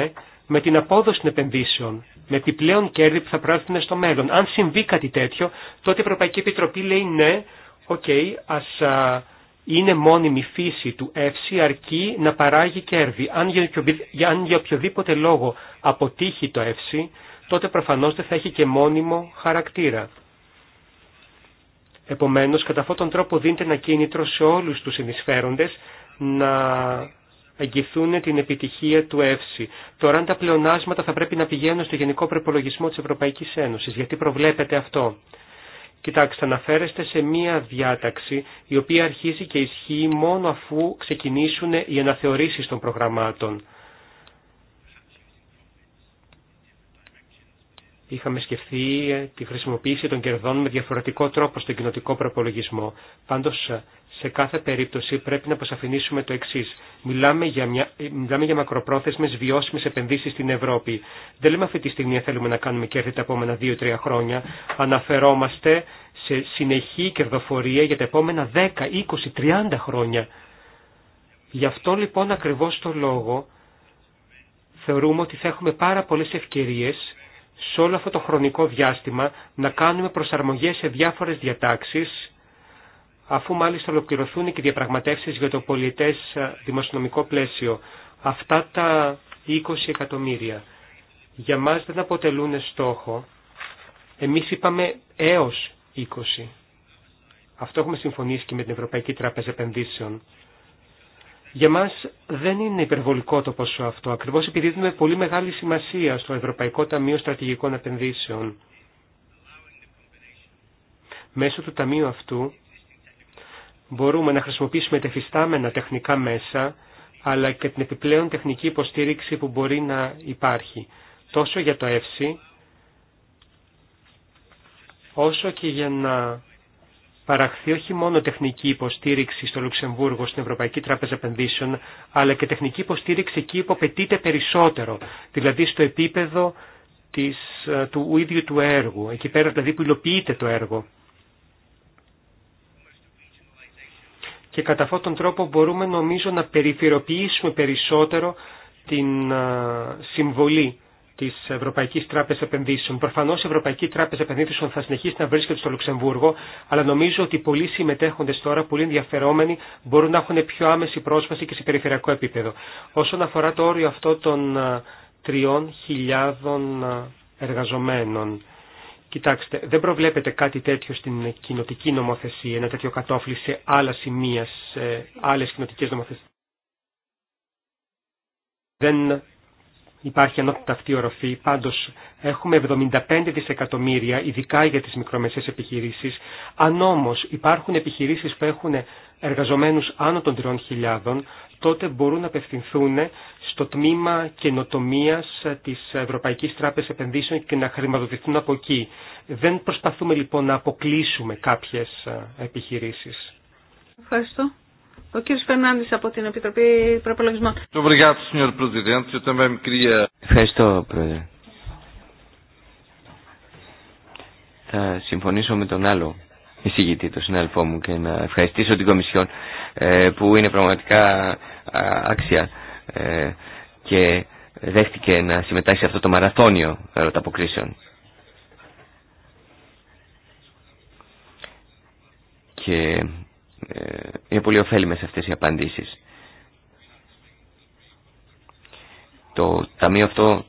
με την απόδοση των επενδύσεων, με επιπλέον κέρδη που θα πράττουν στο μέλλον. Αν συμβεί κάτι τέτοιο, τότε η Ευρωπαϊκή Επιτροπή λέει ναι, οκ, ας α, είναι μόνιμη φύση του εύση αρκεί να παράγει κέρδη. Αν για οποιοδήποτε λόγο αποτύχει το εύση, τότε προφανώς δεν θα έχει και μόνιμο χαρακτήρα. Επομένως, κατά αυτόν τον τρόπο δίνεται ένα κίνητρο σε όλους τους συνεισφέροντες να εγγυθούν την επιτυχία του ΕΦΣΥ. Τώρα αν τα πλεονάσματα θα πρέπει να πηγαίνουν στο γενικό προπολογισμό της Ευρωπαϊκής Ένωσης. Γιατί προβλέπετε αυτό. Κοιτάξτε, αναφέρεστε σε μία διάταξη η οποία αρχίζει και ισχύει μόνο αφού ξεκινήσουν οι αναθεωρήσεις των προγραμμάτων. Είχαμε σκεφτεί ε, τη χρησιμοποίηση των κερδών με διαφορετικό τρόπο στον κοινοτικό προπολογισμό. Πάντως σε κάθε περίπτωση πρέπει να αποσαφηνίσουμε το εξή. Μιλάμε, για Μιλάμε για μακροπρόθεσμε βιώσιμε επενδύσει στην Ευρώπη. Δεν λέμε αυτή τη στιγμή θέλουμε να κάνουμε κέρδη τα επόμενα 2-3 χρόνια. Αναφερόμαστε σε συνεχή κερδοφορία για τα επόμενα 10, 20, 30 χρόνια. Γι' αυτό λοιπόν ακριβώ το λόγο θεωρούμε ότι θα έχουμε πάρα πολλέ ευκαιρίε σε όλο αυτό το χρονικό διάστημα να κάνουμε προσαρμογές σε διάφορες διατάξεις αφού μάλιστα ολοκληρωθούν και οι διαπραγματεύσεις για το πολιτές δημοσιονομικό πλαίσιο. Αυτά τα 20 εκατομμύρια για μας δεν αποτελούν στόχο. Εμείς είπαμε έως 20. Αυτό έχουμε συμφωνήσει και με την Ευρωπαϊκή Τράπεζα Επενδύσεων. Για μας δεν είναι υπερβολικό το ποσό αυτό, ακριβώς επειδή δίνουμε πολύ μεγάλη σημασία στο Ευρωπαϊκό Ταμείο Στρατηγικών Επενδύσεων. Μέσω του ταμείου αυτού μπορούμε να χρησιμοποιήσουμε τεφιστάμενα τεχνικά μέσα, αλλά και την επιπλέον τεχνική υποστήριξη που μπορεί να υπάρχει, τόσο για το ΕΦΣΥ, όσο και για να παραχθεί όχι μόνο τεχνική υποστήριξη στο Λουξεμβούργο, στην Ευρωπαϊκή Τράπεζα Επενδύσεων, αλλά και τεχνική υποστήριξη εκεί που απαιτείται περισσότερο, δηλαδή στο επίπεδο της, ε, του ίδιου του έργου, εκεί πέρα δηλαδή που υλοποιείται το έργο. και κατά αυτόν τον τρόπο μπορούμε νομίζω να περιφυροποιήσουμε περισσότερο την συμβολή της Ευρωπαϊκής Τράπεζας Επενδύσεων. Προφανώς η Ευρωπαϊκή Τράπεζα Επενδύσεων θα συνεχίσει να βρίσκεται στο Λουξεμβούργο, αλλά νομίζω ότι πολλοί συμμετέχοντες τώρα, πολλοί ενδιαφερόμενοι, μπορούν να έχουν πιο άμεση πρόσβαση και σε περιφερειακό επίπεδο. Όσον αφορά το όριο αυτό των 3.000 εργαζομένων. Κοιτάξτε, δεν προβλέπεται κάτι τέτοιο στην κοινοτική νομοθεσία, ένα τέτοιο κατόφλι σε άλλα σημεία, σε άλλες κοινοτικές νομοθεσίες. Δεν υπάρχει ανώτατα αυτή οροφή. Πάντως έχουμε 75 δισεκατομμύρια ειδικά για τις μικρομεσαίες επιχειρήσεις. Αν όμως υπάρχουν επιχειρήσεις που έχουν εργαζομένους άνω των 3.000 τότε μπορούν να απευθυνθούν στο τμήμα καινοτομία της Ευρωπαϊκής Τράπεζας Επενδύσεων και να χρηματοδοτηθούν από εκεί. Δεν προσπαθούμε λοιπόν να αποκλείσουμε κάποιες επιχειρήσεις. Ευχαριστώ. Ο κ. Φερνάνδη από την Επιτροπή Προπολογισμών. Ευχαριστώ, Πρόεδρε. Θα συμφωνήσω με τον άλλο εισηγητή, τον συνάδελφό μου, και να ευχαριστήσω την Κομισιόν ε, που είναι πραγματικά άξια ε, και δέχτηκε να συμμετάσχει σε αυτό το μαραθώνιο ερωταποκρίσεων. Και ε, είναι πολύ ωφέλιμες αυτές οι απαντήσεις. Το ταμείο αυτό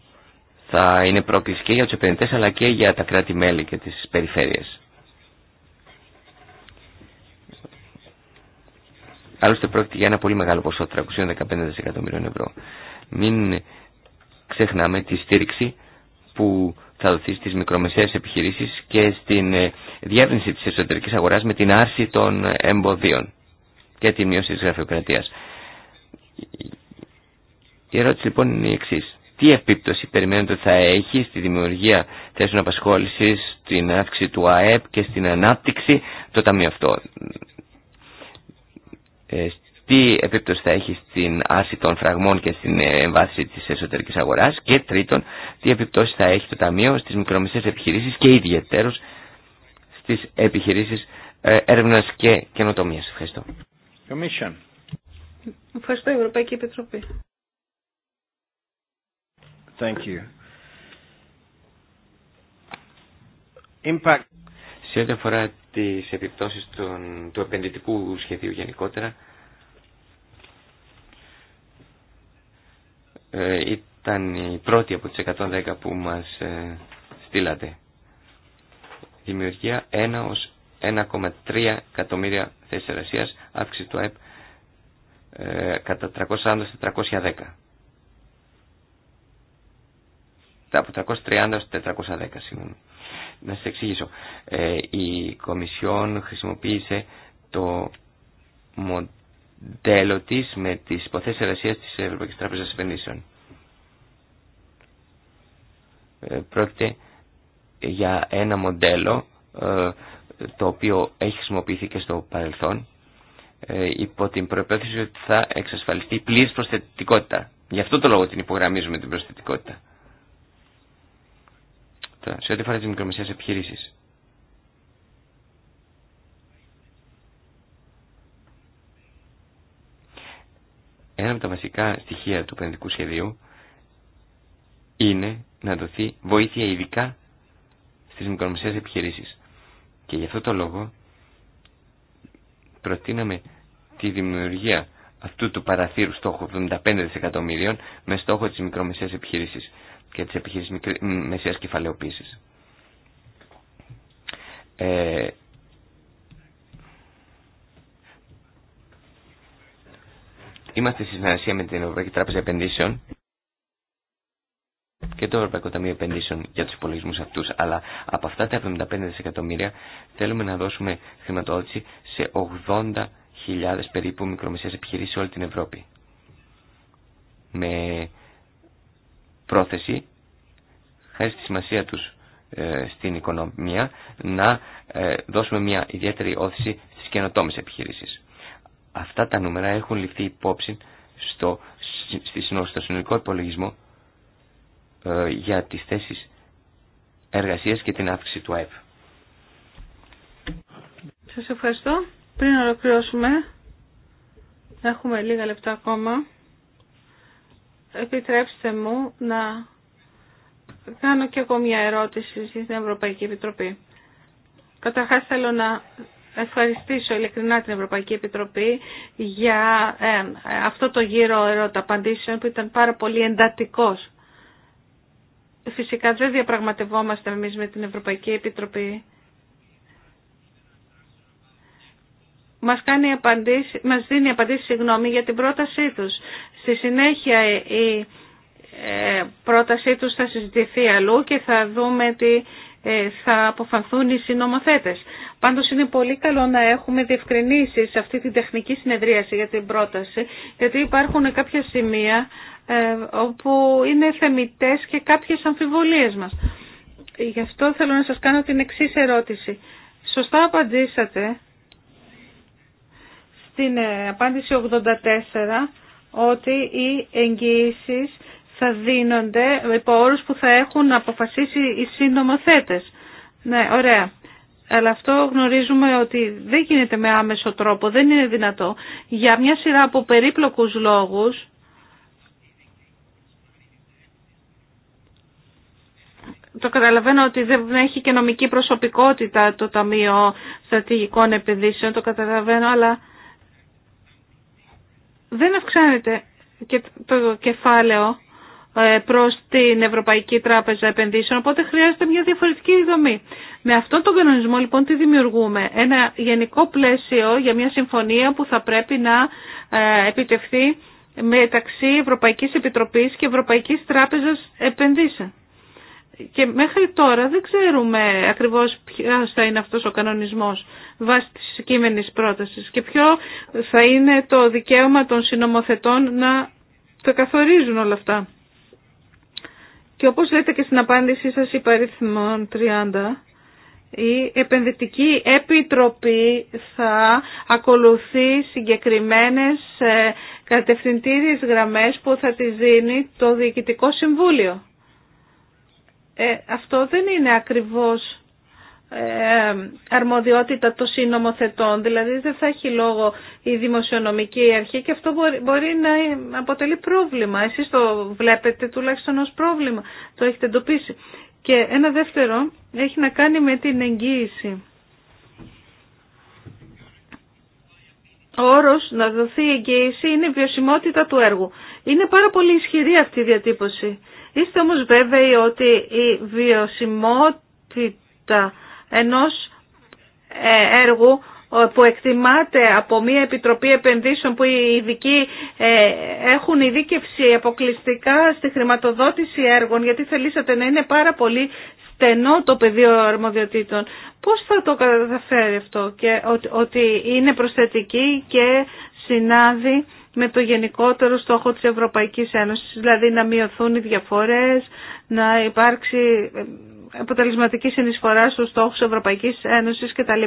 θα είναι πρόκληση και για τους επενδυτές αλλά και για τα κράτη-μέλη και τις περιφέρειες. Άλλωστε πρόκειται για ένα πολύ μεγάλο ποσό, 315 δισεκατομμυρίων ευρώ. Μην ξεχνάμε τη στήριξη που θα δοθεί στις μικρομεσαίες επιχειρήσεις και στην ε, διεύρυνση της εσωτερικής αγοράς με την άρση των εμποδίων και τη μείωση της γραφειοκρατίας. Η ερώτηση λοιπόν είναι η εξή. Τι επίπτωση περιμένετε ότι θα έχει στη δημιουργία θέσεων απασχόληση, στην αύξηση του ΑΕΠ και στην ανάπτυξη το ταμείο αυτό. Ε, τι επίπτωση θα έχει στην άρση των φραγμών και στην εμβάση της εσωτερικής αγοράς και τρίτον, τι επιπτώσει θα έχει το Ταμείο στις μικρομεσαίες επιχειρήσεις και ιδιαιτέρως στις επιχειρήσεις ε, έρευνας και καινοτομίας. Ευχαριστώ. Commission. Ευχαριστώ Ευρωπαϊκή Επιτροπή. Thank you. Impact. Σε ό,τι αφορά τι επιπτώσεις των, του επενδυτικού σχεδίου γενικότερα, Ε, ήταν η πρώτη από τις 110 που μας ε, στείλατε. Δημιουργία 1 ως 1,3 εκατομμύρια θέσεις εργασίας, αύξηση του ΑΕΠ ε, κατά 340-410. Από 330 410, συγγνώμη. Να σας εξηγήσω. η Κομισιόν χρησιμοποίησε το μοντέλο τη με τις υποθέσει εργασία της Ευρωπαϊκής Τράπεζας Επενδύσεων. Ε, πρόκειται για ένα μοντέλο ε, το οποίο έχει χρησιμοποιηθεί και στο παρελθόν ε, υπό την προπόθεση ότι θα εξασφαλιστεί πλήρης προσθετικότητα. Γι' αυτό το λόγο την υπογραμμίζουμε την προσθετικότητα. Σε ό,τι αφορά τι μικρομεσαίε επιχειρήσει. Ένα από τα βασικά στοιχεία του επενδυτικού σχεδίου είναι να δοθεί βοήθεια ειδικά στις μικρομεσαίες επιχειρήσεις. Και γι' αυτό το λόγο προτείναμε τη δημιουργία αυτού του παραθύρου στόχου 75 δισεκατομμυρίων με στόχο της μικρομεσαίας επιχειρήσεις και της επιχειρήσης μεσαίας κεφαλαιοποίησης. Ε, Είμαστε στη συνεργασία με την Ευρωπαϊκή Τράπεζα Επενδύσεων και το Ευρωπαϊκό Ταμείο Επενδύσεων για του υπολογισμού αυτούς. Αλλά από αυτά τα 75 δισεκατομμύρια θέλουμε να δώσουμε χρηματοδότηση σε 80.000 περίπου μικρομεσαίες επιχειρήσεις σε όλη την Ευρώπη. Με πρόθεση, χάρη στη σημασία τους ε, στην οικονομία, να ε, δώσουμε μια ιδιαίτερη όθηση στι καινοτόμε επιχειρήσεις. Αυτά τα νούμερα έχουν ληφθεί υπόψη στο, στο συνολικό υπολογισμό ε, για τις θέσεις εργασίας και την αύξηση του ΑΕΠ. Σας ευχαριστώ. Πριν ολοκληρώσουμε, έχουμε λίγα λεπτά ακόμα. Επιτρέψτε μου να κάνω και εγώ μια ερώτηση στην Ευρωπαϊκή Επιτροπή. Καταρχάς θέλω να ευχαριστήσω ειλικρινά την Ευρωπαϊκή Επιτροπή για αυτό το γύρο ερώτα απαντήσεων που ήταν πάρα πολύ εντατικός. Φυσικά δεν διαπραγματευόμαστε εμείς με την Ευρωπαϊκή Επιτροπή. Μας, κάνει απαντήσεις, μας δίνει απαντήσει συγγνώμη για την πρότασή τους. Στη συνέχεια η ε, πρότασή τους θα συζητηθεί αλλού και θα δούμε τι ε, θα αποφανθούν οι συνομοθέτες. Πάντως είναι πολύ καλό να έχουμε διευκρινήσει σε αυτή την τεχνική συνεδρίαση για την πρόταση, γιατί υπάρχουν κάποια σημεία ε, όπου είναι θεμητές και κάποιες αμφιβολίες μας. Γι' αυτό θέλω να σας κάνω την εξής ερώτηση. Σωστά απαντήσατε στην ε, απάντηση 84 ότι οι εγγυήσει θα δίνονται υπό όρου που θα έχουν αποφασίσει οι σύνομοθέτε. Ναι, ωραία. Αλλά αυτό γνωρίζουμε ότι δεν γίνεται με άμεσο τρόπο, δεν είναι δυνατό. Για μια σειρά από περίπλοκους λόγους, το καταλαβαίνω ότι δεν έχει και νομική προσωπικότητα το Ταμείο Στρατηγικών Επενδύσεων, το καταλαβαίνω, αλλά δεν αυξάνεται και το κεφάλαιο ε, προς την Ευρωπαϊκή Τράπεζα Επενδύσεων, οπότε χρειάζεται μια διαφορετική δομή. Με αυτόν τον κανονισμό λοιπόν τι δημιουργούμε. Ένα γενικό πλαίσιο για μια συμφωνία που θα πρέπει να ε, επιτευχθεί μεταξύ Ευρωπαϊκής Επιτροπής και Ευρωπαϊκής Τράπεζας Επενδύσεων. Και μέχρι τώρα δεν ξέρουμε ακριβώς ποιος θα είναι αυτός ο κανονισμός βάσει της κείμενης πρότασης και ποιο θα είναι το δικαίωμα των συνομοθετών να το καθορίζουν όλα αυτά. Και όπως λέτε και στην απάντησή σας υπαριθμών 30, η Επενδυτική Επιτροπή θα ακολουθεί συγκεκριμένες ε, κατευθυντήριες γραμμές που θα τις δίνει το Διοικητικό Συμβούλιο. Ε, αυτό δεν είναι ακριβώς ε, αρμοδιότητα των συνομοθετών. Δηλαδή δεν θα έχει λόγο η δημοσιονομική αρχή και αυτό μπορεί να αποτελεί πρόβλημα. Εσείς το βλέπετε τουλάχιστον ως πρόβλημα. Το έχετε εντοπίσει. Και ένα δεύτερο έχει να κάνει με την εγγύηση. Ο όρος να δοθεί εγγύηση είναι η βιωσιμότητα του έργου. Είναι πάρα πολύ ισχυρή αυτή η διατύπωση. Είστε όμως βέβαιοι ότι η βιωσιμότητα ενός ε, έργου που εκτιμάται από μια Επιτροπή Επενδύσεων που οι ειδικοί ε, έχουν ειδίκευση αποκλειστικά στη χρηματοδότηση έργων γιατί θελήσατε να είναι πάρα πολύ στενό το πεδίο αρμοδιοτήτων. Πώς θα το καταφέρει αυτό και ότι είναι προσθετική και συνάδει με το γενικότερο στόχο της Ευρωπαϊκής Ένωσης, δηλαδή να μειωθούν οι διαφορές, να υπάρξει ε, αποτελεσματική συνεισφορά στους στόχους Ευρωπαϊκής Ένωσης κτλ.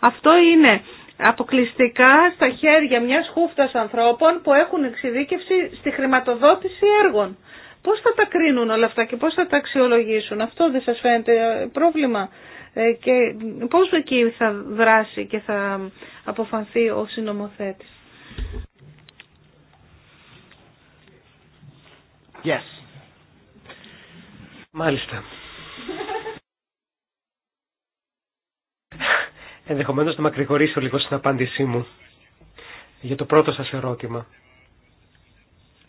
Αυτό είναι αποκλειστικά στα χέρια μιας χούφτας ανθρώπων που έχουν εξειδίκευση στη χρηματοδότηση έργων. Πώς θα τα κρίνουν όλα αυτά και πώς θα τα αξιολογήσουν. Αυτό δεν σας φαίνεται πρόβλημα. Ε, και πώς εκεί θα δράσει και θα αποφανθεί ο συνομοθέτης. Yes. Μάλιστα. Ενδεχομένως να μακρηγορήσω λίγο στην απάντησή μου για το πρώτο σας ερώτημα.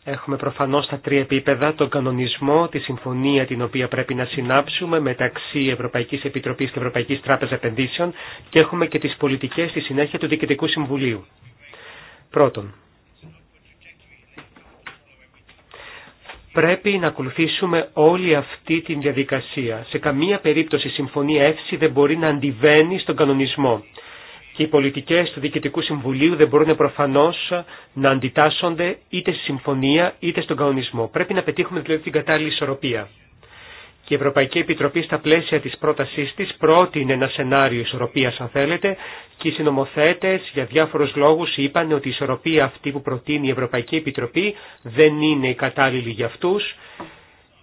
Έχουμε προφανώς τα τρία επίπεδα, τον κανονισμό, τη συμφωνία την οποία πρέπει να συνάψουμε μεταξύ Ευρωπαϊκής Επιτροπής και Ευρωπαϊκής Τράπεζα Επενδύσεων και έχουμε και τις πολιτικές στη συνέχεια του Διοικητικού Συμβουλίου. Πρώτον, πρέπει να ακολουθήσουμε όλη αυτή τη διαδικασία. Σε καμία περίπτωση η συμφωνία Εύση δεν μπορεί να αντιβαίνει στον κανονισμό. Και οι πολιτικές του Διοικητικού Συμβουλίου δεν μπορούν προφανώς να αντιτάσσονται είτε στη συμφωνία είτε στον κανονισμό. Πρέπει να πετύχουμε δηλαδή την κατάλληλη ισορροπία και η Ευρωπαϊκή Επιτροπή στα πλαίσια της πρότασής της πρότεινε ένα σενάριο ισορροπίας αν θέλετε και οι συνομοθέτες για διάφορους λόγους είπαν ότι η ισορροπία αυτή που προτείνει η Ευρωπαϊκή Επιτροπή δεν είναι η κατάλληλη για αυτούς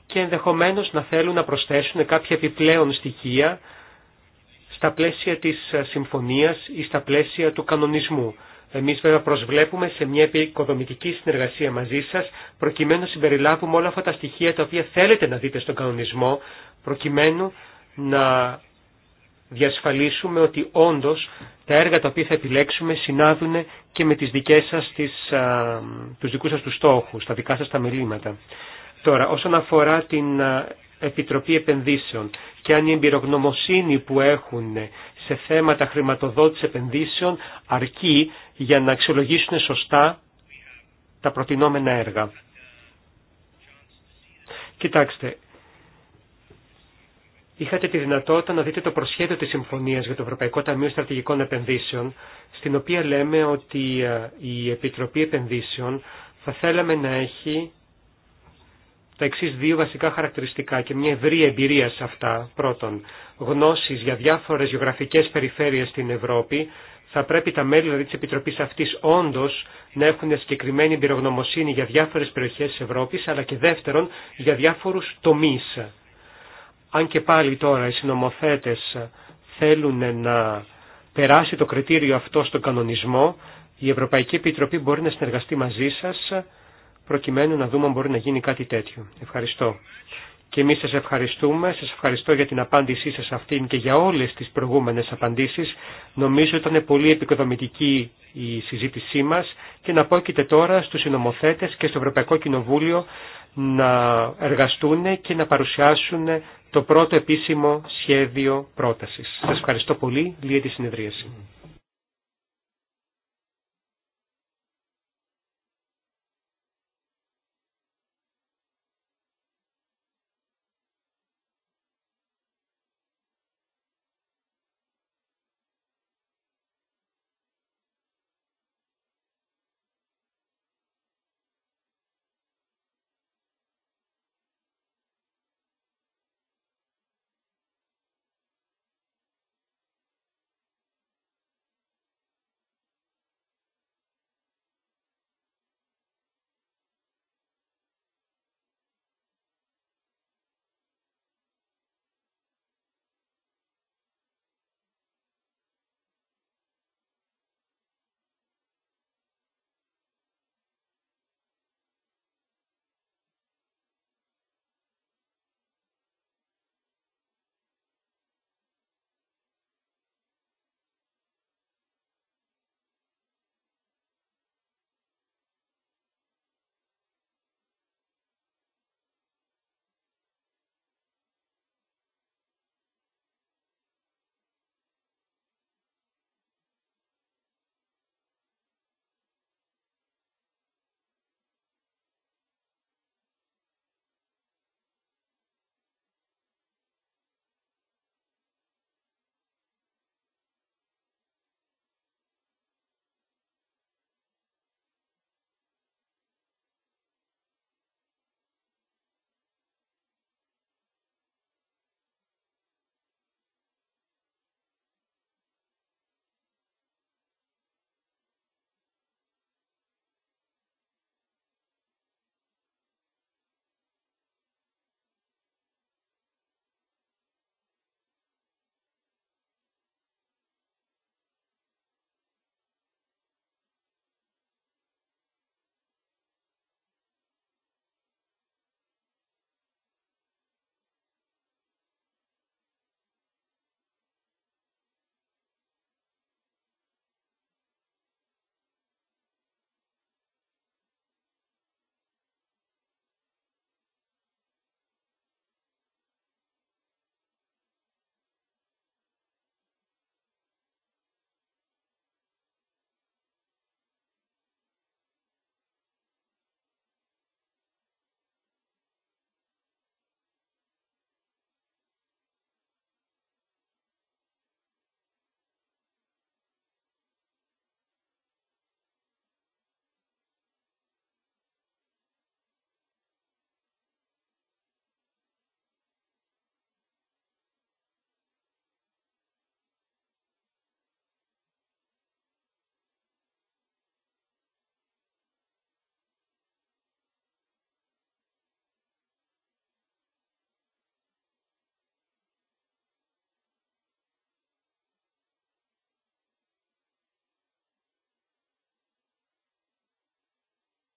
και ενδεχομένως να θέλουν να προσθέσουν κάποια επιπλέον στοιχεία στα πλαίσια της συμφωνίας ή στα πλαίσια του κανονισμού. Εμείς βέβαια προσβλέπουμε σε μια επικοδομητική συνεργασία μαζί σας, προκειμένου να συμπεριλάβουμε όλα αυτά τα στοιχεία τα οποία θέλετε να δείτε στον κανονισμό, προκειμένου να διασφαλίσουμε ότι όντως τα έργα τα οποία θα επιλέξουμε συνάδουν και με τις δικές σας, τις, α, τους δικούς σας τους στόχους, τα δικά σας τα μελήματα. Τώρα, όσον αφορά την Επιτροπή Επενδύσεων και αν η εμπειρογνωμοσύνη που έχουν σε θέματα χρηματοδότηση επενδύσεων αρκεί για να αξιολογήσουν σωστά τα προτινόμενα έργα. Κοιτάξτε, είχατε τη δυνατότητα να δείτε το προσχέδιο της Συμφωνίας για το Ευρωπαϊκό Ταμείο Στρατηγικών Επενδύσεων, στην οποία λέμε ότι ε, η Επιτροπή Επενδύσεων θα θέλαμε να έχει τα εξή δύο βασικά χαρακτηριστικά και μια ευρή εμπειρία σε αυτά. Πρώτον, γνώσεις για διάφορες γεωγραφικές περιφέρειες στην Ευρώπη. Θα πρέπει τα μέλη δηλαδή, της Επιτροπής αυτής όντως να έχουν συγκεκριμένη εμπειρογνωμοσύνη για διάφορες περιοχές της Ευρώπης, αλλά και δεύτερον για διάφορους τομείς. Αν και πάλι τώρα οι συνομοθέτες θέλουν να περάσει το κριτήριο αυτό στον κανονισμό, η Ευρωπαϊκή Επιτροπή μπορεί να συνεργαστεί μαζί σας προκειμένου να δούμε αν μπορεί να γίνει κάτι τέτοιο. Ευχαριστώ. Και εμείς σας ευχαριστούμε, σας ευχαριστώ για την απάντησή σας αυτήν και για όλες τις προηγούμενες απαντήσεις. Νομίζω ήταν πολύ επικοδομητική η συζήτησή μας και να και τώρα στους συνομοθέτες και στο Ευρωπαϊκό Κοινοβούλιο να εργαστούν και να παρουσιάσουν το πρώτο επίσημο σχέδιο πρότασης. Σας ευχαριστώ πολύ. Λύε τη συνεδρίαση.